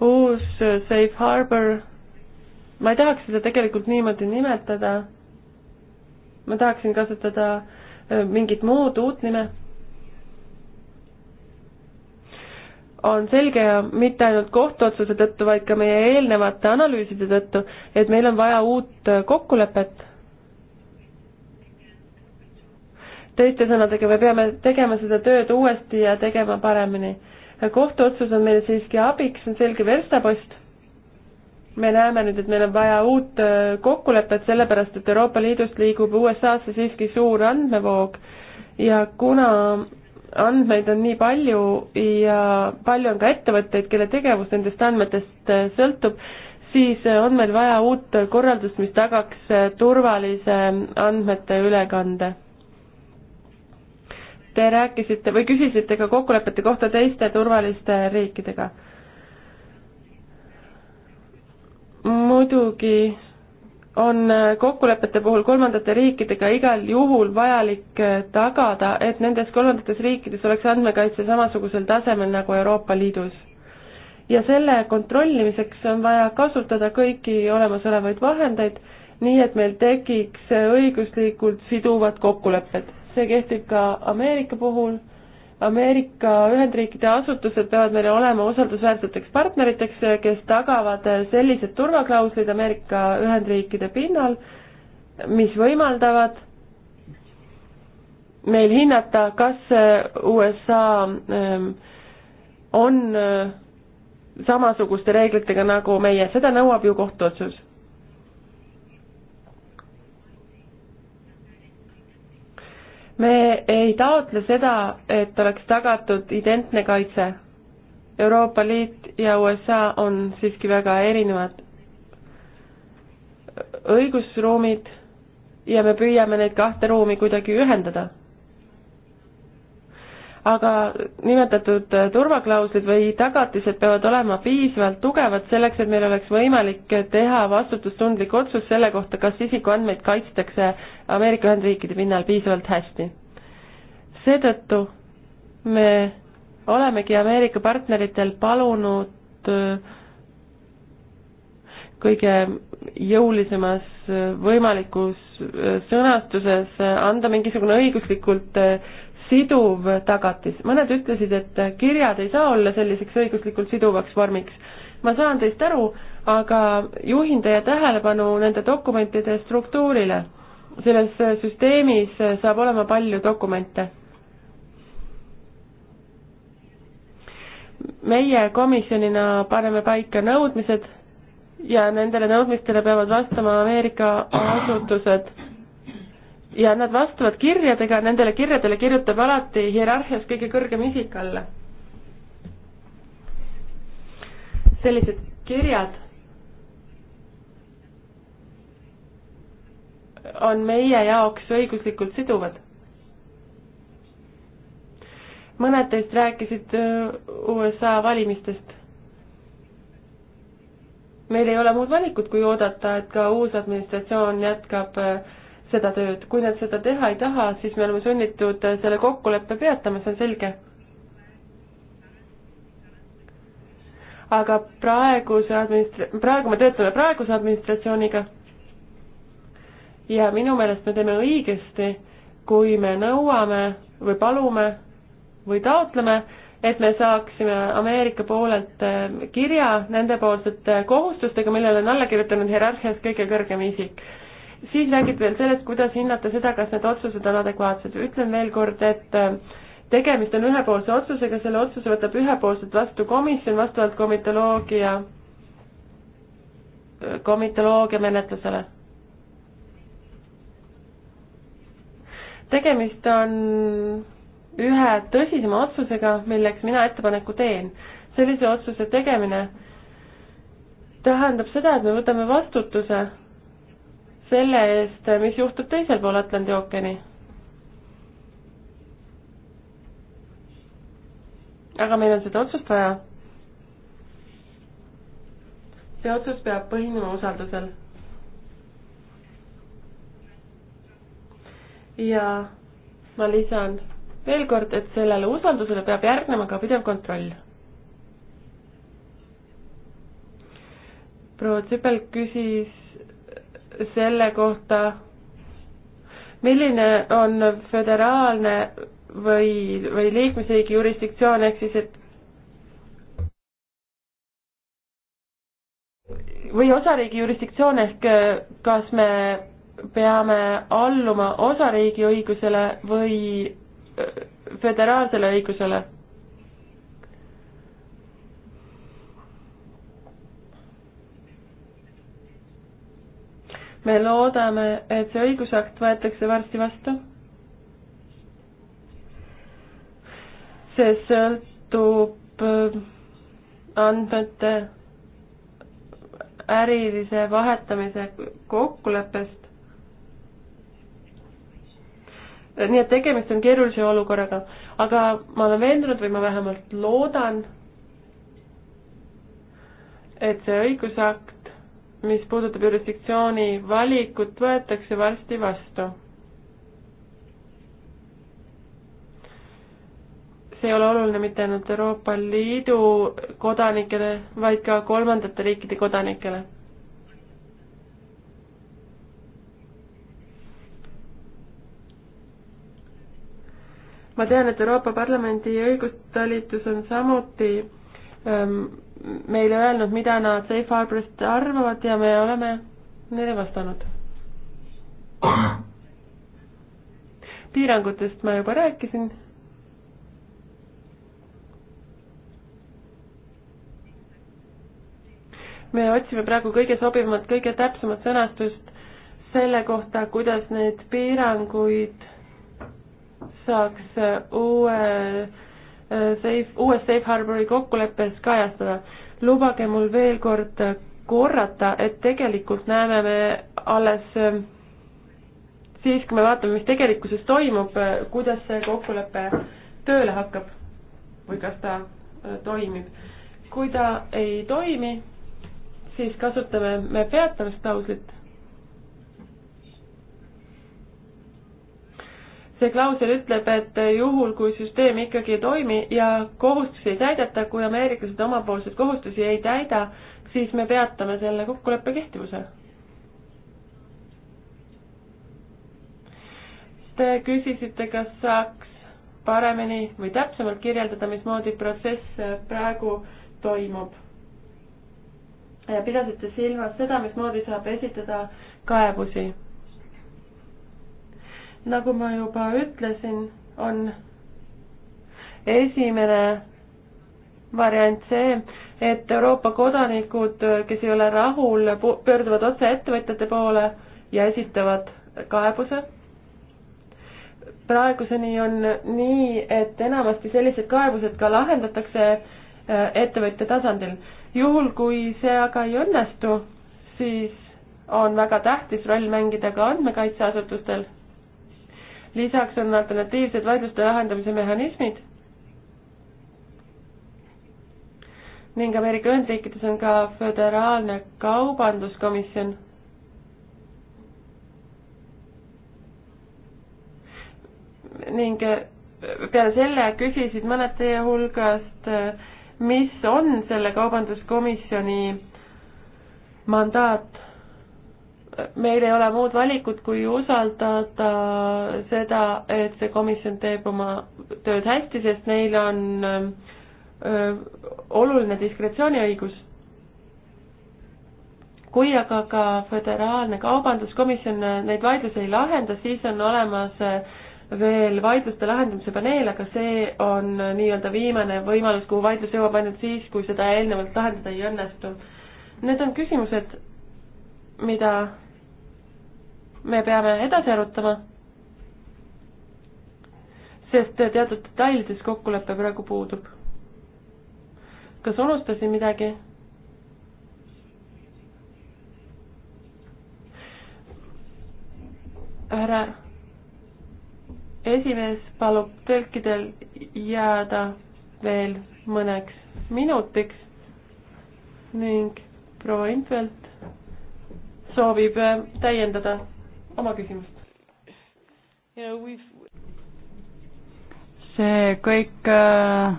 uus safe harbor, ma ei tahaks seda tegelikult niimoodi nimetada, ma tahaksin kasutada äh, mingit muud uut nime on selge ja mitte ainult kohtuotsuse tõttu, vaid ka meie eelnevate analüüside tõttu, et meil on vaja uut äh, kokkulepet. teiste sõnadega, me peame tegema seda tööd uuesti ja tegema paremini. kohtuotsus on meile siiski abiks, see on selge verstapost. me näeme nüüd, et meil on vaja uut äh, kokkulepet, sellepärast et Euroopa Liidust liigub USA-sse siiski suur andmevoog ja kuna andmeid on nii palju ja palju on ka ettevõtteid, kelle tegevus nendest andmetest äh, sõltub, siis äh, on meil vaja uut korraldust, mis tagaks turvalise andmete ülekande Te rääkisite või küsisite ka kokkulepete kohta teiste turvaliste riikidega. muidugi on kokkulepete puhul kolmandate riikidega igal juhul vajalik tagada, et nendes kolmandates riikides oleks andmekaitse samasugusel tasemel nagu Euroopa Liidus. ja selle kontrollimiseks on vaja kasutada kõiki olemasolevaid vahendeid, nii et meil tekiks õiguslikult siduvad kokkulepped see kehtib ka Ameerika puhul. Ameerika Ühendriikide asutused peavad meile olema usaldusväärseteks partneriteks, kes tagavad sellised turvaklauslid Ameerika Ühendriikide pinnal, mis võimaldavad meil hinnata, kas USA ähm, on äh, samasuguste reeglitega nagu meie, seda nõuab ju kohtuotsus me ei taotle seda, et oleks tagatud identne kaitse. Euroopa Liit ja USA on siiski väga erinevad õigusruumid ja me püüame neid kahte ruumi kuidagi ühendada aga nimetatud äh, turvaklauslid või tagatised peavad olema piisavalt tugevad selleks, et meil oleks võimalik teha vastutustundlik otsus selle kohta, kas isikuandmeid kaitstakse Ameerika Ühendriikide pinnal piisavalt hästi. seetõttu me olemegi Ameerika partneritel palunud äh, kõige jõulisemas äh, võimalikus sõnastuses anda mingisugune õiguslikult siduv tagatis. mõned ütlesid, et kirjad ei saa olla selliseks õiguslikult siduvaks vormiks. ma saan teist aru, aga juhin teie tähelepanu nende dokumentide struktuurile. selles süsteemis saab olema palju dokumente. meie komisjonina paneme paika nõudmised ja nendele nõudmistele peavad vastama Ameerika asutused ja nad vastavad kirjadega, nendele kirjadele kirjutab alati hierarhias kõige kõrgem isik alla. sellised kirjad on meie jaoks õiguslikult siduvad. mõned teist rääkisid äh, USA valimistest. meil ei ole muud valikut, kui oodata, et ka uus administratsioon jätkab äh, seda tööd, kui nad seda teha ei taha, siis me oleme sunnitud selle kokkuleppe peatama, see on selge. aga praeguse administra-, praegu me töötame praeguse administratsiooniga ja minu meelest me teeme õigesti, kui me nõuame või palume või taotleme, et me saaksime Ameerika poolelt eh, kirja nendepoolsete kohustustega, millele on alla kirjutanud hierarhias kõige kõrgem isik siis räägib veel sellest, kuidas hinnata seda, kas need otsused on adekvaatsed. ütlen veel kord, et äh, tegemist on ühepoolse otsusega, selle otsuse võtab ühepoolselt vastu komisjon vastavalt komitoloogia, äh, komitoloogia menetlusele. tegemist on ühe tõsisema otsusega, milleks mina ettepaneku teen. sellise otsuse tegemine tähendab seda, et me võtame vastutuse selle eest, mis juhtub teisel pool Atlandi ookeani. aga meil on seda otsust vaja. see otsus peab põhinema usaldusel. ja ma lisan veel kord, et sellele usaldusele peab järgnema ka pidev kontroll proua Tsüpel küsis selle kohta, milline on föderaalne või, või liikmesriigi jurisdiktsioon, ehk siis et või osariigi jurisdiktsioon ehk eh, kas me peame alluma osariigi õigusele või eh, föderaalsele õigusele me loodame, et see õigusakt võetakse varsti vastu. see sõltub äh, andmete ärilise vahetamise kokkuleppest. nii et tegemist on keerulise olukorraga, aga ma olen veendunud või ma vähemalt loodan, et see õigusakt mis puudutab jurisdiktsiooni valikut, võetakse varsti vastu. see ei ole oluline mitte ainult Euroopa Liidu kodanikele, vaid ka kolmandate riikide kodanikele ma tean, et Euroopa Parlamendi õigustalitus on samuti ähm, meile öelnud, mida nad Safe Harborist arvavad ja me oleme neile vastanud. piirangutest ma juba rääkisin. me otsime praegu kõige sobivamat, kõige täpsemat sõnastust selle kohta, kuidas neid piiranguid saaks uue äh, Äh, safe, uues Safe Harbori kokkuleppes kajastada. lubage mul veel kord korrata, et tegelikult näeme me alles äh, siis, kui me vaatame, mis tegelikkuses toimub, äh, kuidas see kokkulepe tööle hakkab või kas ta toimib. kui ta ei toimi, siis kasutame me peatamisklauslit see klausel ütleb, et juhul, kui süsteem ikkagi ei toimi ja kohustusi ei täideta, kui ameeriklased omapoolseid kohustusi ei täida, siis me peatame selle kokkuleppe kehtivuse. Te küsisite, kas saaks paremini või täpsemalt kirjeldada, mismoodi protsess praegu toimub. pidasite silmas seda, mismoodi saab esitada kaebusi nagu ma juba ütlesin, on esimene variant see, et Euroopa kodanikud, kes ei ole rahul, pöörduvad otse ettevõtjate poole ja esitavad kaebuse. praeguseni on nii, et enamasti sellised kaebused ka lahendatakse äh, ettevõtja tasandil. juhul, kui see aga ei õnnestu, siis on väga tähtis roll mängida ka andmekaitseasutustel lisaks on alternatiivsed vaidluste lahendamise mehhanismid ning Ameerika Ühendriikides on ka föderaalne kaubanduskomisjon ning eh, peale selle küsisid mõned teie hulgast, eh, mis on selle kaubanduskomisjoni mandaat meil ei ole muud valikut, kui usaldada seda, et see komisjon teeb oma tööd hästi, sest neil on öö, oluline diskretsiooniõigus. kui aga ka Föderaalne Kaubanduskomisjon neid vaidlusi ei lahenda, siis on olemas veel vaidluste lahendamise paneel, aga see on nii-öelda viimane võimalus, kuhu vaidlus jõuab ainult siis, kui seda eelnevalt lahendada ei õnnestu. Need on küsimused, mida me peame edasi arutama, sest teatud detailides kokkulepe praegu puudub. kas unustasin midagi? härra esimees palub tõlkidel jääda veel mõneks minutiks ning proua Infeld soovib täiendada oma küsimust. see kõik äh,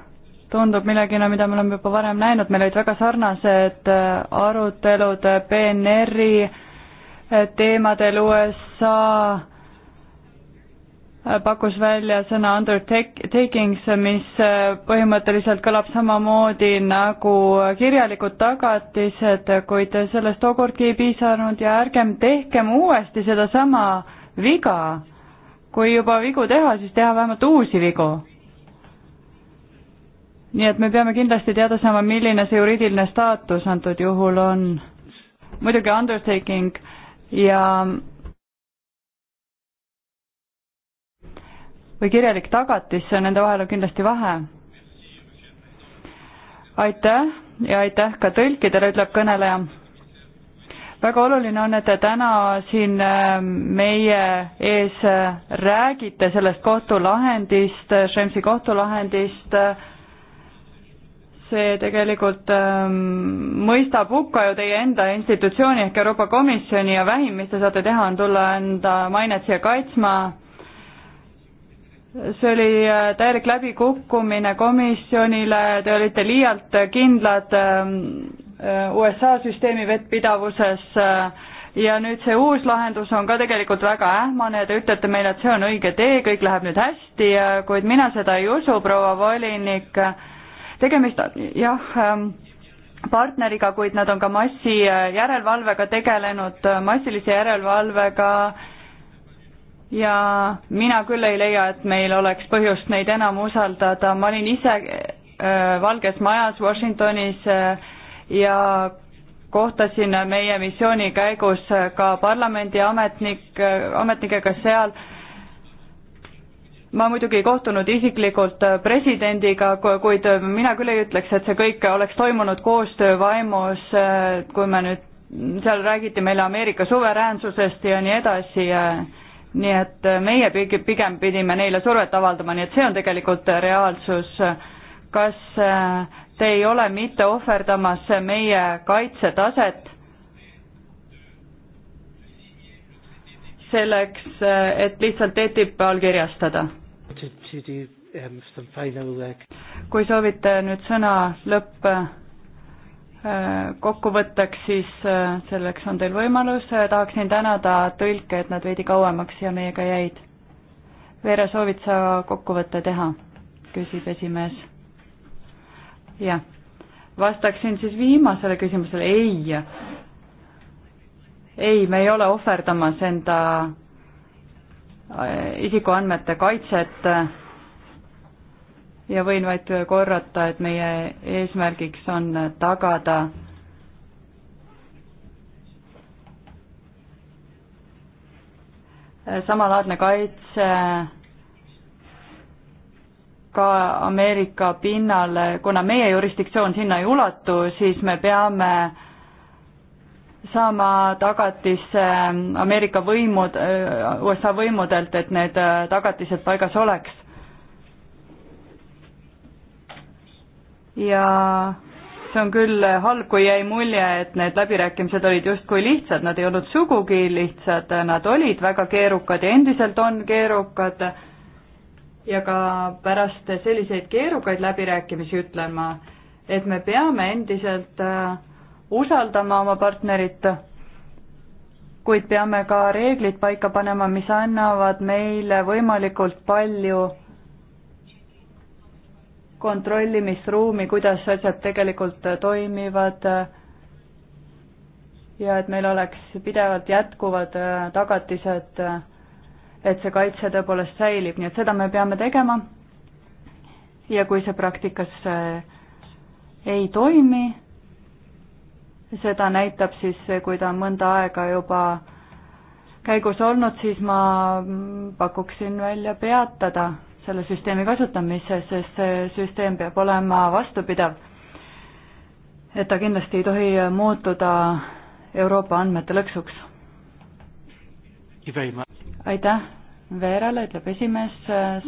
tundub millegina, mida me oleme juba varem näinud, meil olid väga sarnased äh, arutelud äh, PNR-i teemadel USA pakkus välja sõna undertakings, mis äh, põhimõtteliselt kõlab samamoodi nagu kirjalikud tagatised, kuid sellest tookordki ei piisanud ja ärgem tehkem uuesti sedasama viga. kui juba vigu teha, siis teha vähemalt uusi vigu. nii et me peame kindlasti teada saama, milline see juriidiline staatus antud juhul on. muidugi undertaking ja või kirjalik tagatis, nende vahel on kindlasti vahe. aitäh ja aitäh ka tõlkidele, ütleb kõneleja. väga oluline on, et te täna siin äh, meie ees äh, räägite sellest kohtulahendist, Šemsi kohtulahendist, see tegelikult ähm, mõistab hukka ju teie enda institutsiooni ehk Euroopa Komisjoni ja vähim, mis te saate teha, on tulla enda mainet siia kaitsma see oli äh, täielik läbikukkumine komisjonile, te olite liialt kindlad ähm, äh, USA süsteemi vettpidavuses äh, ja nüüd see uus lahendus on ka tegelikult väga ähmane ja te ütlete meile, et see on õige tee, kõik läheb nüüd hästi, kuid mina seda ei usu, proua volinik. tegemist on jah ähm, partneriga, kuid nad on ka massi järelevalvega tegelenud, massilise järelevalvega ja mina küll ei leia, et meil oleks põhjust neid enam usaldada, ma olin ise äh, Valges Majas Washingtonis äh, ja kohtasin meie missiooni käigus ka parlamendi ametnik, äh, ametnikega seal. ma muidugi ei kohtunud isiklikult äh, presidendiga, kuid mina küll ei ütleks, et see kõik oleks toimunud koostöö vaimus, äh, kui me nüüd, seal räägiti meile Ameerika suveräänsusest ja nii edasi nii et äh, meie pigem pidime neile survet avaldama, nii et see on tegelikult äh, reaalsus. kas äh, te ei ole mitte ohverdamas meie kaitsetaset selleks, et lihtsalt TTIP allkirjastada? Um, kui soovite nüüd sõna lõpp kokkuvõtteks siis äh, selleks on teil võimalus, äh, tahaksin tänada tõlke, et nad veidi kauemaks siia meiega jäid. Veere, soovid sa kokkuvõtte teha? küsib esimees. jah, vastaksin siis viimasele küsimusele, ei. ei, me ei ole ohverdamas enda äh, isikuandmete kaitset ja võin vaid korrata, et meie eesmärgiks on tagada samalaadne kaitse ka Ameerika pinnal, kuna meie jurisdiktsioon sinna ei ulatu, siis me peame saama tagatise Ameerika võimud, USA võimudelt, et need tagatised paigas oleks. ja see on küll halb, kui jäi mulje, et need läbirääkimised olid justkui lihtsad, nad ei olnud sugugi lihtsad, nad olid väga keerukad ja endiselt on keerukad. ja ka pärast selliseid keerukaid läbirääkimisi ütlen ma, et me peame endiselt äh, usaldama oma partnerit, kuid peame ka reeglid paika panema, mis annavad meile võimalikult palju kontrollimisruumi, kuidas asjad tegelikult äh, toimivad äh, ja et meil oleks pidevalt jätkuvad äh, tagatised, et see kaitse tõepoolest säilib, nii et seda me peame tegema. ja kui see praktikas ei toimi, seda näitab siis, kui ta on mõnda aega juba käigus olnud, siis ma mm, pakuksin välja peatada selle süsteemi kasutamise, sest see süsteem peab olema vastupidav. et ta kindlasti ei tohi muutuda Euroopa andmete lõksuks. aitäh Veerale, ütleb esimees,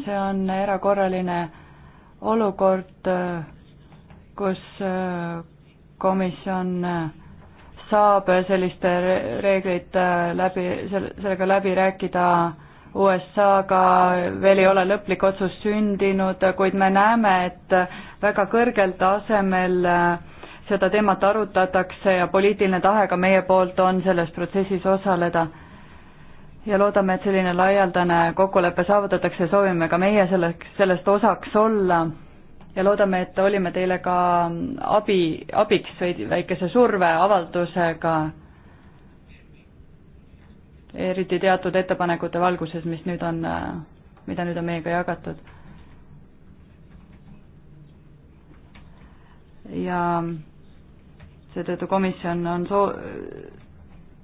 see on erakorraline olukord, kus komisjon saab selliste reeglite läbi, sellega läbi rääkida äh, USA-ga veel ei ole lõplik otsus sündinud, kuid me näeme, et väga kõrgel tasemel äh, seda teemat arutatakse ja poliitiline tahe ka meie poolt on selles protsessis osaleda. ja loodame, et selline laialdane kokkulepe saavutatakse, soovime ka meie selleks, sellest osaks olla ja loodame, et olime teile ka ähm, abi, abiks veidi väikese surveavaldusega eriti teatud ettepanekute valguses, mis nüüd on, äh, mida nüüd on meiega jagatud. ja seetõttu komisjon on soo-,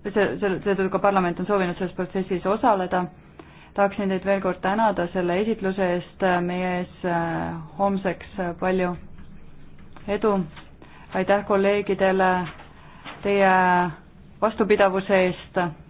see, selle, seetõttu ka parlament on soovinud selles protsessis osaleda, tahaksin teid veel kord tänada selle esitluse eest meie ees äh, homseks palju edu, aitäh kolleegidele teie vastupidavuse eest